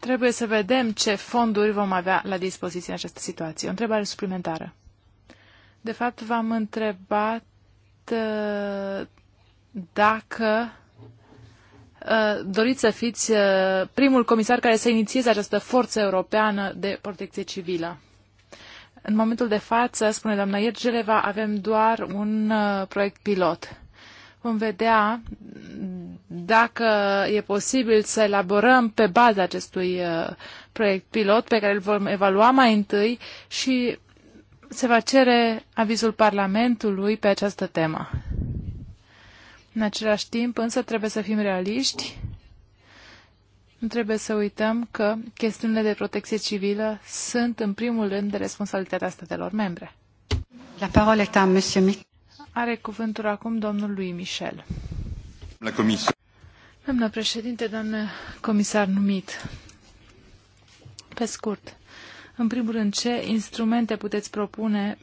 Trebuie să vedem ce fonduri vom avea la dispoziție în această situație. O întrebare suplimentară. De fapt, v-am întrebat uh, dacă Uh, doriți să fiți uh, primul comisar care să inițieze această forță europeană de protecție civilă. În momentul de față, spune doamna Iergeleva, avem doar un uh, proiect pilot. Vom vedea dacă e posibil să elaborăm pe baza acestui proiect pilot pe care îl vom evalua mai întâi și se va cere avizul Parlamentului pe această temă. În același timp, însă, trebuie să fim realiști. Nu trebuie să uităm că chestiunile de protecție civilă sunt, în primul rând, de responsabilitatea statelor membre. La parole ta, monsieur Michel. Are cuvântul acum domnul lui Michel. La comisie. Doamnă președinte, doamnă comisar numit, pe scurt, în primul rând, ce instrumente puteți propune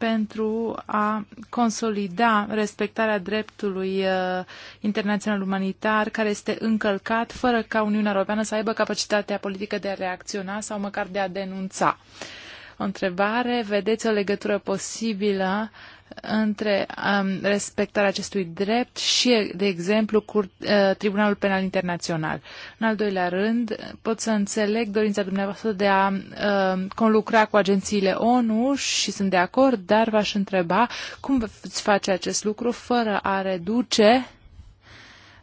pentru a consolida respectarea dreptului uh, internațional umanitar care este încălcat fără ca Uniunea Europeană să aibă capacitatea politică de a reacționa sau măcar de a denunța. O întrebare, vedeți o legătură posibilă între um, respectarea acestui drept și, de exemplu, cur, uh, Tribunalul Penal Internațional. În al doilea rând, pot să înțeleg dorința dumneavoastră de a uh, conlucra cu agențiile ONU și sunt de acord, dar v-aș întreba cum veți face acest lucru fără a reduce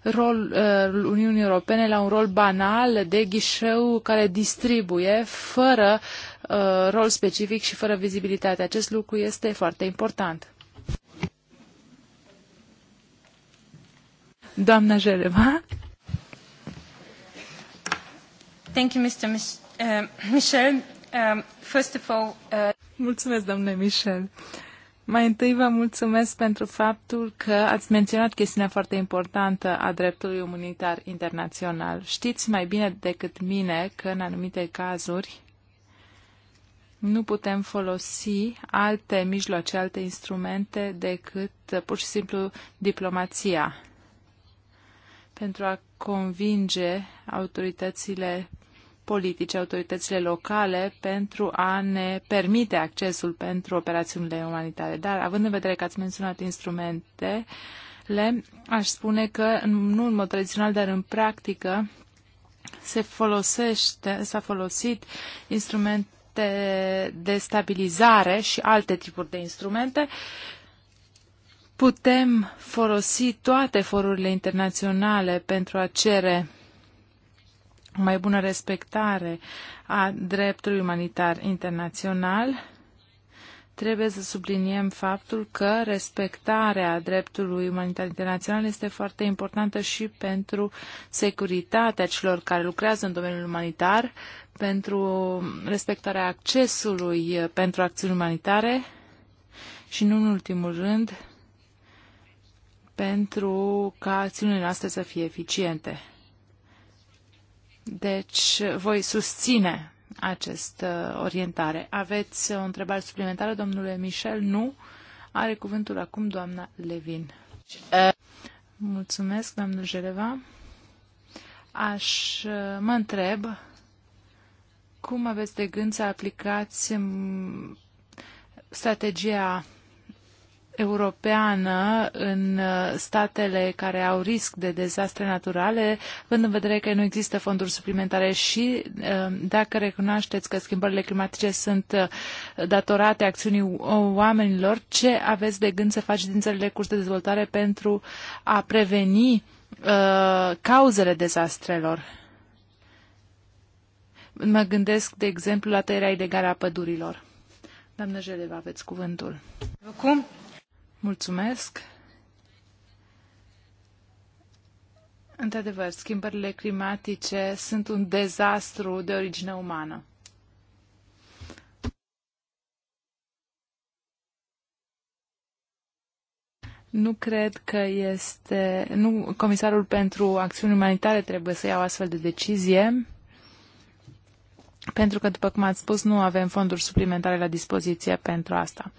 rol uh, Uniunii Europene la un rol banal de ghișeu care distribuie fără uh, rol specific și fără vizibilitate. Acest lucru este foarte important. Doamna Jeleva. Thank you, Mr. Uh, Michel. Um, first of all, uh, Mulțumesc, doamne Michel. Mai întâi vă mulțumesc pentru faptul că ați menționat chestiunea foarte importantă a dreptului umanitar internațional. Știți mai bine decât mine că în anumite cazuri nu putem folosi alte mijloace, alte instrumente decât pur și simplu diplomația pentru a convinge autoritățile politice, autoritățile locale pentru a ne permite accesul pentru operațiunile umanitare. Dar având în vedere că ați menționat instrumentele, aș spune că nu în mod tradițional, dar în practică se folosește, s-a folosit instrumente de stabilizare și alte tipuri de instrumente putem folosi toate forurile internaționale pentru a cere o mai bună respectare a dreptului umanitar internațional, trebuie să subliniem faptul că respectarea dreptului umanitar internațional este foarte importantă și pentru securitatea celor care lucrează în domeniul umanitar, pentru respectarea accesului pentru acțiuni umanitare și, nu în ultimul rând, pentru ca acțiunile noastre să fie eficiente. Deci, voi susține această uh, orientare. Aveți o întrebare suplimentară, domnule Michel? Nu. Are cuvântul acum doamna Levin. Mulțumesc, doamnă Jeleva. Aș uh, mă întreb cum aveți de gând să aplicați um, strategia europeană în uh, statele care au risc de dezastre naturale, având în vedere că nu există fonduri suplimentare și uh, dacă recunoașteți că schimbările climatice sunt uh, datorate acțiunii oamenilor, ce aveți de gând să faci din țările curs de dezvoltare pentru a preveni cauzele dezastrelor? Mă gândesc, de exemplu, la tăierea ilegală a pădurilor. Doamnă Jeleva, aveți cuvântul. Acum, Mulțumesc. Într-adevăr, schimbările climatice sunt un dezastru de origine umană. Nu cred că este... Nu, comisarul pentru acțiuni umanitare trebuie să ia astfel de decizie, pentru că, după cum ați spus, nu avem fonduri suplimentare la dispoziție pentru asta.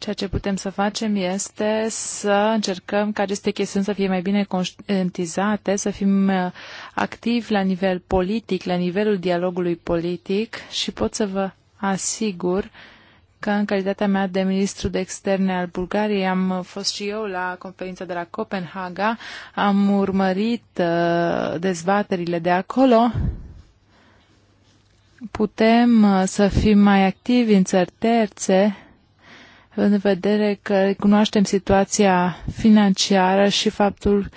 Ceea ce putem să facem este să încercăm ca aceste chestiuni să fie mai bine conștientizate, să fim uh, activi la nivel politic, la nivelul dialogului politic și pot să vă asigur că în calitatea mea de ministru de externe al Bulgariei am fost și eu la conferința de la Copenhaga, am urmărit uh, dezbaterile de acolo. Putem uh, să fim mai activi în țări terțe, în vedere că cunoaștem situația financiară și faptul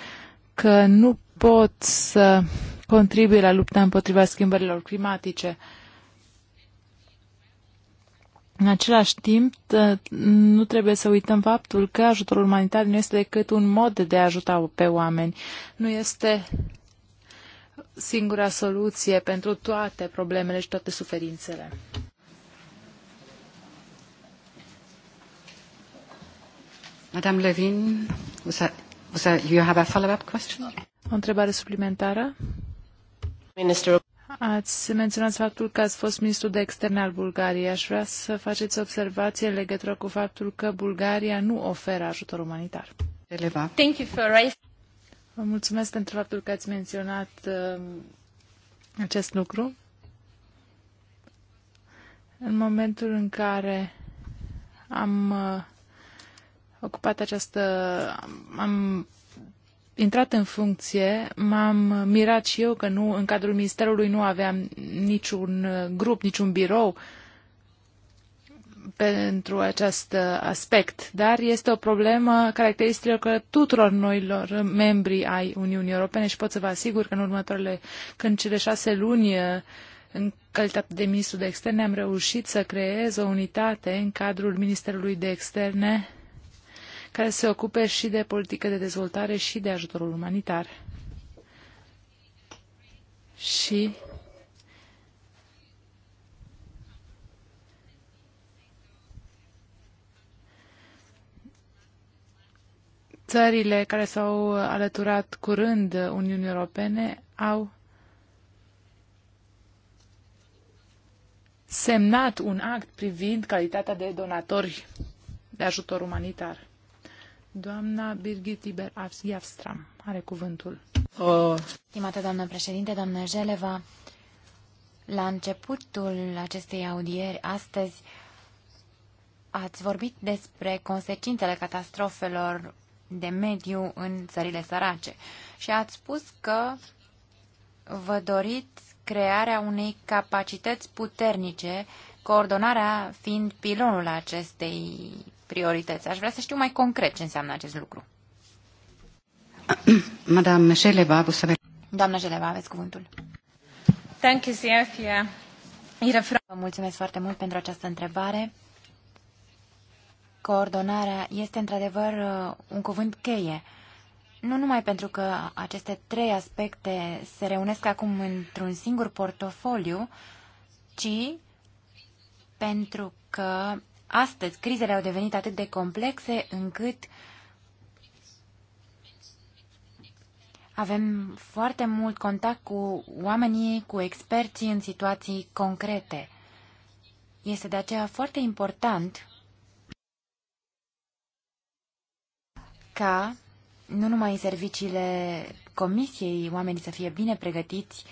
că nu pot să contribuie la lupta împotriva schimbărilor climatice. În același timp, nu trebuie să uităm faptul că ajutorul umanitar nu este decât un mod de a ajuta pe oameni. Nu este singura soluție pentru toate problemele și toate suferințele. Madame Levin, was that, was that, you have a follow-up question? O întrebare suplimentară? Minister. Ați menționat faptul că ați fost ministru de externe al Bulgariei. Aș vrea să faceți observație în legătură cu faptul că Bulgaria nu oferă ajutor umanitar. Eleva. Thank you for Vă mulțumesc pentru faptul că ați menționat uh, acest lucru. În momentul în care am uh, ocupat această... am intrat în funcție, m-am mirat și eu că nu, în cadrul ministerului nu aveam niciun grup, niciun birou pentru acest aspect, dar este o problemă caracteristică tuturor noilor membri ai Uniunii Europene și pot să vă asigur că în următoarele, când cele șase luni în calitate de ministru de externe am reușit să creez o unitate în cadrul Ministerului de Externe care se ocupe și de politică de dezvoltare și de ajutorul umanitar. Și țările care s-au alăturat curând Uniunii Europene au semnat un act privind calitatea de donatori de ajutor umanitar. Doamna Birgit Iber Iavstram are cuvântul. Oh. Stimată doamnă președinte, doamnă Jeleva, la începutul acestei audieri astăzi ați vorbit despre consecințele catastrofelor de mediu în țările sărace și ați spus că vă doriți crearea unei capacități puternice, coordonarea fiind pilonul acestei priorități. Aș vrea să știu mai concret ce înseamnă acest lucru. Madame Jeleva, vă să Doamna Jeleva, aveți cuvântul. Thank you, Zia. Vă mulțumesc foarte mult pentru această întrebare. Coordonarea este într-adevăr un cuvânt cheie. Nu numai pentru că aceste trei aspecte se reunesc acum într-un singur portofoliu, ci pentru că astăzi crizele au devenit atât de complexe încât avem foarte mult contact cu oamenii, cu experții în situații concrete. Este de aceea foarte important ca nu numai în serviciile comisiei oamenii să fie bine pregătiți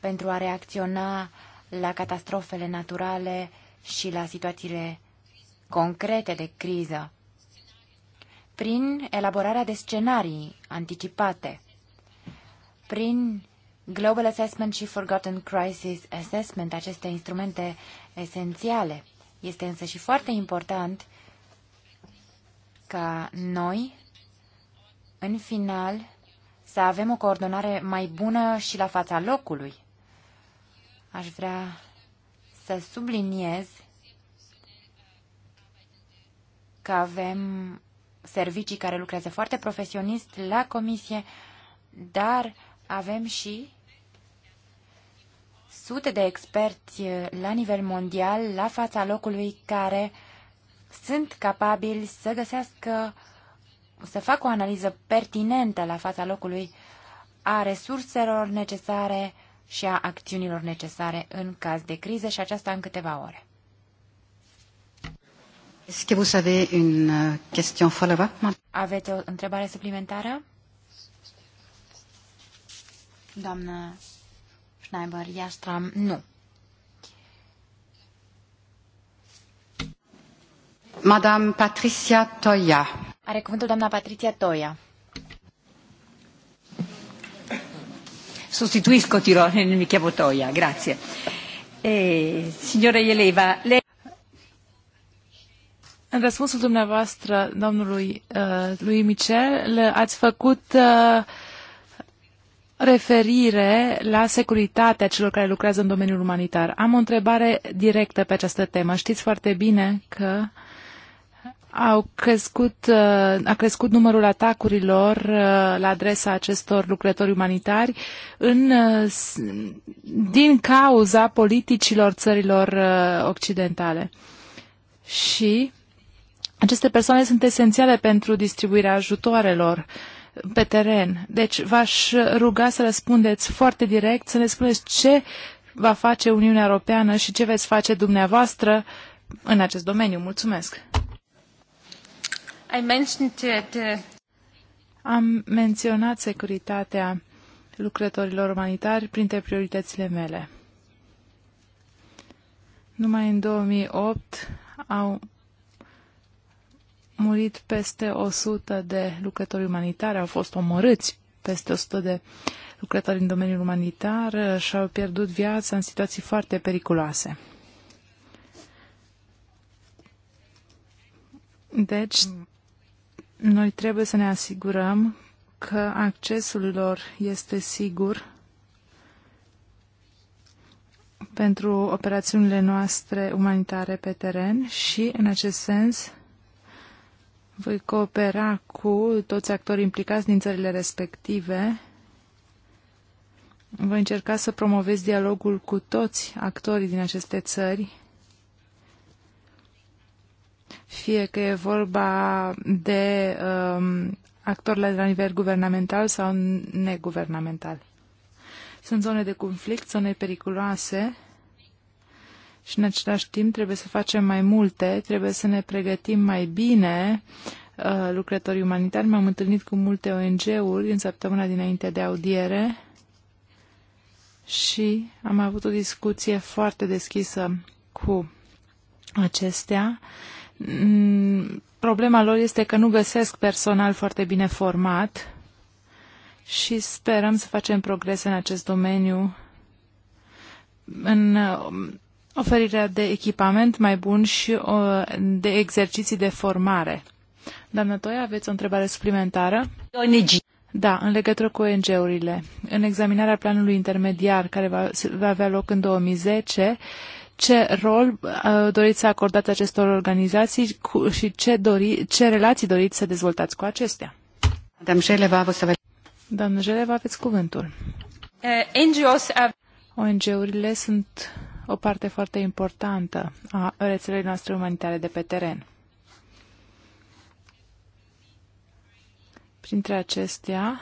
pentru a reacționa la catastrofele naturale, și la situațiile concrete de criză prin elaborarea de scenarii anticipate, prin Global Assessment și Forgotten Crisis Assessment, aceste instrumente esențiale. Este însă și foarte important ca noi, în final, să avem o coordonare mai bună și la fața locului. Aș vrea să subliniez că avem servicii care lucrează foarte profesionist la comisie, dar avem și sute de experți la nivel mondial, la fața locului, care sunt capabili să găsească, să facă o analiză pertinentă la fața locului a resurselor necesare și a acțiunilor necesare în caz de criză și aceasta în câteva ore. Est-ce que vous avez une euh, question follow-up? Aveți o întrebare suplimentară? Doamnă Schneiber, Iastram, nu. Madame Patricia Toia. Are cuvântul doamna Patricia Toia. sostituisco Tirone nel mi Toia, grazie. E, signora Ieleva, lei... În răspunsul dumneavoastră, domnului uh, lui Michel, ați făcut uh, referire la securitatea celor care lucrează în domeniul umanitar. Am o întrebare directă pe această temă. Știți foarte bine că uh, au crescut, uh, a crescut numărul atacurilor uh, la adresa acestor lucrători umanitari în, uh, din cauza politicilor țărilor occidentale. Și aceste persoane sunt esențiale pentru distribuirea ajutoarelor pe teren. Deci v-aș ruga să răspundeți foarte direct, să ne spuneți ce va face Uniunea Europeană și ce veți face dumneavoastră în acest domeniu. Mulțumesc! I mentioned Am menționat securitatea lucrătorilor umanitari printre prioritățile mele. Numai în 2008 au murit peste 100 de lucrători umanitari, au fost omorâți peste 100 de lucrători în domeniul umanitar și au pierdut viața în situații foarte periculoase. Deci noi trebuie să ne asigurăm că accesul lor este sigur pentru operațiunile noastre umanitare pe teren și, în acest sens, voi coopera cu toți actorii implicați din țările respective. Voi încerca să promovez dialogul cu toți actorii din aceste țări fie că e vorba de um, actori la nivel guvernamental sau neguvernamental. Sunt zone de conflict, zone periculoase și în același timp trebuie să facem mai multe, trebuie să ne pregătim mai bine uh, lucrătorii umanitari. M-am întâlnit cu multe ONG-uri în săptămâna dinainte de audiere și am avut o discuție foarte deschisă cu acestea. Uh, Mm, problema lor este că nu găsesc personal foarte bine format și sperăm să facem progrese în acest domeniu în um, oferirea de echipament mai bun și uh, de exerciții de formare. Doamna Toia, aveți o întrebare suplimentară? ONG. Da, în legătură cu ONG-urile. În examinarea planului intermediar care va, va avea loc în 2010, ce rol uh, doriți să acordați acestor organizații și ce, dori, ce relații doriți să dezvoltați cu acestea. Doamnă Jeleva, vă să vă... Jeleva, aveți cuvântul. Eh, ONG-urile sunt o parte foarte importantă a rețelei noastre umanitare de pe teren. Printre acestea,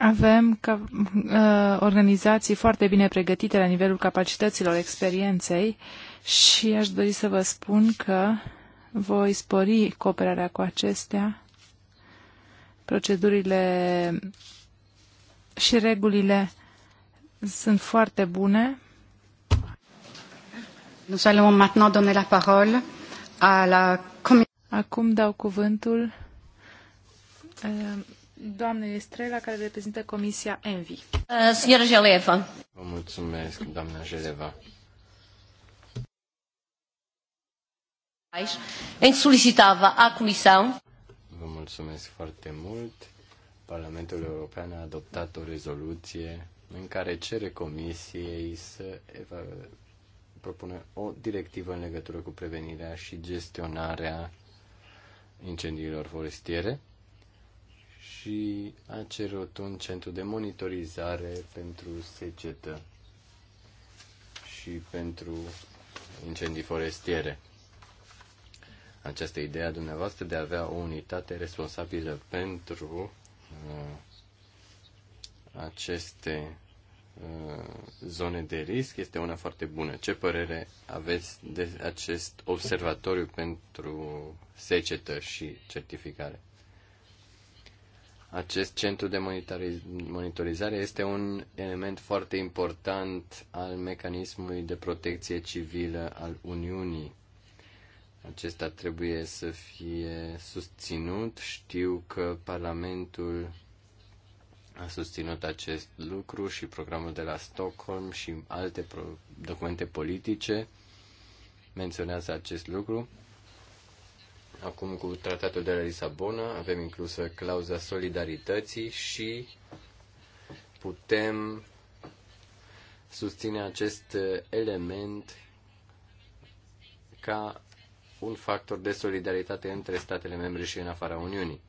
Avem ca, uh, organizații foarte bine pregătite la nivelul capacităților experienței și aș dori să vă spun că voi spori cooperarea cu acestea, procedurile și regulile sunt foarte bune. Nous allons maintenant donner la parole à la Acum dau cuvântul uh, doamnei Estrela, care reprezintă Comisia Envi. Uh, Signora Geleva. Vă mulțumesc, doamna Geleva. Em solicitava a Comissão. Vă mulțumesc foarte mult. Parlamentul European a adoptat o rezoluție în care cere Comisiei să propună o directivă în legătură cu prevenirea și gestionarea incendiilor forestiere și a cerut un centru de monitorizare pentru secetă și pentru incendii forestiere. Această idee a dumneavoastră de a avea o unitate responsabilă pentru uh, aceste uh, zone de risc este una foarte bună. Ce părere aveți de acest observatoriu pentru secetă și certificare? Acest centru de monitorizare este un element foarte important al mecanismului de protecție civilă al Uniunii. Acesta trebuie să fie susținut. Știu că Parlamentul a susținut acest lucru și programul de la Stockholm și alte documente politice menționează acest lucru. Acum, cu tratatul de la Lisabona, avem inclusă clauza solidarității și putem susține acest element ca un factor de solidaritate între statele membre și în afara Uniunii.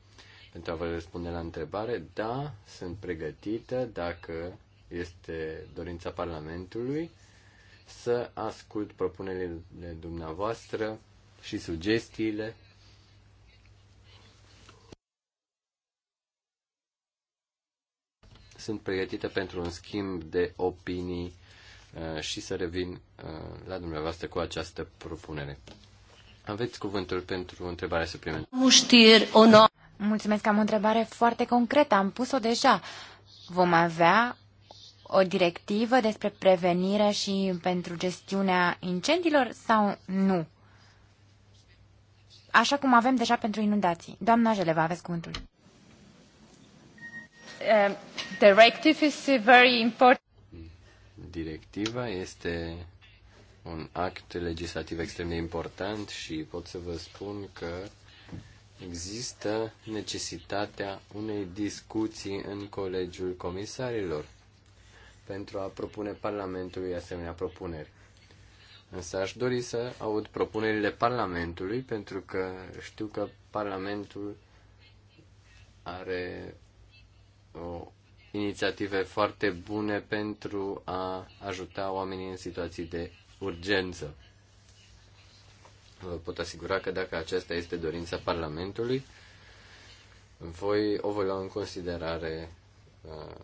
Pentru a vă răspunde la întrebare, da, sunt pregătită dacă este dorința Parlamentului să ascult propunerile dumneavoastră și sugestiile sunt pregătite pentru un schimb de opinii uh, și să revin uh, la dumneavoastră cu această propunere. Aveți cuvântul pentru întrebarea suplimentară. Mulțumesc, am o întrebare foarte concretă, am pus-o deja. Vom avea o directivă despre prevenire și pentru gestiunea incendiilor sau nu? Așa cum avem deja pentru inundații. Doamna Jeleva, aveți cuvântul. Um, directive is very important. Directiva este un act legislativ extrem de important și pot să vă spun că există necesitatea unei discuții în Colegiul Comisarilor pentru a propune Parlamentului asemenea propuneri. Însă aș dori să aud propunerile Parlamentului, pentru că știu că Parlamentul are o inițiative foarte bune pentru a ajuta oamenii în situații de urgență. Vă pot asigura că dacă aceasta este dorința Parlamentului, voi o voi lua în considerare uh,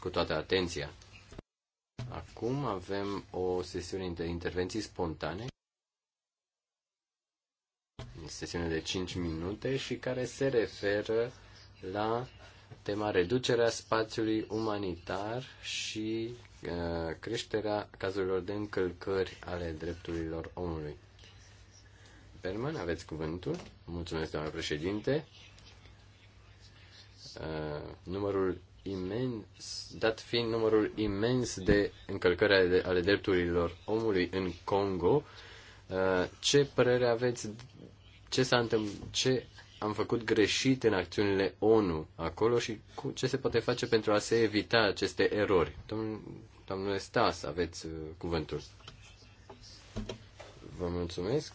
cu toată atenția. Acum avem o sesiune de intervenții spontane, sesiune de 5 minute și care se referă la tema reducerea spațiului umanitar și uh, creșterea cazurilor de încălcări ale drepturilor omului. Berman, aveți cuvântul. Mulțumesc, doamnă președinte. Uh, numărul imens, dat fiind numărul imens de încălcări ale, drepturilor omului în Congo, uh, ce părere aveți, ce, s-a întâmpl- ce am făcut greșit în acțiunile ONU acolo și cu ce se poate face pentru a se evita aceste erori. Domn, domnule Stas, aveți uh, cuvântul. Vă mulțumesc.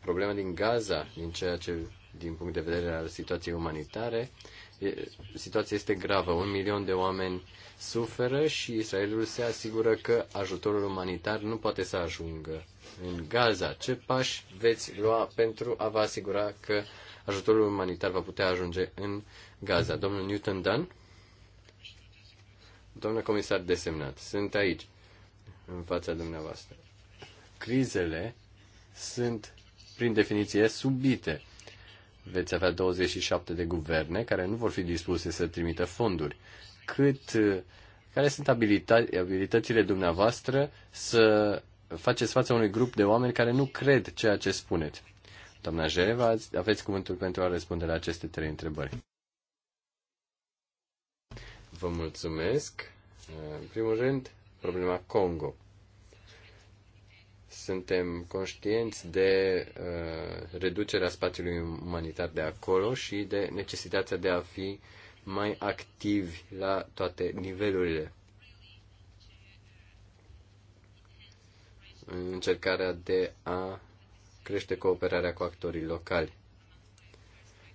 Problema din Gaza, din ceea ce, din punct de vedere al situației umanitare, situația este gravă. Un milion de oameni suferă și Israelul se asigură că ajutorul umanitar nu poate să ajungă în Gaza. Ce pași veți lua pentru a vă asigura că ajutorul umanitar va putea ajunge în Gaza? Domnul Newton Dunn? domnul comisar desemnat, sunt aici, în fața dumneavoastră. Crizele sunt, prin definiție, subite. Veți avea 27 de guverne care nu vor fi dispuse să trimită fonduri. Cât, care sunt abilita- abilitățile dumneavoastră să faceți față unui grup de oameni care nu cred ceea ce spuneți. Doamna Jereva, aveți cuvântul pentru a răspunde la aceste trei întrebări. Vă mulțumesc. În primul rând, problema Congo. Suntem conștienți de uh, reducerea spațiului umanitar de acolo și de necesitatea de a fi mai activi la toate nivelurile în încercarea de a crește cooperarea cu actorii locali.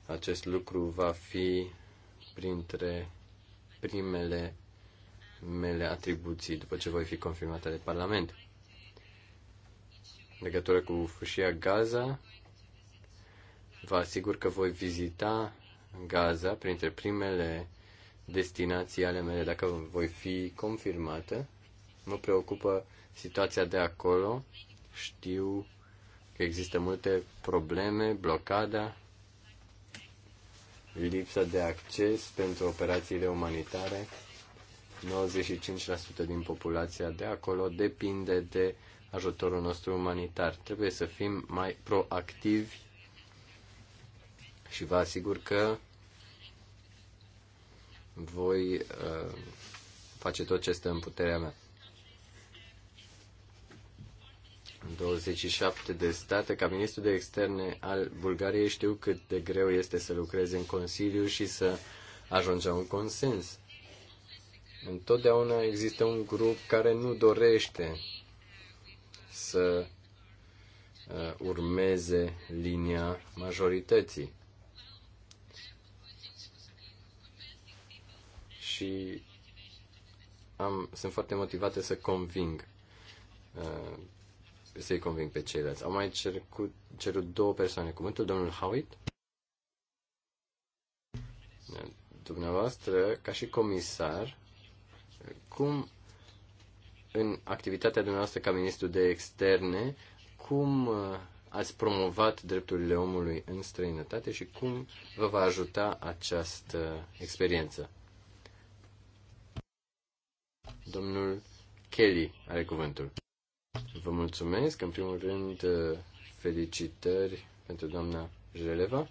Acest lucru va fi printre primele mele atribuții după ce voi fi confirmată de Parlament. legătură cu fâșia Gaza, vă asigur că voi vizita Gaza printre primele destinații ale mele dacă voi fi confirmată. Mă preocupă situația de acolo. Știu că există multe probleme, blocada, lipsa de acces pentru operațiile umanitare. 95% din populația de acolo depinde de ajutorul nostru umanitar. Trebuie să fim mai proactivi și vă asigur că voi uh, face tot ce stă în puterea mea. 27 de state. Ca ministru de externe al Bulgariei știu cât de greu este să lucrezi în Consiliu și să ajungi la un consens. Întotdeauna există un grup care nu dorește să uh, urmeze linia majorității. Și am, sunt foarte motivate să conving uh, să-i conving pe ceilalți. Au mai cercut, cerut două persoane cuvântul, domnul Howitt. Dumneavoastră, ca și comisar, cum în activitatea dumneavoastră ca ministru de externe, cum uh, ați promovat drepturile omului în străinătate și cum vă va ajuta această experiență? Domnul Kelly are cuvântul. Vă mulțumesc. În primul rând, uh, felicitări pentru doamna Jeleva.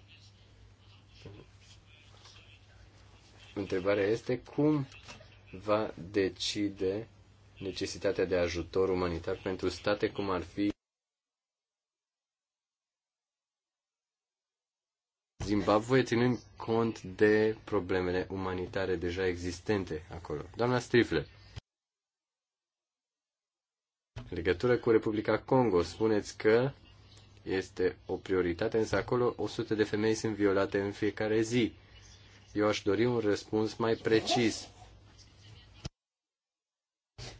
Întrebarea este cum va decide necesitatea de ajutor umanitar pentru state cum ar fi Zimbabwe, ținând cont de problemele umanitare deja existente acolo. Doamna Strifler. În legătură cu Republica Congo, spuneți că este o prioritate, însă acolo 100 de femei sunt violate în fiecare zi. Eu aș dori un răspuns mai precis.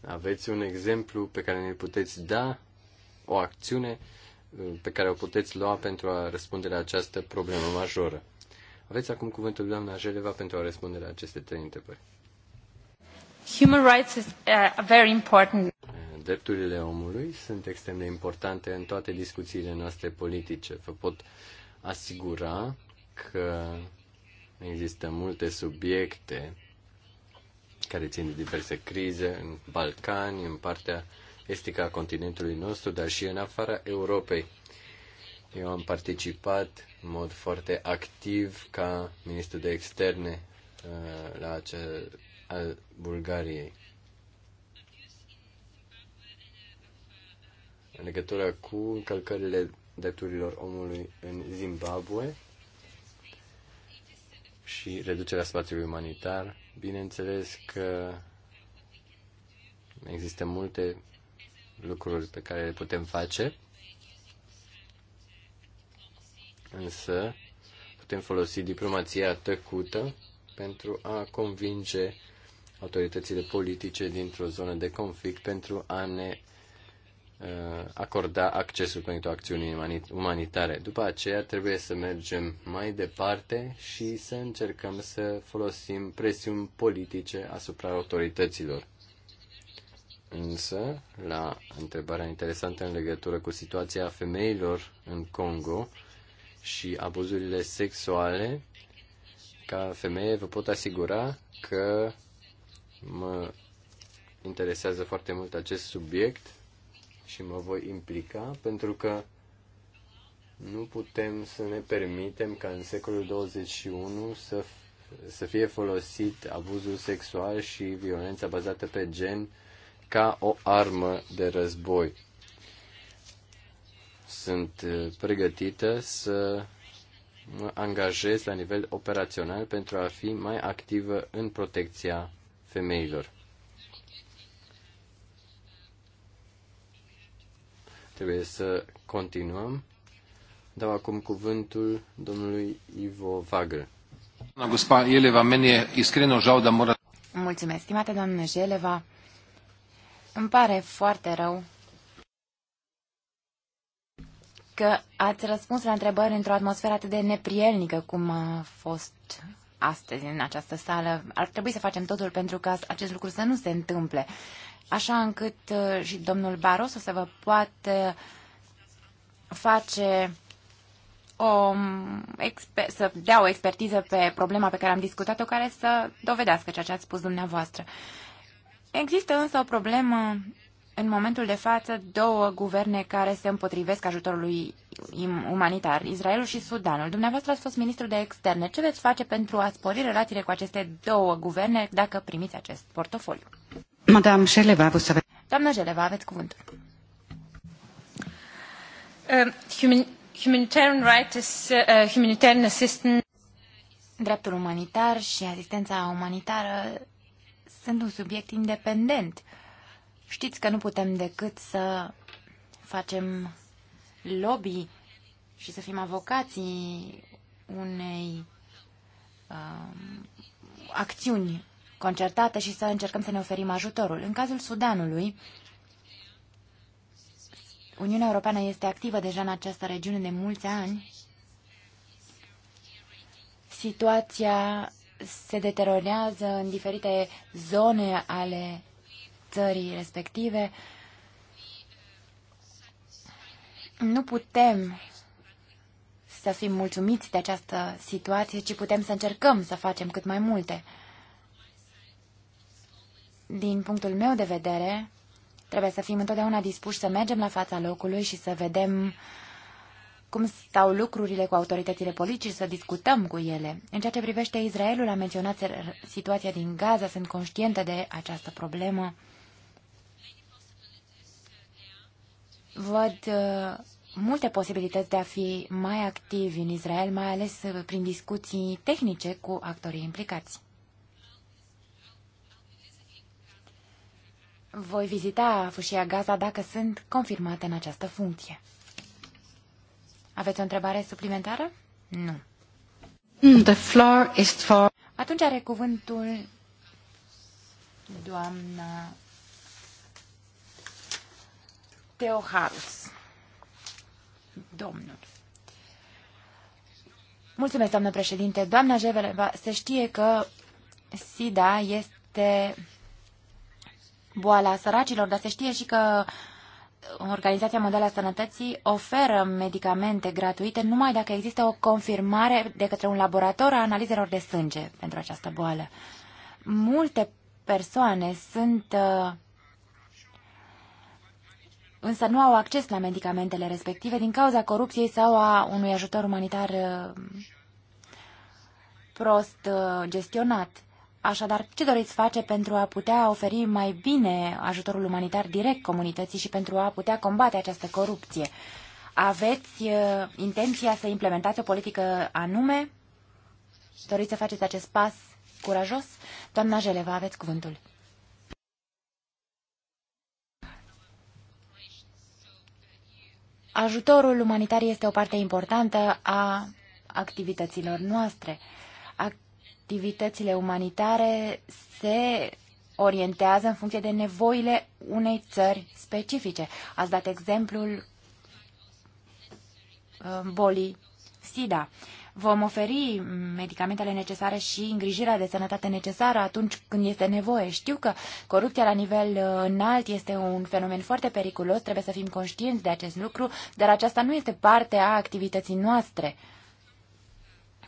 Aveți un exemplu pe care ne puteți da, o acțiune uh, pe care o puteți lua pentru a răspunde la această problemă majoră. Aveți acum cuvântul doamna Jeleva pentru a răspunde la aceste trei întrebări. Human rights is a uh, very important. Drepturile omului sunt extrem de importante în toate discuțiile noastre politice. Vă pot asigura că există multe subiecte care țin de diverse crize în Balcani, în partea estică a continentului nostru, dar și în afara Europei. Eu am participat în mod foarte activ ca ministru de externe uh, la acea al Bulgariei. în legătură cu încălcările drepturilor omului în Zimbabwe și reducerea spațiului umanitar. Bineînțeles că există multe lucruri pe care le putem face, însă putem folosi diplomația tăcută pentru a convinge autoritățile politice dintr-o zonă de conflict pentru a ne Uh, acorda accesul pentru acțiuni umanitare. După aceea trebuie să mergem mai departe și să încercăm să folosim presiuni politice asupra autorităților. Însă, la întrebarea interesantă în legătură cu situația femeilor în Congo și abuzurile sexuale, ca femeie vă pot asigura că mă interesează foarte mult acest subiect și mă voi implica pentru că nu putem să ne permitem ca în secolul 21 să, să fie folosit abuzul sexual și violența bazată pe gen ca o armă de război. Sunt uh, pregătită să mă angajez la nivel operațional pentru a fi mai activă în protecția femeilor. Trebuie să continuăm. Dau acum cuvântul domnului Ivo Vagre. meni da mora... Mulțumesc, stimate doamnă Jeleva. Îmi pare foarte rău că ați răspuns la întrebări într-o atmosferă atât de neprielnică cum a fost astăzi în această sală. Ar trebui să facem totul pentru ca acest lucru să nu se întâmple așa încât uh, și domnul Baros să vă poată face o, mm, să dea o expertiză pe problema pe care am discutat-o, care să dovedească ceea ce ați spus dumneavoastră. Există însă o problemă în momentul de față două guverne care se împotrivesc ajutorului umanitar, Israelul și Sudanul. Dumneavoastră ați fost ministru de externe. Ce veți face pentru a spori relațiile cu aceste două guverne dacă primiți acest portofoliu? Madame Jeleva, vous savez. Doamna Jeleva, aveți cuvântul. Um, humanitarian right uh, uh, humanitarian assistance. Dreptul umanitar și asistența umanitară sunt un subiect independent. Știți că nu putem decât să facem lobby și să fim avocații unei uh, acțiuni concertate și să încercăm să ne oferim ajutorul. În cazul Sudanului, Uniunea Europeană este activă deja în această regiune de mulți ani. Situația se deteriorează în diferite zone ale țării respective. Nu putem să fim mulțumiți de această situație, ci putem să încercăm să facem cât mai multe. Din punctul meu de vedere, trebuie să fim întotdeauna dispuși să mergem la fața locului și să vedem cum stau lucrurile cu autoritățile politice și să discutăm cu ele. În ceea ce privește Israelul, a menționat situația din Gaza, sunt conștientă de această problemă. Văd uh, multe posibilități de a fi mai activi în Israel, mai ales uh, prin discuții tehnice cu actorii implicați. voi vizita fâșia Gaza dacă sunt confirmate în această funcție. Aveți o întrebare suplimentară? Nu. Mm, the floor is for... Atunci are cuvântul doamna Harus. Domnul. Mulțumesc, doamnă președinte. Doamna Jevele, se știe că SIDA este boala săracilor, dar se știe și că uh, Organizația Mondială a Sănătății oferă medicamente gratuite numai dacă există o confirmare de către un laborator a analizelor de sânge pentru această boală. Multe persoane sunt uh, însă nu au acces la medicamentele respective din cauza corupției sau a unui ajutor umanitar uh, prost gestionat. Așadar, ce doriți face pentru a putea oferi mai bine ajutorul umanitar direct comunității și pentru a putea combate această corupție? Aveți uh, intenția să implementați o politică anume? Doriți să faceți acest pas curajos? Doamna Jeleva, aveți cuvântul. Ajutorul umanitar este o parte importantă a activităților noastre activitățile umanitare se orientează în funcție de nevoile unei țări specifice. Ați dat exemplul uh, bolii SIDA. Vom oferi medicamentele necesare și îngrijirea de sănătate necesară atunci când este nevoie. Știu că corupția la nivel uh, înalt este un fenomen foarte periculos, trebuie să fim conștienți de acest lucru, dar aceasta nu este parte a activității noastre. Uh,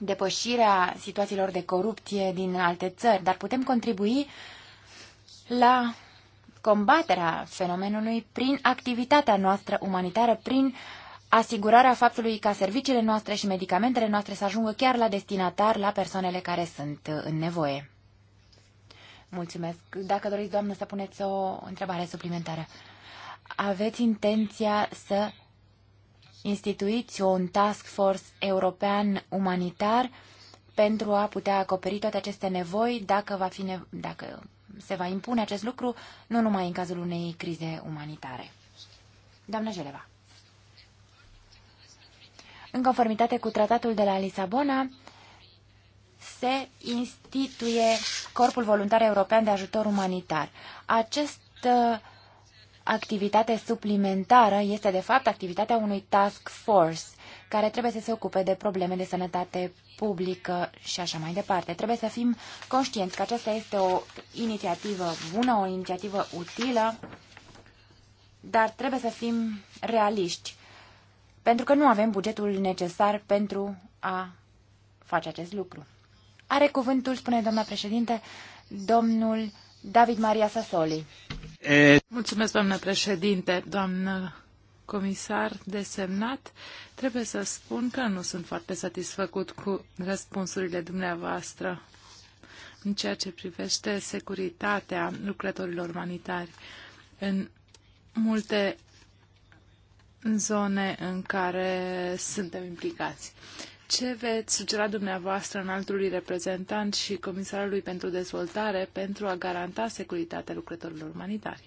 depășirea situațiilor de corupție din alte țări, dar putem contribui la combaterea fenomenului prin activitatea noastră umanitară, prin asigurarea faptului ca serviciile noastre și medicamentele noastre să ajungă chiar la destinatar, la persoanele care sunt uh, în nevoie. Mulțumesc. Dacă doriți, doamnă, să puneți o întrebare suplimentară. Aveți intenția să instituiți un task force european umanitar pentru a putea acoperi toate aceste nevoi dacă, va fi ne- dacă se va impune acest lucru, nu numai în cazul unei crize umanitare. Doamna Jeleva. În conformitate cu tratatul de la Lisabona, se instituie Corpul Voluntar European de Ajutor Umanitar. Acest uh, activitate suplimentară este de fapt activitatea unui task force care trebuie să se ocupe de probleme de sănătate publică și așa mai departe. Trebuie să fim conștienți că aceasta este o inițiativă bună, o inițiativă utilă, dar trebuie să fim realiști, pentru că nu avem bugetul necesar pentru a face acest lucru. Are cuvântul, spune doamna președinte, domnul David Maria Sassoli. Mulțumesc, doamnă președinte, doamnă comisar desemnat. Trebuie să spun că nu sunt foarte satisfăcut cu răspunsurile dumneavoastră în ceea ce privește securitatea lucrătorilor umanitari. În multe zone în care suntem implicați. Ce veți sugera dumneavoastră înaltului reprezentant și comisarului pentru dezvoltare pentru a garanta securitatea lucrătorilor umanitari?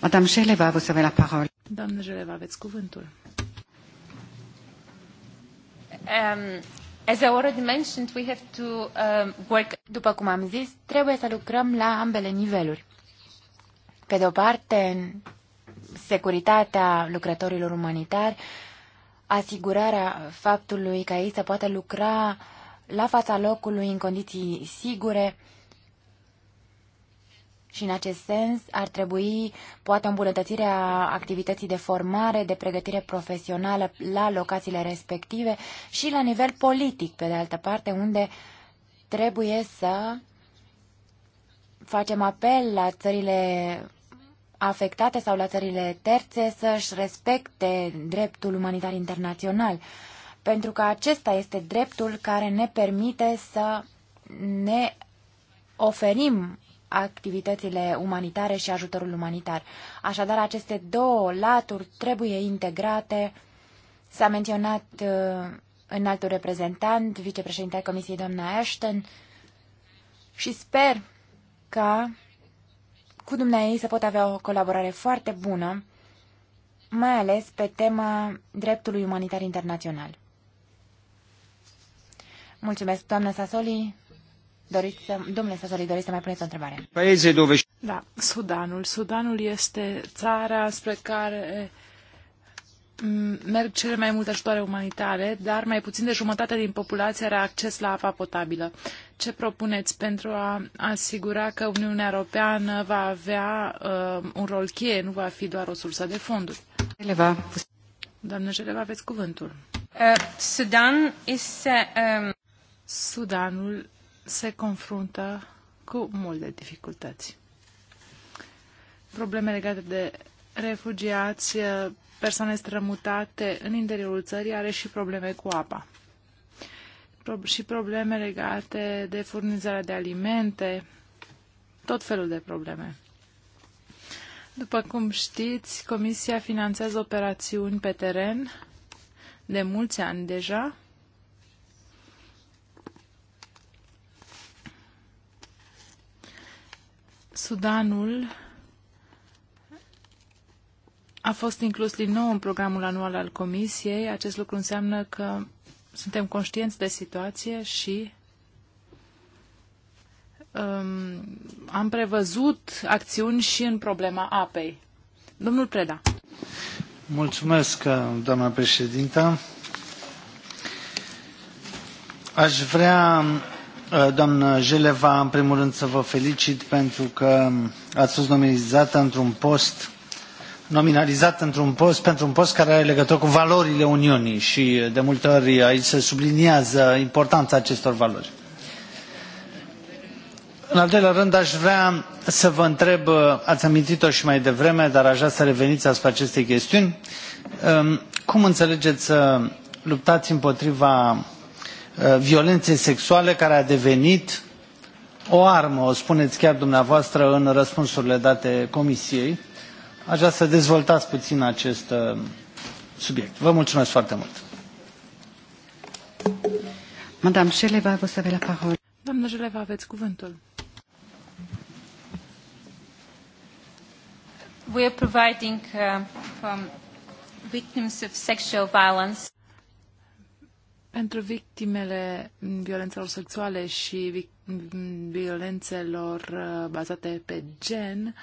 Madame Jeleva, vă să la parole. Doamnă Jeleva, aveți cuvântul. Um, as I already mentioned, we have to um, work... După cum am zis, trebuie să lucrăm la ambele niveluri. Pe de o parte, securitatea lucrătorilor umanitari uh, asigurarea faptului că ei se poate lucra la fața locului în condiții sigure și în acest sens ar trebui poate îmbunătățirea activității de formare, de pregătire profesională la locațiile respective și la nivel politic, pe de altă parte, unde trebuie să facem apel la țările afectate sau la țările terțe să-și respecte dreptul umanitar internațional, pentru că acesta este dreptul care ne permite să ne oferim activitățile umanitare și ajutorul umanitar. Așadar, aceste două laturi trebuie integrate. S-a menționat uh, în altul reprezentant, vicepreședintea Comisiei, doamna Ashton, și sper ca cu dumneavoastră se pot avea o colaborare foarte bună, mai ales pe tema dreptului umanitar internațional. Mulțumesc, doamnă Sasoli. Doriți să, domnule Sasoli, doriți să mai puneți o întrebare? Da, Sudanul. Sudanul este țara spre care merg cele mai multe ajutoare umanitare, dar mai puțin de jumătate din populație are acces la apa potabilă. Ce propuneți pentru a asigura că Uniunea Europeană va avea uh, un rol cheie, nu va fi doar o sursă de fonduri? Eleva. Doamnă Jeleva, aveți cuvântul. Uh, Sudan este... Um... Sudanul se confruntă cu multe dificultăți. Probleme legate de refugiați, uh, persoane strămutate în interiorul țării are și probleme cu apa și probleme legate de furnizarea de alimente, tot felul de probleme. După cum știți, Comisia finanțează operațiuni pe teren de mulți ani deja. Sudanul a fost inclus din nou în programul anual al Comisiei. Acest lucru înseamnă că suntem conștienți de situație și um, am prevăzut acțiuni și în problema apei. Domnul Preda. Mulțumesc, doamna președintă. Aș vrea, doamnă Jeleva, în primul rând să vă felicit pentru că ați fost nominalizată într-un post nominalizat într un post pentru un post care are legătură cu valorile Uniunii și eh, de multe ori aici se subliniază importanța acestor valori. În al doilea rând, aș vrea să vă întreb, eh, ați amintit-o și mai devreme, dar aș vrea să reveniți asupra acestei chestiuni. Ehm, cum înțelegeți să luptați împotriva eh, violenței sexuale care a devenit o armă, o spuneți chiar dumneavoastră în răspunsurile date Comisiei, Aș vrea să dezvoltați puțin acest uh, subiect. Vă mulțumesc foarte mult. Madame Șeleva, vă să la parole. Doamnă Jeleva, aveți cuvântul. We are providing uh, from um, victims of sexual violence pentru victimele violențelor sexuale și mm, violențelor uh, bazate pe gen,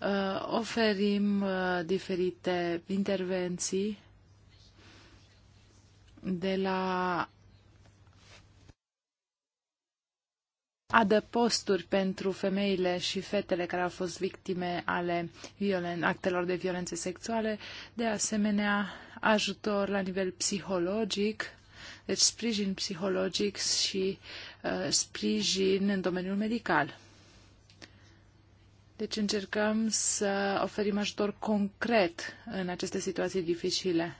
Uh, oferim uh, diferite intervenții de la adăposturi pentru femeile și fetele care au fost victime ale violen- actelor de violențe sexuale, de asemenea ajutor la nivel psihologic, deci sprijin psihologic și uh, sprijin în domeniul medical. Deci încercăm să oferim ajutor concret în aceste situații dificile.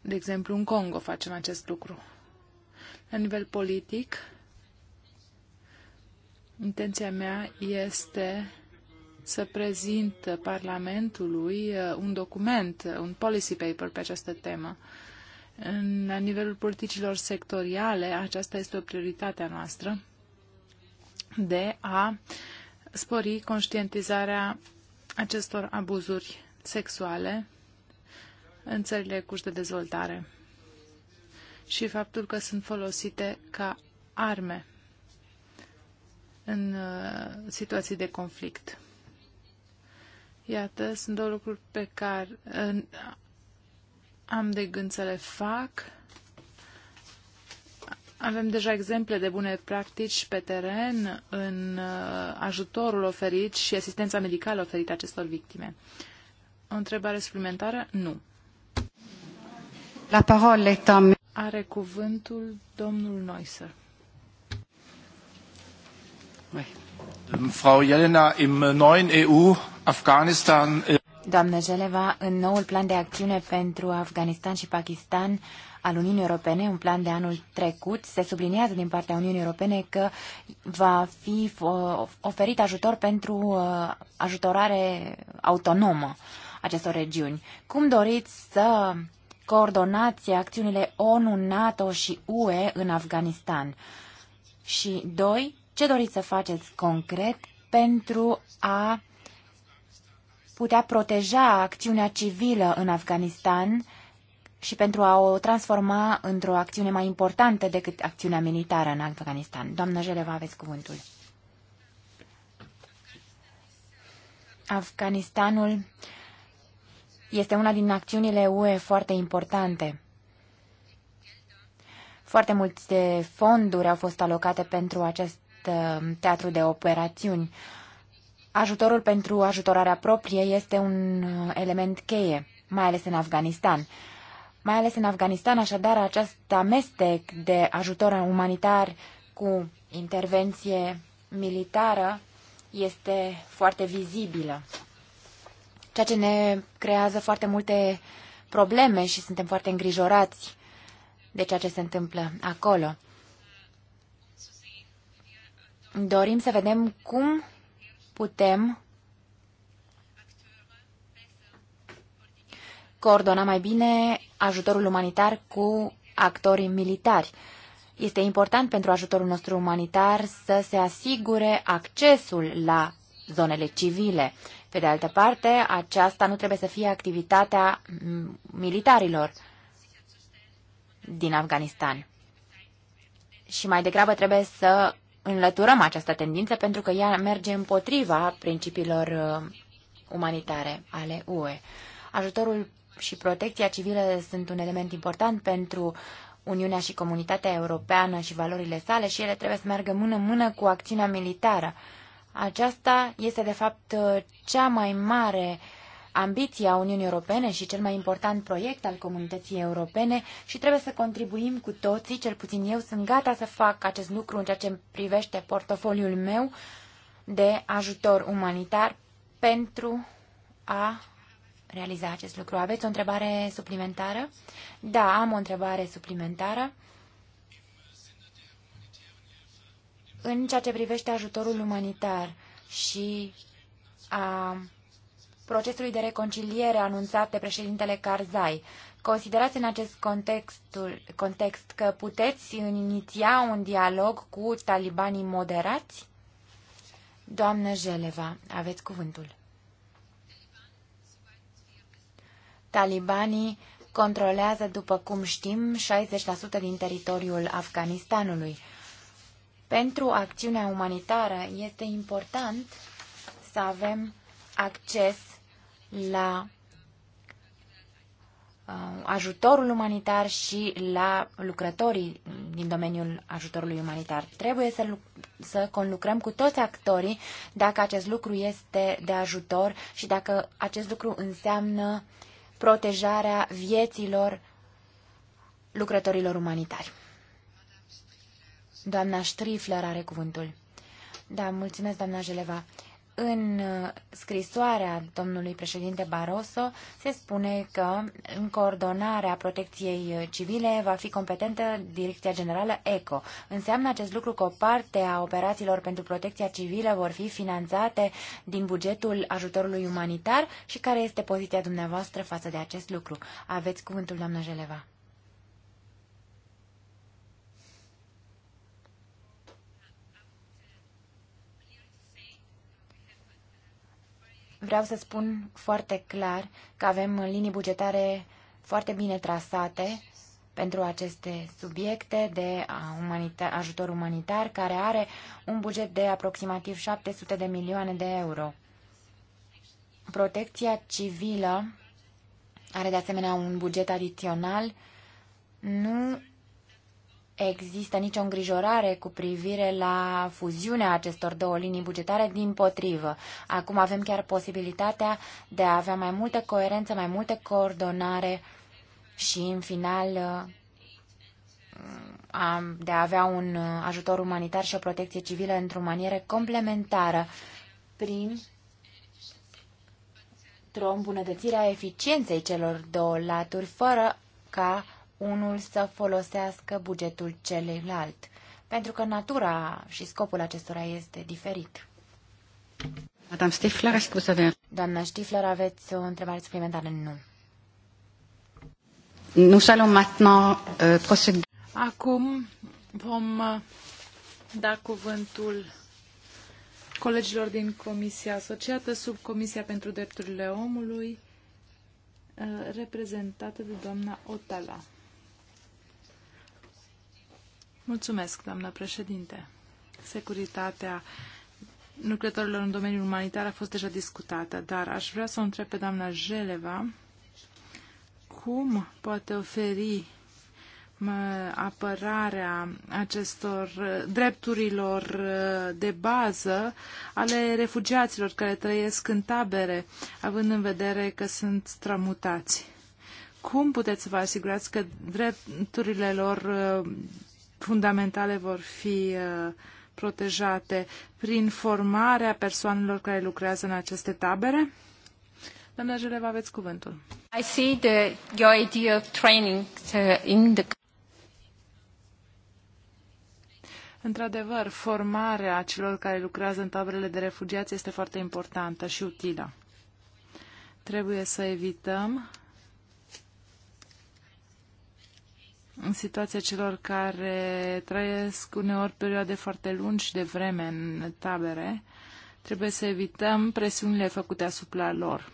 De exemplu, în Congo facem acest lucru. La nivel politic, intenția mea este să prezint Parlamentului uh, un document, un policy paper pe această temă. la nivelul politicilor sectoriale, aceasta este o prioritate a noastră de a uh, spori conștientizarea acestor abuzuri sexuale în țările curs de dezvoltare și faptul că sunt folosite ca arme în uh, situații de conflict. Iată, sunt două lucruri pe care uh, am de gând să le fac avem deja exemple de bune practici pe teren în uh, ajutorul oferit și asistența medicală oferită acestor victime. O întrebare suplimentară? Nu. La parole tam. Are cuvântul domnul Neusser. Ähm, Frau Jelena, im neuen EU Afghanistan äh Doamnă Jeleva, în noul plan de acțiune pentru Afganistan și Pakistan al Uniunii Europene, un plan de anul trecut, se subliniază din partea Uniunii Europene că va fi uh, oferit ajutor pentru uh, ajutorare autonomă acestor regiuni. Cum doriți să coordonați acțiunile ONU, NATO și UE în Afganistan? Și, doi, ce doriți să faceți concret pentru a putea proteja acțiunea civilă în Afganistan și pentru a o transforma într-o acțiune mai importantă decât acțiunea militară în Afganistan. Doamnă Jeleva, aveți cuvântul. Afganistanul este una din acțiunile UE foarte importante. Foarte multe fonduri au fost alocate pentru acest uh, teatru de operațiuni. Ajutorul pentru ajutorarea proprie este un uh, element cheie, mai ales în Afganistan mai ales în Afganistan, așadar acest amestec de ajutor umanitar cu intervenție militară este foarte vizibilă, ceea ce ne creează foarte multe probleme și suntem foarte îngrijorați de ceea ce se întâmplă acolo. Dorim să vedem cum putem coordona mai bine ajutorul umanitar cu actorii militari. Este important pentru ajutorul nostru umanitar să se asigure accesul la zonele civile. Pe de altă parte, aceasta nu trebuie să fie activitatea militarilor din Afganistan. Și mai degrabă trebuie să înlăturăm această tendință pentru că ea merge împotriva principiilor uh, umanitare ale UE. Ajutorul și protecția civilă sunt un element important pentru Uniunea și comunitatea europeană și valorile sale și ele trebuie să meargă mână-mână cu acțiunea militară. Aceasta este, de fapt, cea mai mare ambiție a Uniunii Europene și cel mai important proiect al comunității europene și trebuie să contribuim cu toții, cel puțin eu sunt gata să fac acest lucru în ceea ce privește portofoliul meu de ajutor umanitar pentru a realiza acest lucru. Aveți o întrebare suplimentară? Da, am o întrebare suplimentară. În ceea ce privește ajutorul umanitar și a procesului de reconciliere anunțat de președintele Karzai, considerați în acest contextul, context că puteți iniția un dialog cu talibanii moderați? Doamnă Jeleva, aveți cuvântul. Talibanii controlează, după cum știm, 60% din teritoriul Afganistanului. Pentru acțiunea umanitară este important să avem acces la uh, ajutorul umanitar și la lucrătorii din domeniul ajutorului umanitar. Trebuie să, să conlucrăm cu toți actorii dacă acest lucru este de ajutor și dacă acest lucru înseamnă uh, protejarea vieților lucrătorilor umanitari. Doamna Strifler are cuvântul. Da, mulțumesc, doamna Jeleva. În uh, scrisoarea domnului președinte Barroso se spune că în coordonarea protecției uh, civile va fi competentă Direcția Generală ECO. Înseamnă acest lucru că o parte a operațiilor pentru protecția civilă vor fi finanțate din bugetul ajutorului umanitar și care este poziția dumneavoastră față de acest lucru. Aveți cuvântul, doamnă Jeleva. Vreau să spun foarte clar că avem linii bugetare foarte bine trasate pentru aceste subiecte de umanitar, ajutor umanitar, care are un buget de aproximativ 700 de milioane de euro. Protecția civilă are de asemenea un buget adițional. Nu există nicio îngrijorare cu privire la fuziunea acestor două linii bugetare, din potrivă. Acum avem chiar posibilitatea de a avea mai multă coerență, mai multă coordonare și, în final, uh, de a avea un ajutor umanitar și o protecție civilă într-o manieră complementară prin o îmbunătățire a eficienței celor două laturi, fără ca unul să folosească bugetul celuilalt, pentru că natura și scopul acestora este diferit. Madame Stifler, est-ce que vous avez... Doamna Stifler, aveți o întrebare suplimentară? Nu. Nous allons maintenant uh, procéder... Acum vom uh, da cuvântul colegilor din Comisia Asociată, sub Comisia pentru Drepturile Omului, uh, reprezentată de doamna Otala. Mulțumesc, doamnă președinte. Securitatea lucrătorilor în domeniul umanitar a fost deja discutată, dar aș vrea să o întreb pe doamna Jeleva cum poate oferi apărarea acestor uh, drepturilor uh, de bază ale refugiaților care trăiesc în tabere, având în vedere că sunt strămutați. Cum puteți să vă asigurați că drepturile lor uh, fundamentale vor fi uh, protejate prin formarea persoanelor care lucrează în aceste tabere? Doamna Jeleva, aveți cuvântul. I see the, your idea of training uh, in the... Într-adevăr, formarea celor care lucrează în taberele de refugiați este foarte importantă și utilă. Trebuie să evităm în situația celor care trăiesc uneori perioade foarte lungi de vreme în tabere, trebuie să evităm presiunile făcute asupra lor.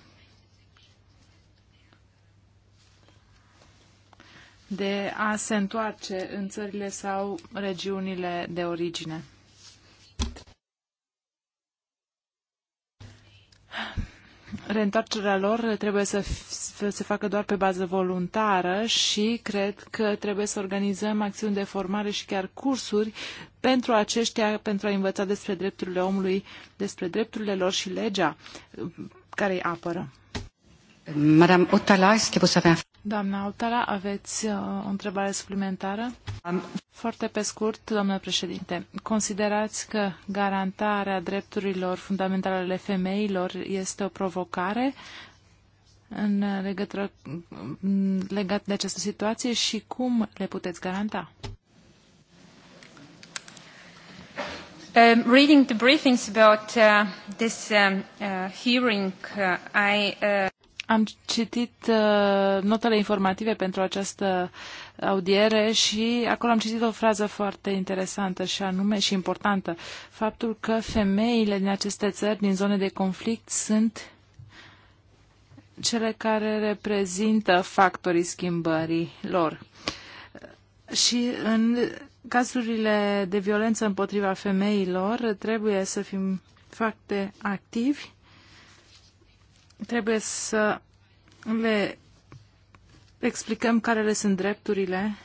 de a se întoarce în țările sau regiunile de origine reîntoarcerea lor trebuie să se facă doar pe bază voluntară și cred că trebuie să organizăm acțiuni de formare și chiar cursuri pentru aceștia, pentru a învăța despre drepturile omului, despre drepturile lor și legea care îi apără. Madame Otala, este să avea... Doamna Autala, aveți uh, o întrebare suplimentară? Foarte pe scurt, doamnă președinte. Considerați că garantarea drepturilor fundamentale ale femeilor este o provocare în legătură legat de această situație și cum le puteți garanta? Um, reading the briefings about uh, this um, uh, hearing, uh, I uh, am citit uh, notele informative pentru această audiere și acolo am citit o frază foarte interesantă și anume și importantă. Faptul că femeile din aceste țări, din zone de conflict, sunt cele care reprezintă factorii schimbării lor. Și în cazurile de violență împotriva femeilor trebuie să fim foarte activi trebuie să le explicăm care le sunt drepturile,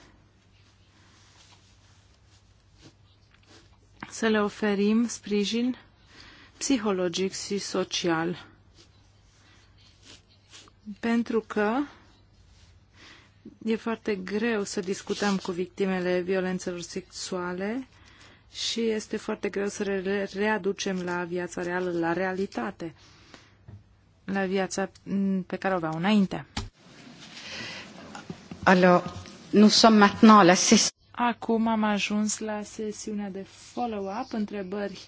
să le oferim sprijin psihologic și social. Pentru că e foarte greu să discutăm cu victimele violențelor sexuale și este foarte greu să le readucem la viața reală, la realitate la viața pe care o aveau înainte. Alors, nous sommes maintenant la session. Acum am ajuns la sesiunea de follow-up, întrebări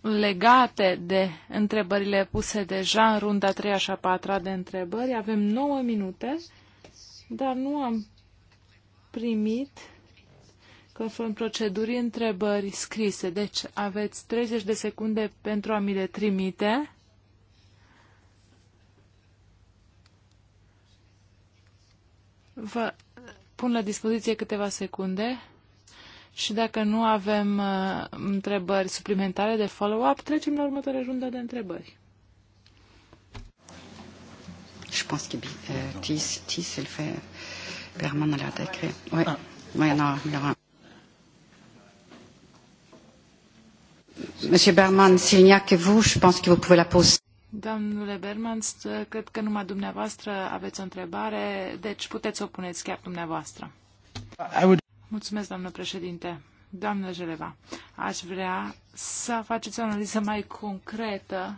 legate de întrebările puse deja în runda 3 și a 4 de întrebări. Avem 9 minute, dar nu am primit conform procedurii întrebări scrise. Deci aveți 30 de secunde pentru a mi le trimite. Vă pun la dispoziție câteva secunde și dacă nu avem uh, întrebări suplimentare de follow-up, trecem la următoarea rundă de întrebări. Je pense que euh, Tis, Tis, elle fait permanent la décret. Oui, ah. oui, non, Monsieur Berman, s'il n'y a que vous, je pense que vous pouvez la poser. Domnule Bermans, cred că numai dumneavoastră aveți o întrebare, deci puteți o puneți chiar dumneavoastră. would... Mulțumesc, doamnă președinte. Doamnă Jeleva, aș vrea să faceți o analiză mai concretă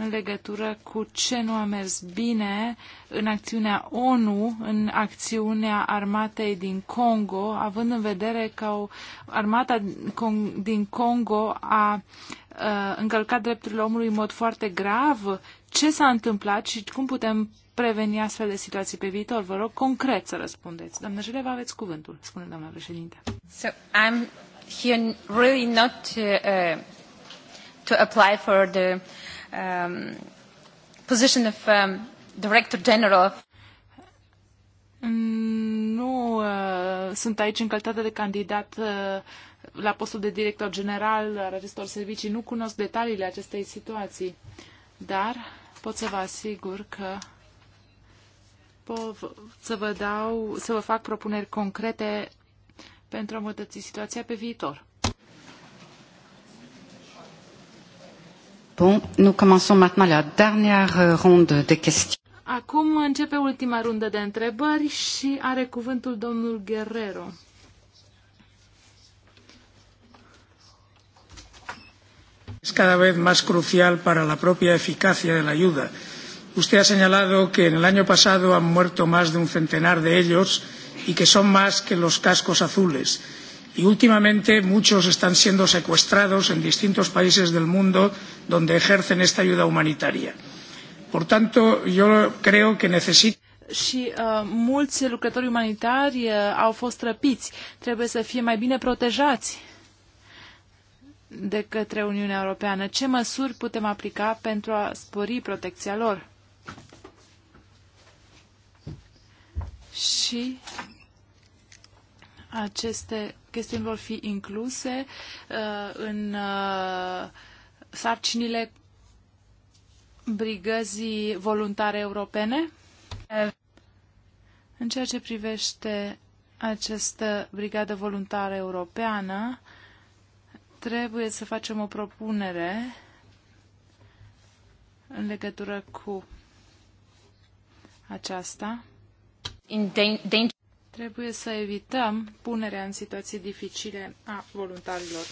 în legătură cu ce nu a mers bine în acțiunea ONU, în acțiunea armatei din Congo, având în vedere că o, armata din Congo a, a ă, încălcat drepturile omului în mod foarte grav. Ce s-a întâmplat și cum putem preveni astfel de situații pe viitor? Vă rog concret să răspundeți. Doamna Jeleva, aveți cuvântul, spune doamna președinte. So, I'm here really not to, uh, to apply for the um, position of um, Director General. Nu uh, sunt aici în calitate de candidat uh, la postul de director general al acestor servicii. Nu cunosc detaliile acestei situații, dar pot să vă asigur că pot să vă dau, să vă fac propuneri concrete pentru a mătăți situația pe viitor. Bun, nous commençons maintenant la dernière euh, ronde de questions. Acum începe ultima rundă de întrebări și are cuvântul domnul Guerrero. Es cada vez más crucial para la propia eficacia de la ayuda. Usted ha señalado que en el año pasado han muerto más de un centenar de ellos y que son más que los cascos azules y últimamente muchos están siendo secuestrados en distintos países del mundo donde ejercen esta ayuda humanitaria. Por tanto, yo creo que necesita și uh, mulți lucrători umanitari uh, au fost răpiți. Trebuie să fie mai bine protejați de către Uniunea Europeană. Ce măsuri putem aplica pentru a spori protecția lor? Și aceste chestiuni vor fi incluse uh, în uh, sarcinile brigăzii voluntare europene? În ceea ce privește această brigadă voluntară europeană, trebuie să facem o propunere în legătură cu aceasta. In Trebuie să evităm punerea în situații dificile a voluntarilor.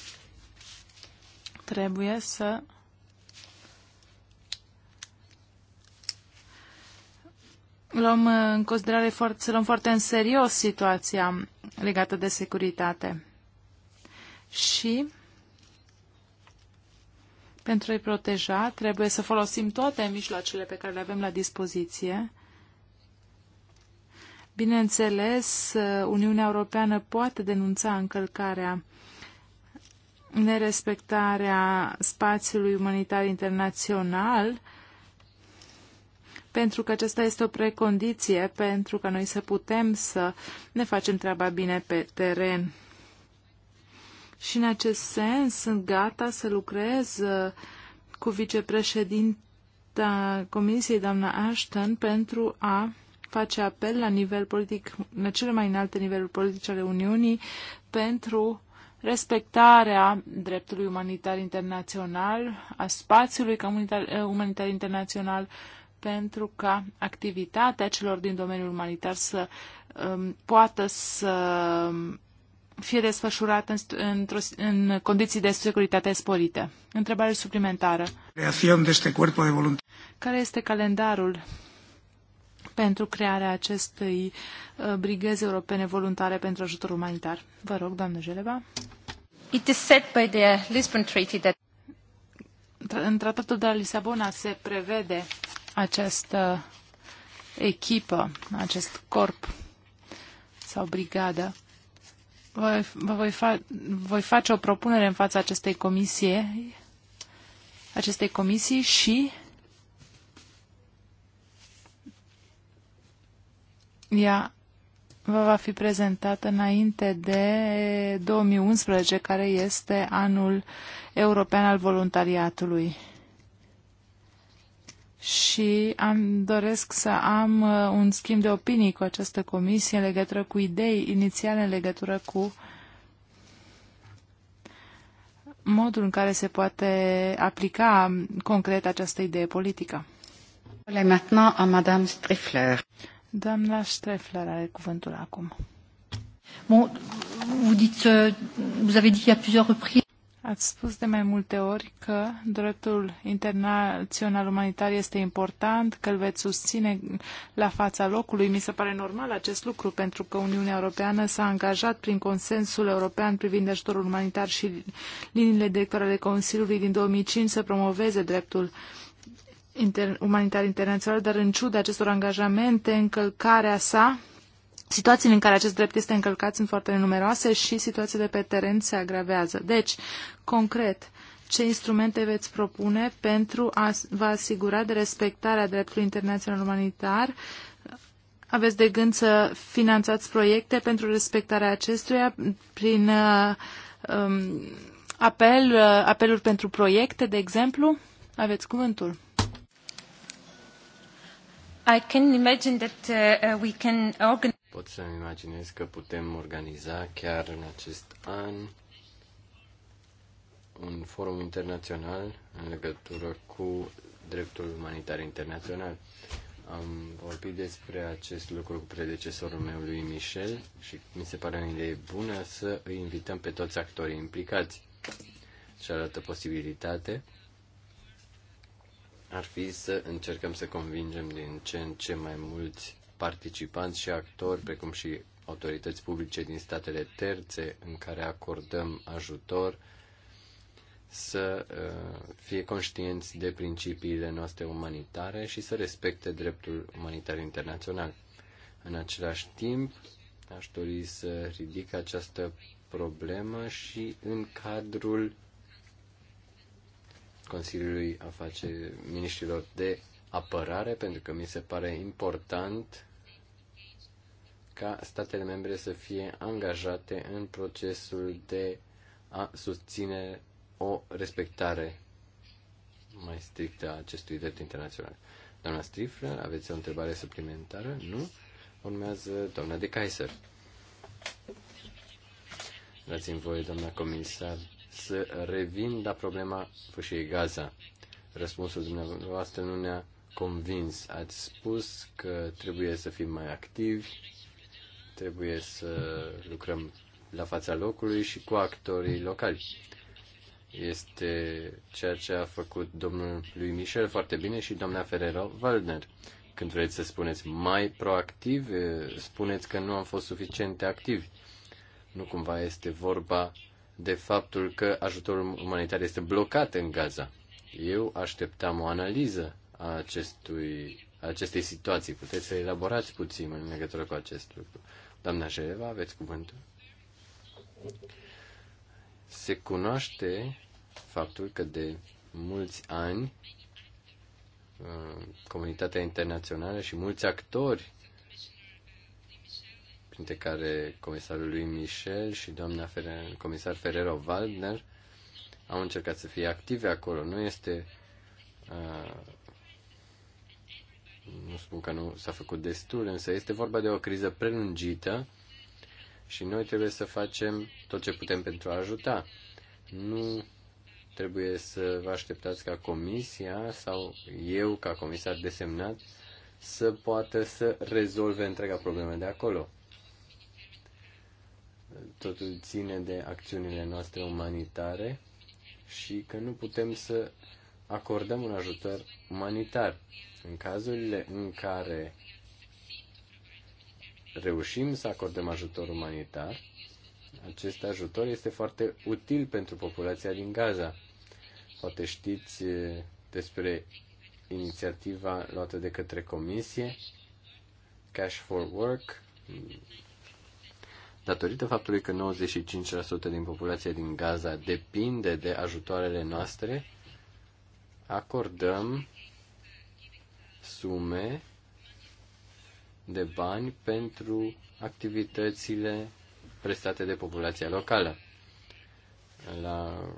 Trebuie să luăm în considerare foarte, să luăm foarte în serios situația legată de securitate. Și pentru a-i proteja, trebuie să folosim toate mijloacele pe care le avem la dispoziție Bineînțeles, Uniunea Europeană poate denunța încălcarea nerespectarea spațiului umanitar internațional, pentru că aceasta este o precondiție pentru ca noi să putem să ne facem treaba bine pe teren. Și în acest sens sunt gata să lucrez uh, cu vicepreședinta Comisiei, doamna Ashton, pentru a face apel la nivel politic, la cele mai înalte niveluri politice ale Uniunii, pentru respectarea dreptului umanitar internațional, a spațiului comunitar, eh, umanitar internațional, pentru ca activitatea celor din domeniul umanitar să um, poată să fie desfășurată în, în, în condiții de securitate sporite. Întrebare suplimentară. de voluntari. Care este calendarul pentru crearea acestei uh, brigăzi europene voluntare pentru ajutor umanitar. Vă rog, doamnă Jeleva. It is set by the Lisbon Treaty that... În tratatul de la Lisabona se prevede această echipă, acest corp sau brigadă. Voi vă voi, fa- voi face o propunere în fața acestei comisie, acestei comisii și Ea vă va fi prezentată înainte de 2011, care este anul european al voluntariatului. Și am, doresc să am uh, un schimb de opinii cu această comisie în legătură cu idei inițiale în legătură cu modul în care se poate aplica concret această idee politică. Le-am Maintenant à Madame Strifler. Doamna Strefler are cuvântul acum. Bon, vous dites, euh, vous avez dit à plusieurs reprises. Ați spus de mai multe ori că dreptul internațional umanitar este important, că îl veți susține la fața locului. Mi se pare normal acest lucru, pentru că Uniunea Europeană s-a angajat prin consensul european privind ajutorul umanitar și liniile directoare ale Consiliului din 2005 să promoveze dreptul uh, inter- umanitar internațional, dar în ciuda acestor angajamente, încălcarea sa, situațiile în care acest drept este încălcat sunt foarte numeroase și situațiile pe teren se agravează. Deci, concret, ce instrumente veți propune pentru a vă asigura de respectarea dreptului internațional umanitar? Aveți de gând să finanțați proiecte pentru respectarea acestuia prin uh, um, apel, uh, apeluri pentru proiecte, de exemplu? Aveți cuvântul. I can imagine that uh, uh we can organize... Pot să imaginez că putem organiza chiar în acest an un forum internațional în legătură cu dreptul umanitar internațional. Am vorbit despre acest lucru cu predecesorul meu lui Michel și mi se pare o idee bună să îi invităm pe toți actorii implicați. arată posibilitate ar fi să încercăm să convingem din ce în ce mai mulți participanți și actori, precum și autorități publice din statele terțe în care acordăm ajutor, să uh, fie conștienți de principiile noastre umanitare și să respecte dreptul umanitar internațional. În același timp, aș dori să ridic această problemă și în cadrul Consiliului Afaceri Ministrilor de Apărare, pentru că mi se pare important ca statele membre să fie angajate în procesul de a susține o respectare mai strictă a acestui drept internațional. Doamna Strifler, aveți o întrebare suplimentară? Nu? Urmează doamna de Kaiser. Dați-mi voie, doamna comisar, să revin la problema fâșiei Gaza. Răspunsul dumneavoastră nu ne-a convins. Ați spus că trebuie să fim mai activi, trebuie să lucrăm la fața locului și cu actorii locali. Este ceea ce a făcut domnul lui Michel foarte bine și doamna Ferrero Waldner. Când vreți să spuneți mai proactiv, spuneți că nu am fost suficient de activi. Nu cumva este vorba de faptul că ajutorul umanitar este blocat în Gaza. Eu așteptam o analiză a acestui, a acestei situații. Puteți să elaborați puțin în legătură cu acest lucru. Doamna Jeleva, aveți cuvântul? Se cunoaște faptul că de mulți ani uh, comunitatea internațională și mulți actori printre care comisarul lui Michel și doamna Fer- comisar Ferrero Waldner au încercat să fie active acolo. Nu este uh, nu spun că nu s-a făcut destul, însă este vorba de o criză prelungită și noi trebuie să facem tot ce putem pentru a ajuta. Nu trebuie să vă așteptați ca comisia sau eu ca comisar desemnat să poată să rezolve întreaga problemă de acolo totul ține de acțiunile noastre umanitare și că nu putem să acordăm un ajutor umanitar. În cazurile în care reușim să acordăm ajutor umanitar, acest ajutor este foarte util pentru populația din Gaza. Poate știți despre inițiativa luată de către Comisie, Cash for Work, datorită faptului că 95% din populația din Gaza depinde de ajutoarele noastre, acordăm sume de bani pentru activitățile prestate de populația locală, la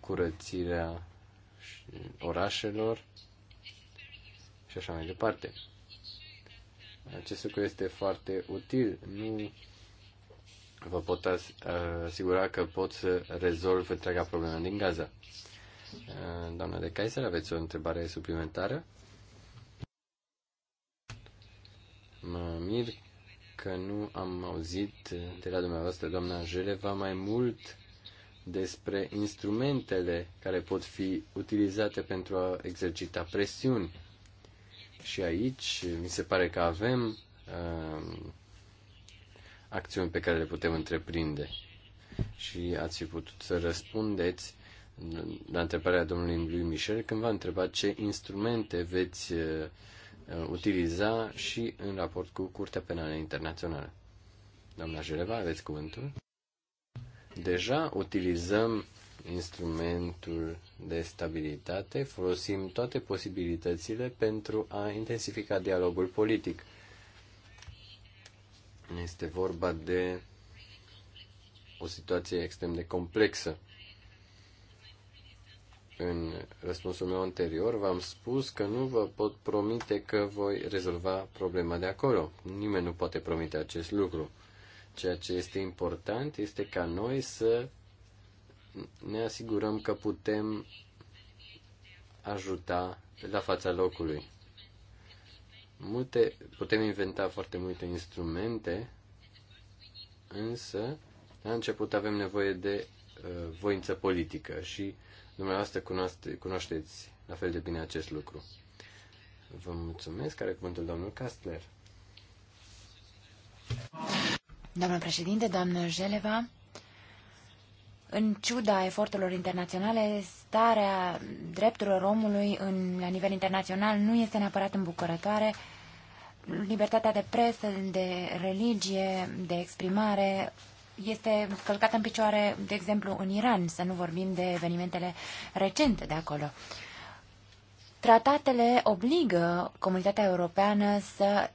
curățirea orașelor și așa mai departe. Acest lucru este foarte util. Nu vă pot asigura că pot să rezolv întreaga problemă din Gaza. Uh, doamna de Kaiser, aveți o întrebare suplimentară? Mă mir că nu am auzit de la dumneavoastră, doamna Jeleva, mai mult despre instrumentele care pot fi utilizate pentru a exercita presiuni. Și aici mi se pare că avem uh, acțiuni pe care le putem întreprinde. Și ați fi putut să răspundeți la întrebarea domnului lui Michel când v-a întrebat ce instrumente veți uh, uh, utiliza și în raport cu Curtea Penală Internațională. Doamna Jeleva, aveți cuvântul? Deja utilizăm instrumentul de stabilitate, folosim toate posibilitățile pentru a intensifica dialogul politic. Este vorba de o situație extrem de complexă. În răspunsul meu anterior v-am spus că nu vă pot promite că voi rezolva problema de acolo. Nimeni nu poate promite acest lucru. Ceea ce este important este ca noi să ne asigurăm că putem ajuta la fața locului. Multe, putem inventa foarte multe instrumente, însă la început avem nevoie de uh, voință politică și dumneavoastră cunoaște, cunoașteți la fel de bine acest lucru. Vă mulțumesc. Care cuvântul domnul Castler? Domnul președinte, doamnă Jeleva, în ciuda eforturilor internaționale, starea drepturilor omului în, la nivel internațional nu este neapărat îmbucurătoare. Libertatea de presă, de religie, de exprimare este călcată în picioare, de exemplu, în Iran, să nu vorbim de evenimentele recente de acolo. Tratatele obligă comunitatea europeană să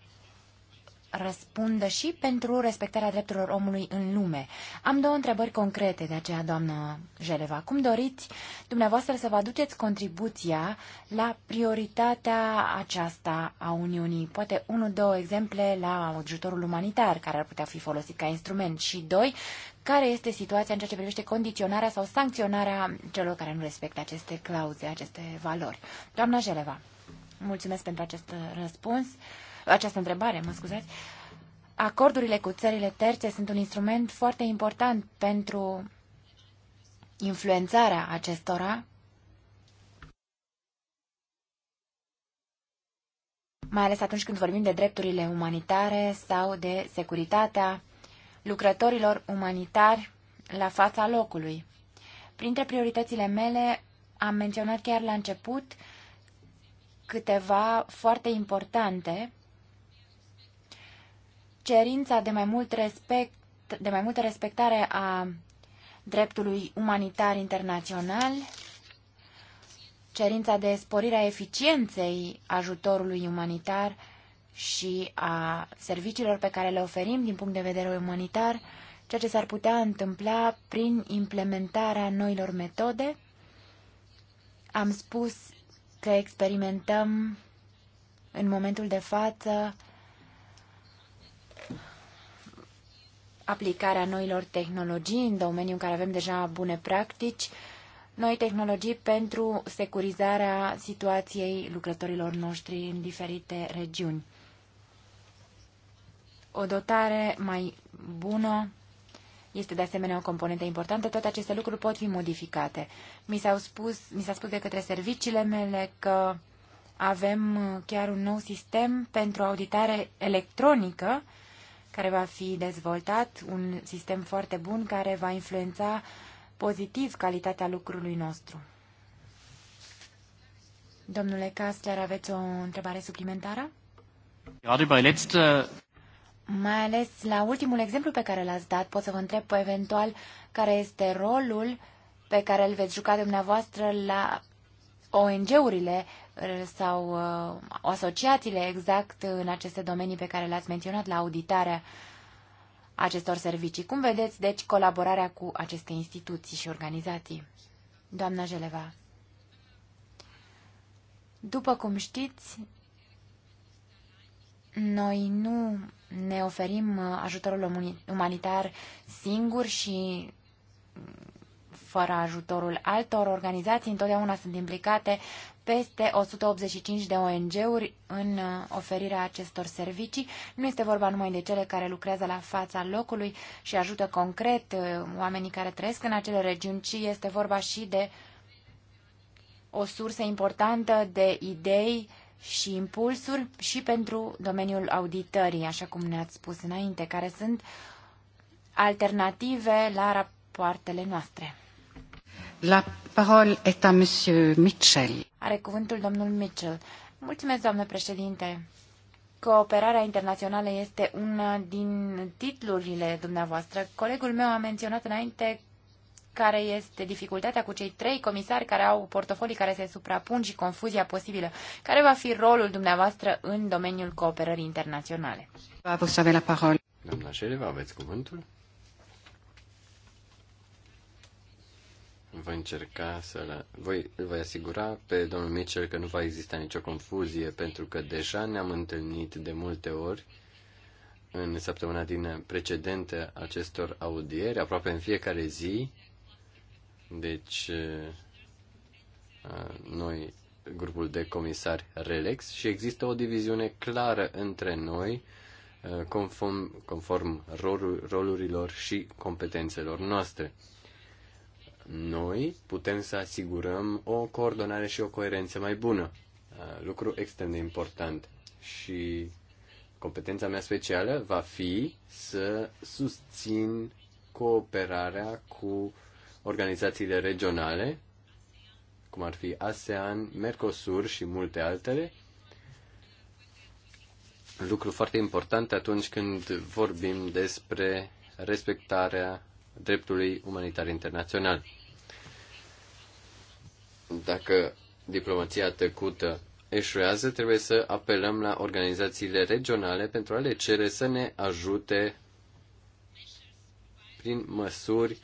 răspundă și pentru respectarea drepturilor omului în lume. Am două întrebări concrete de aceea, doamnă Jeleva. Cum doriți dumneavoastră să vă aduceți contribuția la prioritatea aceasta a Uniunii? Poate unul, două exemple la ajutorul umanitar care ar putea fi folosit ca instrument și doi, care este situația în ceea ce privește condiționarea sau sancționarea celor care nu respectă aceste clauze, aceste valori. Doamna Jeleva, mulțumesc pentru acest răspuns această întrebare, mă scuzați, acordurile cu țările terțe sunt un instrument foarte important pentru influențarea acestora, mai ales atunci când vorbim de drepturile umanitare sau de securitatea lucrătorilor umanitari la fața locului. Printre prioritățile mele am menționat chiar la început câteva foarte importante cerința de mai mult respect, de mai multă respectare a dreptului umanitar internațional, cerința de sporire a eficienței ajutorului umanitar și a serviciilor pe care le oferim din punct de vedere umanitar, ceea ce s-ar putea întâmpla prin implementarea noilor metode. Am spus că experimentăm în momentul de față aplicarea noilor tehnologii în domeniul în care avem deja bune practici, noi tehnologii pentru securizarea situației lucrătorilor noștri în diferite regiuni. O dotare mai bună este de asemenea o componentă importantă. Toate aceste lucruri pot fi modificate. Mi, s a spus, mi s-a spus de către serviciile mele că avem chiar un nou sistem pentru auditare electronică care va fi dezvoltat, un sistem foarte bun care va influența pozitiv calitatea lucrului nostru. Domnule Castler, aveți o întrebare suplimentară? Mai ales la ultimul exemplu pe care l-ați dat, pot să vă întreb eventual care este rolul pe care îl veți juca dumneavoastră la ONG-urile sau uh, asociațiile exact în aceste domenii pe care le-ați menționat la auditarea acestor servicii. Cum vedeți, deci, colaborarea cu aceste instituții și organizații? Doamna Jeleva. După cum știți, noi nu ne oferim uh, ajutorul umanitar singur și fără ajutorul altor organizații. Întotdeauna sunt implicate peste 185 de ONG-uri în uh, oferirea acestor servicii. Nu este vorba numai de cele care lucrează la fața locului și ajută concret uh, oamenii care trăiesc în acele regiuni, ci este vorba și de o sursă importantă de idei și impulsuri și pentru domeniul auditării, așa cum ne-ați spus înainte, care sunt alternative la rapoartele noastre. La parole est à monsieur Mitchell. Are cuvântul domnul Mitchell. Mulțumesc, doamnă președinte. Cooperarea internațională este una din titlurile dumneavoastră. Colegul meu a menționat înainte care este dificultatea cu cei trei comisari care au portofolii care se suprapun și confuzia posibilă. Care va fi rolul dumneavoastră în domeniul cooperării internaționale? Vă la parol. Doamna Șeleva, aveți cuvântul? Voi încerca să le... Voi, îl voi asigura pe domnul Mitchell că nu va exista nicio confuzie, pentru că deja ne-am întâlnit de multe ori în săptămâna din precedentă acestor audieri, aproape în fiecare zi. Deci, eh, noi, grupul de comisari Relex, și există o diviziune clară între noi, eh, conform, conform rolurilor și competențelor noastre noi putem să asigurăm o coordonare și o coerență mai bună. Uh, lucru extrem de important. Și competența mea specială va fi să susțin cooperarea cu organizațiile regionale, cum ar fi ASEAN, Mercosur și multe altele. Lucru foarte important atunci când vorbim despre respectarea dreptului umanitar internațional. Dacă diplomația tăcută eșuează, trebuie să apelăm la organizațiile regionale pentru a le cere să ne ajute prin măsuri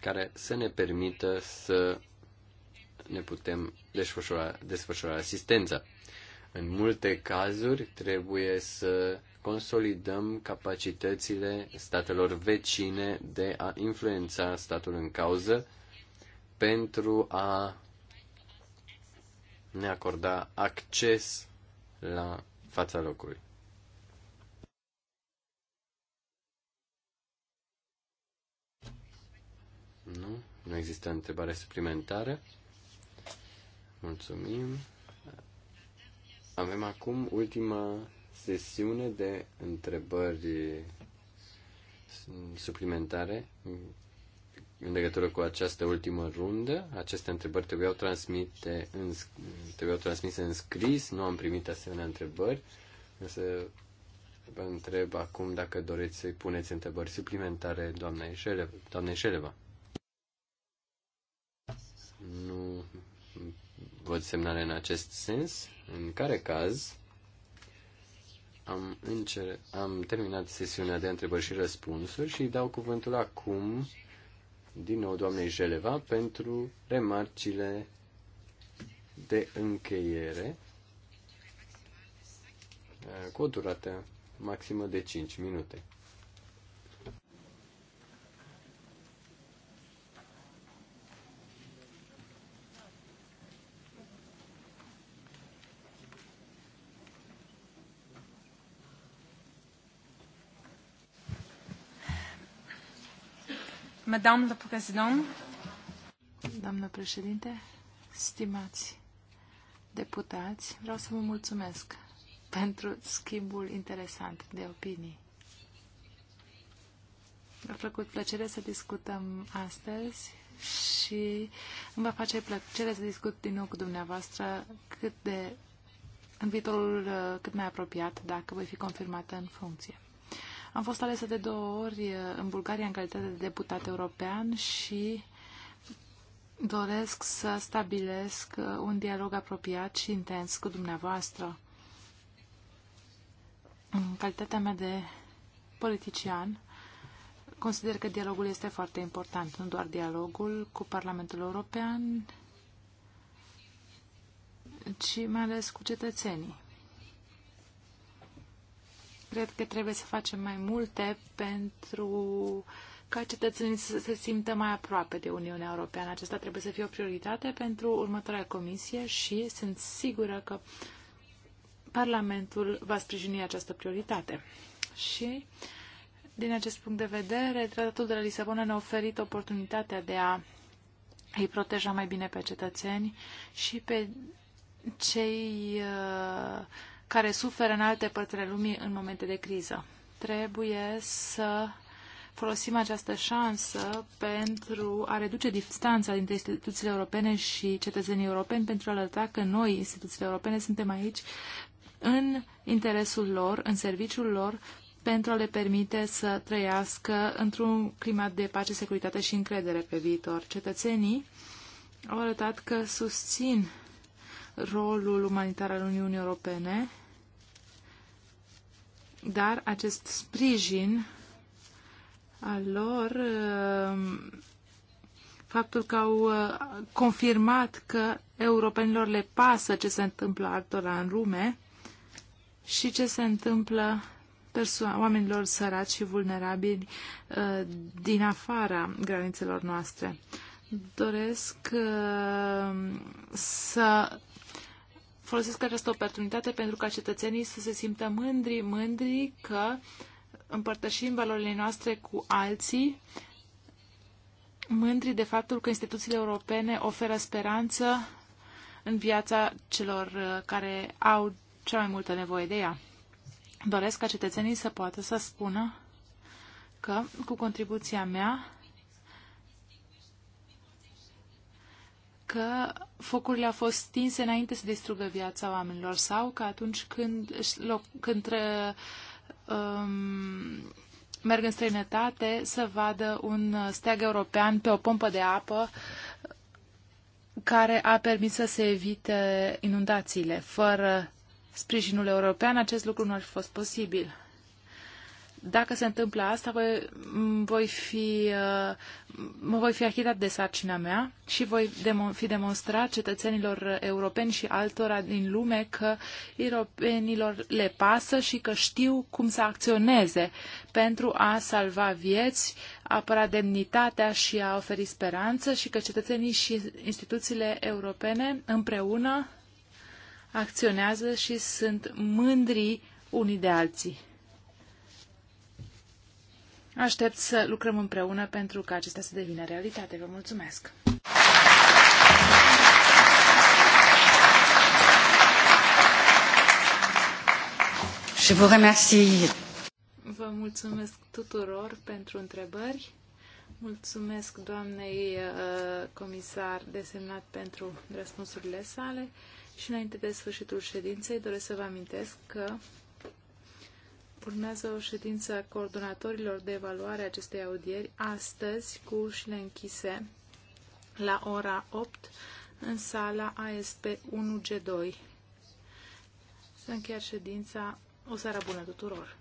care să ne permită să ne putem desfășura, desfășura asistența. În multe cazuri trebuie să consolidăm capacitățile statelor vecine de a influența statul în cauză pentru a ne acorda acces la fața locului. Nu? Nu există întrebare suplimentară. Mulțumim. Avem acum ultima sesiune de întrebări suplimentare în legătură cu această ultimă rundă. Aceste întrebări trebuiau, transmite în, trebuiau transmise în scris, nu am primit asemenea întrebări, însă vă întreb acum dacă doriți să-i puneți întrebări suplimentare doamnei Șeleva. Nu văd semnale în acest sens, în care caz am, încer- am terminat sesiunea de întrebări și răspunsuri și dau cuvântul acum din nou doamnei Jeleva pentru remarcile de încheiere cu o durată maximă de 5 minute. Doamnă președinte, stimați deputați, vreau să vă mulțumesc pentru schimbul interesant de opinii. Mi-a făcut plăcere să discutăm astăzi și îmi va face plăcere să discut din nou cu dumneavoastră cât de în viitorul cât mai apropiat, dacă voi fi confirmată în funcție. Am fost alesă de două ori uh, în Bulgaria în calitate de deputat european și doresc să stabilesc uh, un dialog apropiat și intens cu dumneavoastră. În calitatea mea de politician, consider că dialogul este foarte important, nu doar dialogul cu Parlamentul European, ci mai ales cu cetățenii. Cred că trebuie să facem mai multe pentru ca cetățenii să se simtă mai aproape de Uniunea Europeană. Acesta trebuie să fie o prioritate pentru următoarea comisie și sunt sigură că Parlamentul va sprijini această prioritate. Și, din acest punct de vedere, Tratatul de la Lisabona ne-a oferit oportunitatea de a îi proteja mai bine pe cetățeni și pe cei uh, care suferă în alte părți ale lumii în momente de criză. Trebuie să folosim această șansă pentru a reduce distanța dintre instituțiile europene și cetățenii europeni, pentru a arăta că noi, instituțiile europene, suntem aici în interesul lor, în serviciul lor, pentru a le permite să trăiască într-un climat de pace, securitate și încredere pe viitor. Cetățenii au arătat că susțin rolul umanitar al Uniunii Europene, dar acest sprijin al lor, uh, faptul că au uh, confirmat că europenilor le pasă ce se întâmplă altora în lume și ce se întâmplă oamenilor săraci și vulnerabili uh, din afara granițelor noastre doresc să folosesc această oportunitate pentru ca cetățenii să se simtă mândri, mândri că împărtășim valorile noastre cu alții, mândri de faptul că instituțiile europene oferă speranță în viața celor uh, care au cea mai multă nevoie de ea. Doresc ca cetățenii să poată să spună că, cu contribuția mea, că focurile au fost stinse înainte să distrugă viața oamenilor sau că atunci când, loc, când tră, um, merg în străinătate să vadă un steag european pe o pompă de apă care a permis să se evite inundațiile. Fără sprijinul european acest lucru nu ar fi fost posibil. Dacă se întâmplă asta, voi, voi fi, uh, mă voi fi achitat de sarcina mea și voi demo, fi demonstrat cetățenilor europeni și altora din lume că europenilor le pasă și că știu cum să acționeze pentru a salva vieți, apăra demnitatea și a oferi speranță și că cetățenii și instituțiile europene împreună acționează și sunt mândri unii de alții. Aștept să lucrăm împreună pentru ca acestea să devină realitate. Vă mulțumesc! Je vous remercie. Vă mulțumesc tuturor pentru întrebări. Mulțumesc doamnei uh, comisar desemnat pentru răspunsurile sale și înainte de sfârșitul ședinței doresc să vă amintesc că Urmează o ședință a coordonatorilor de evaluare a acestei audieri astăzi cu ușile închise la ora 8 în sala ASP 1G2. Să încheiat ședința. O seară bună tuturor!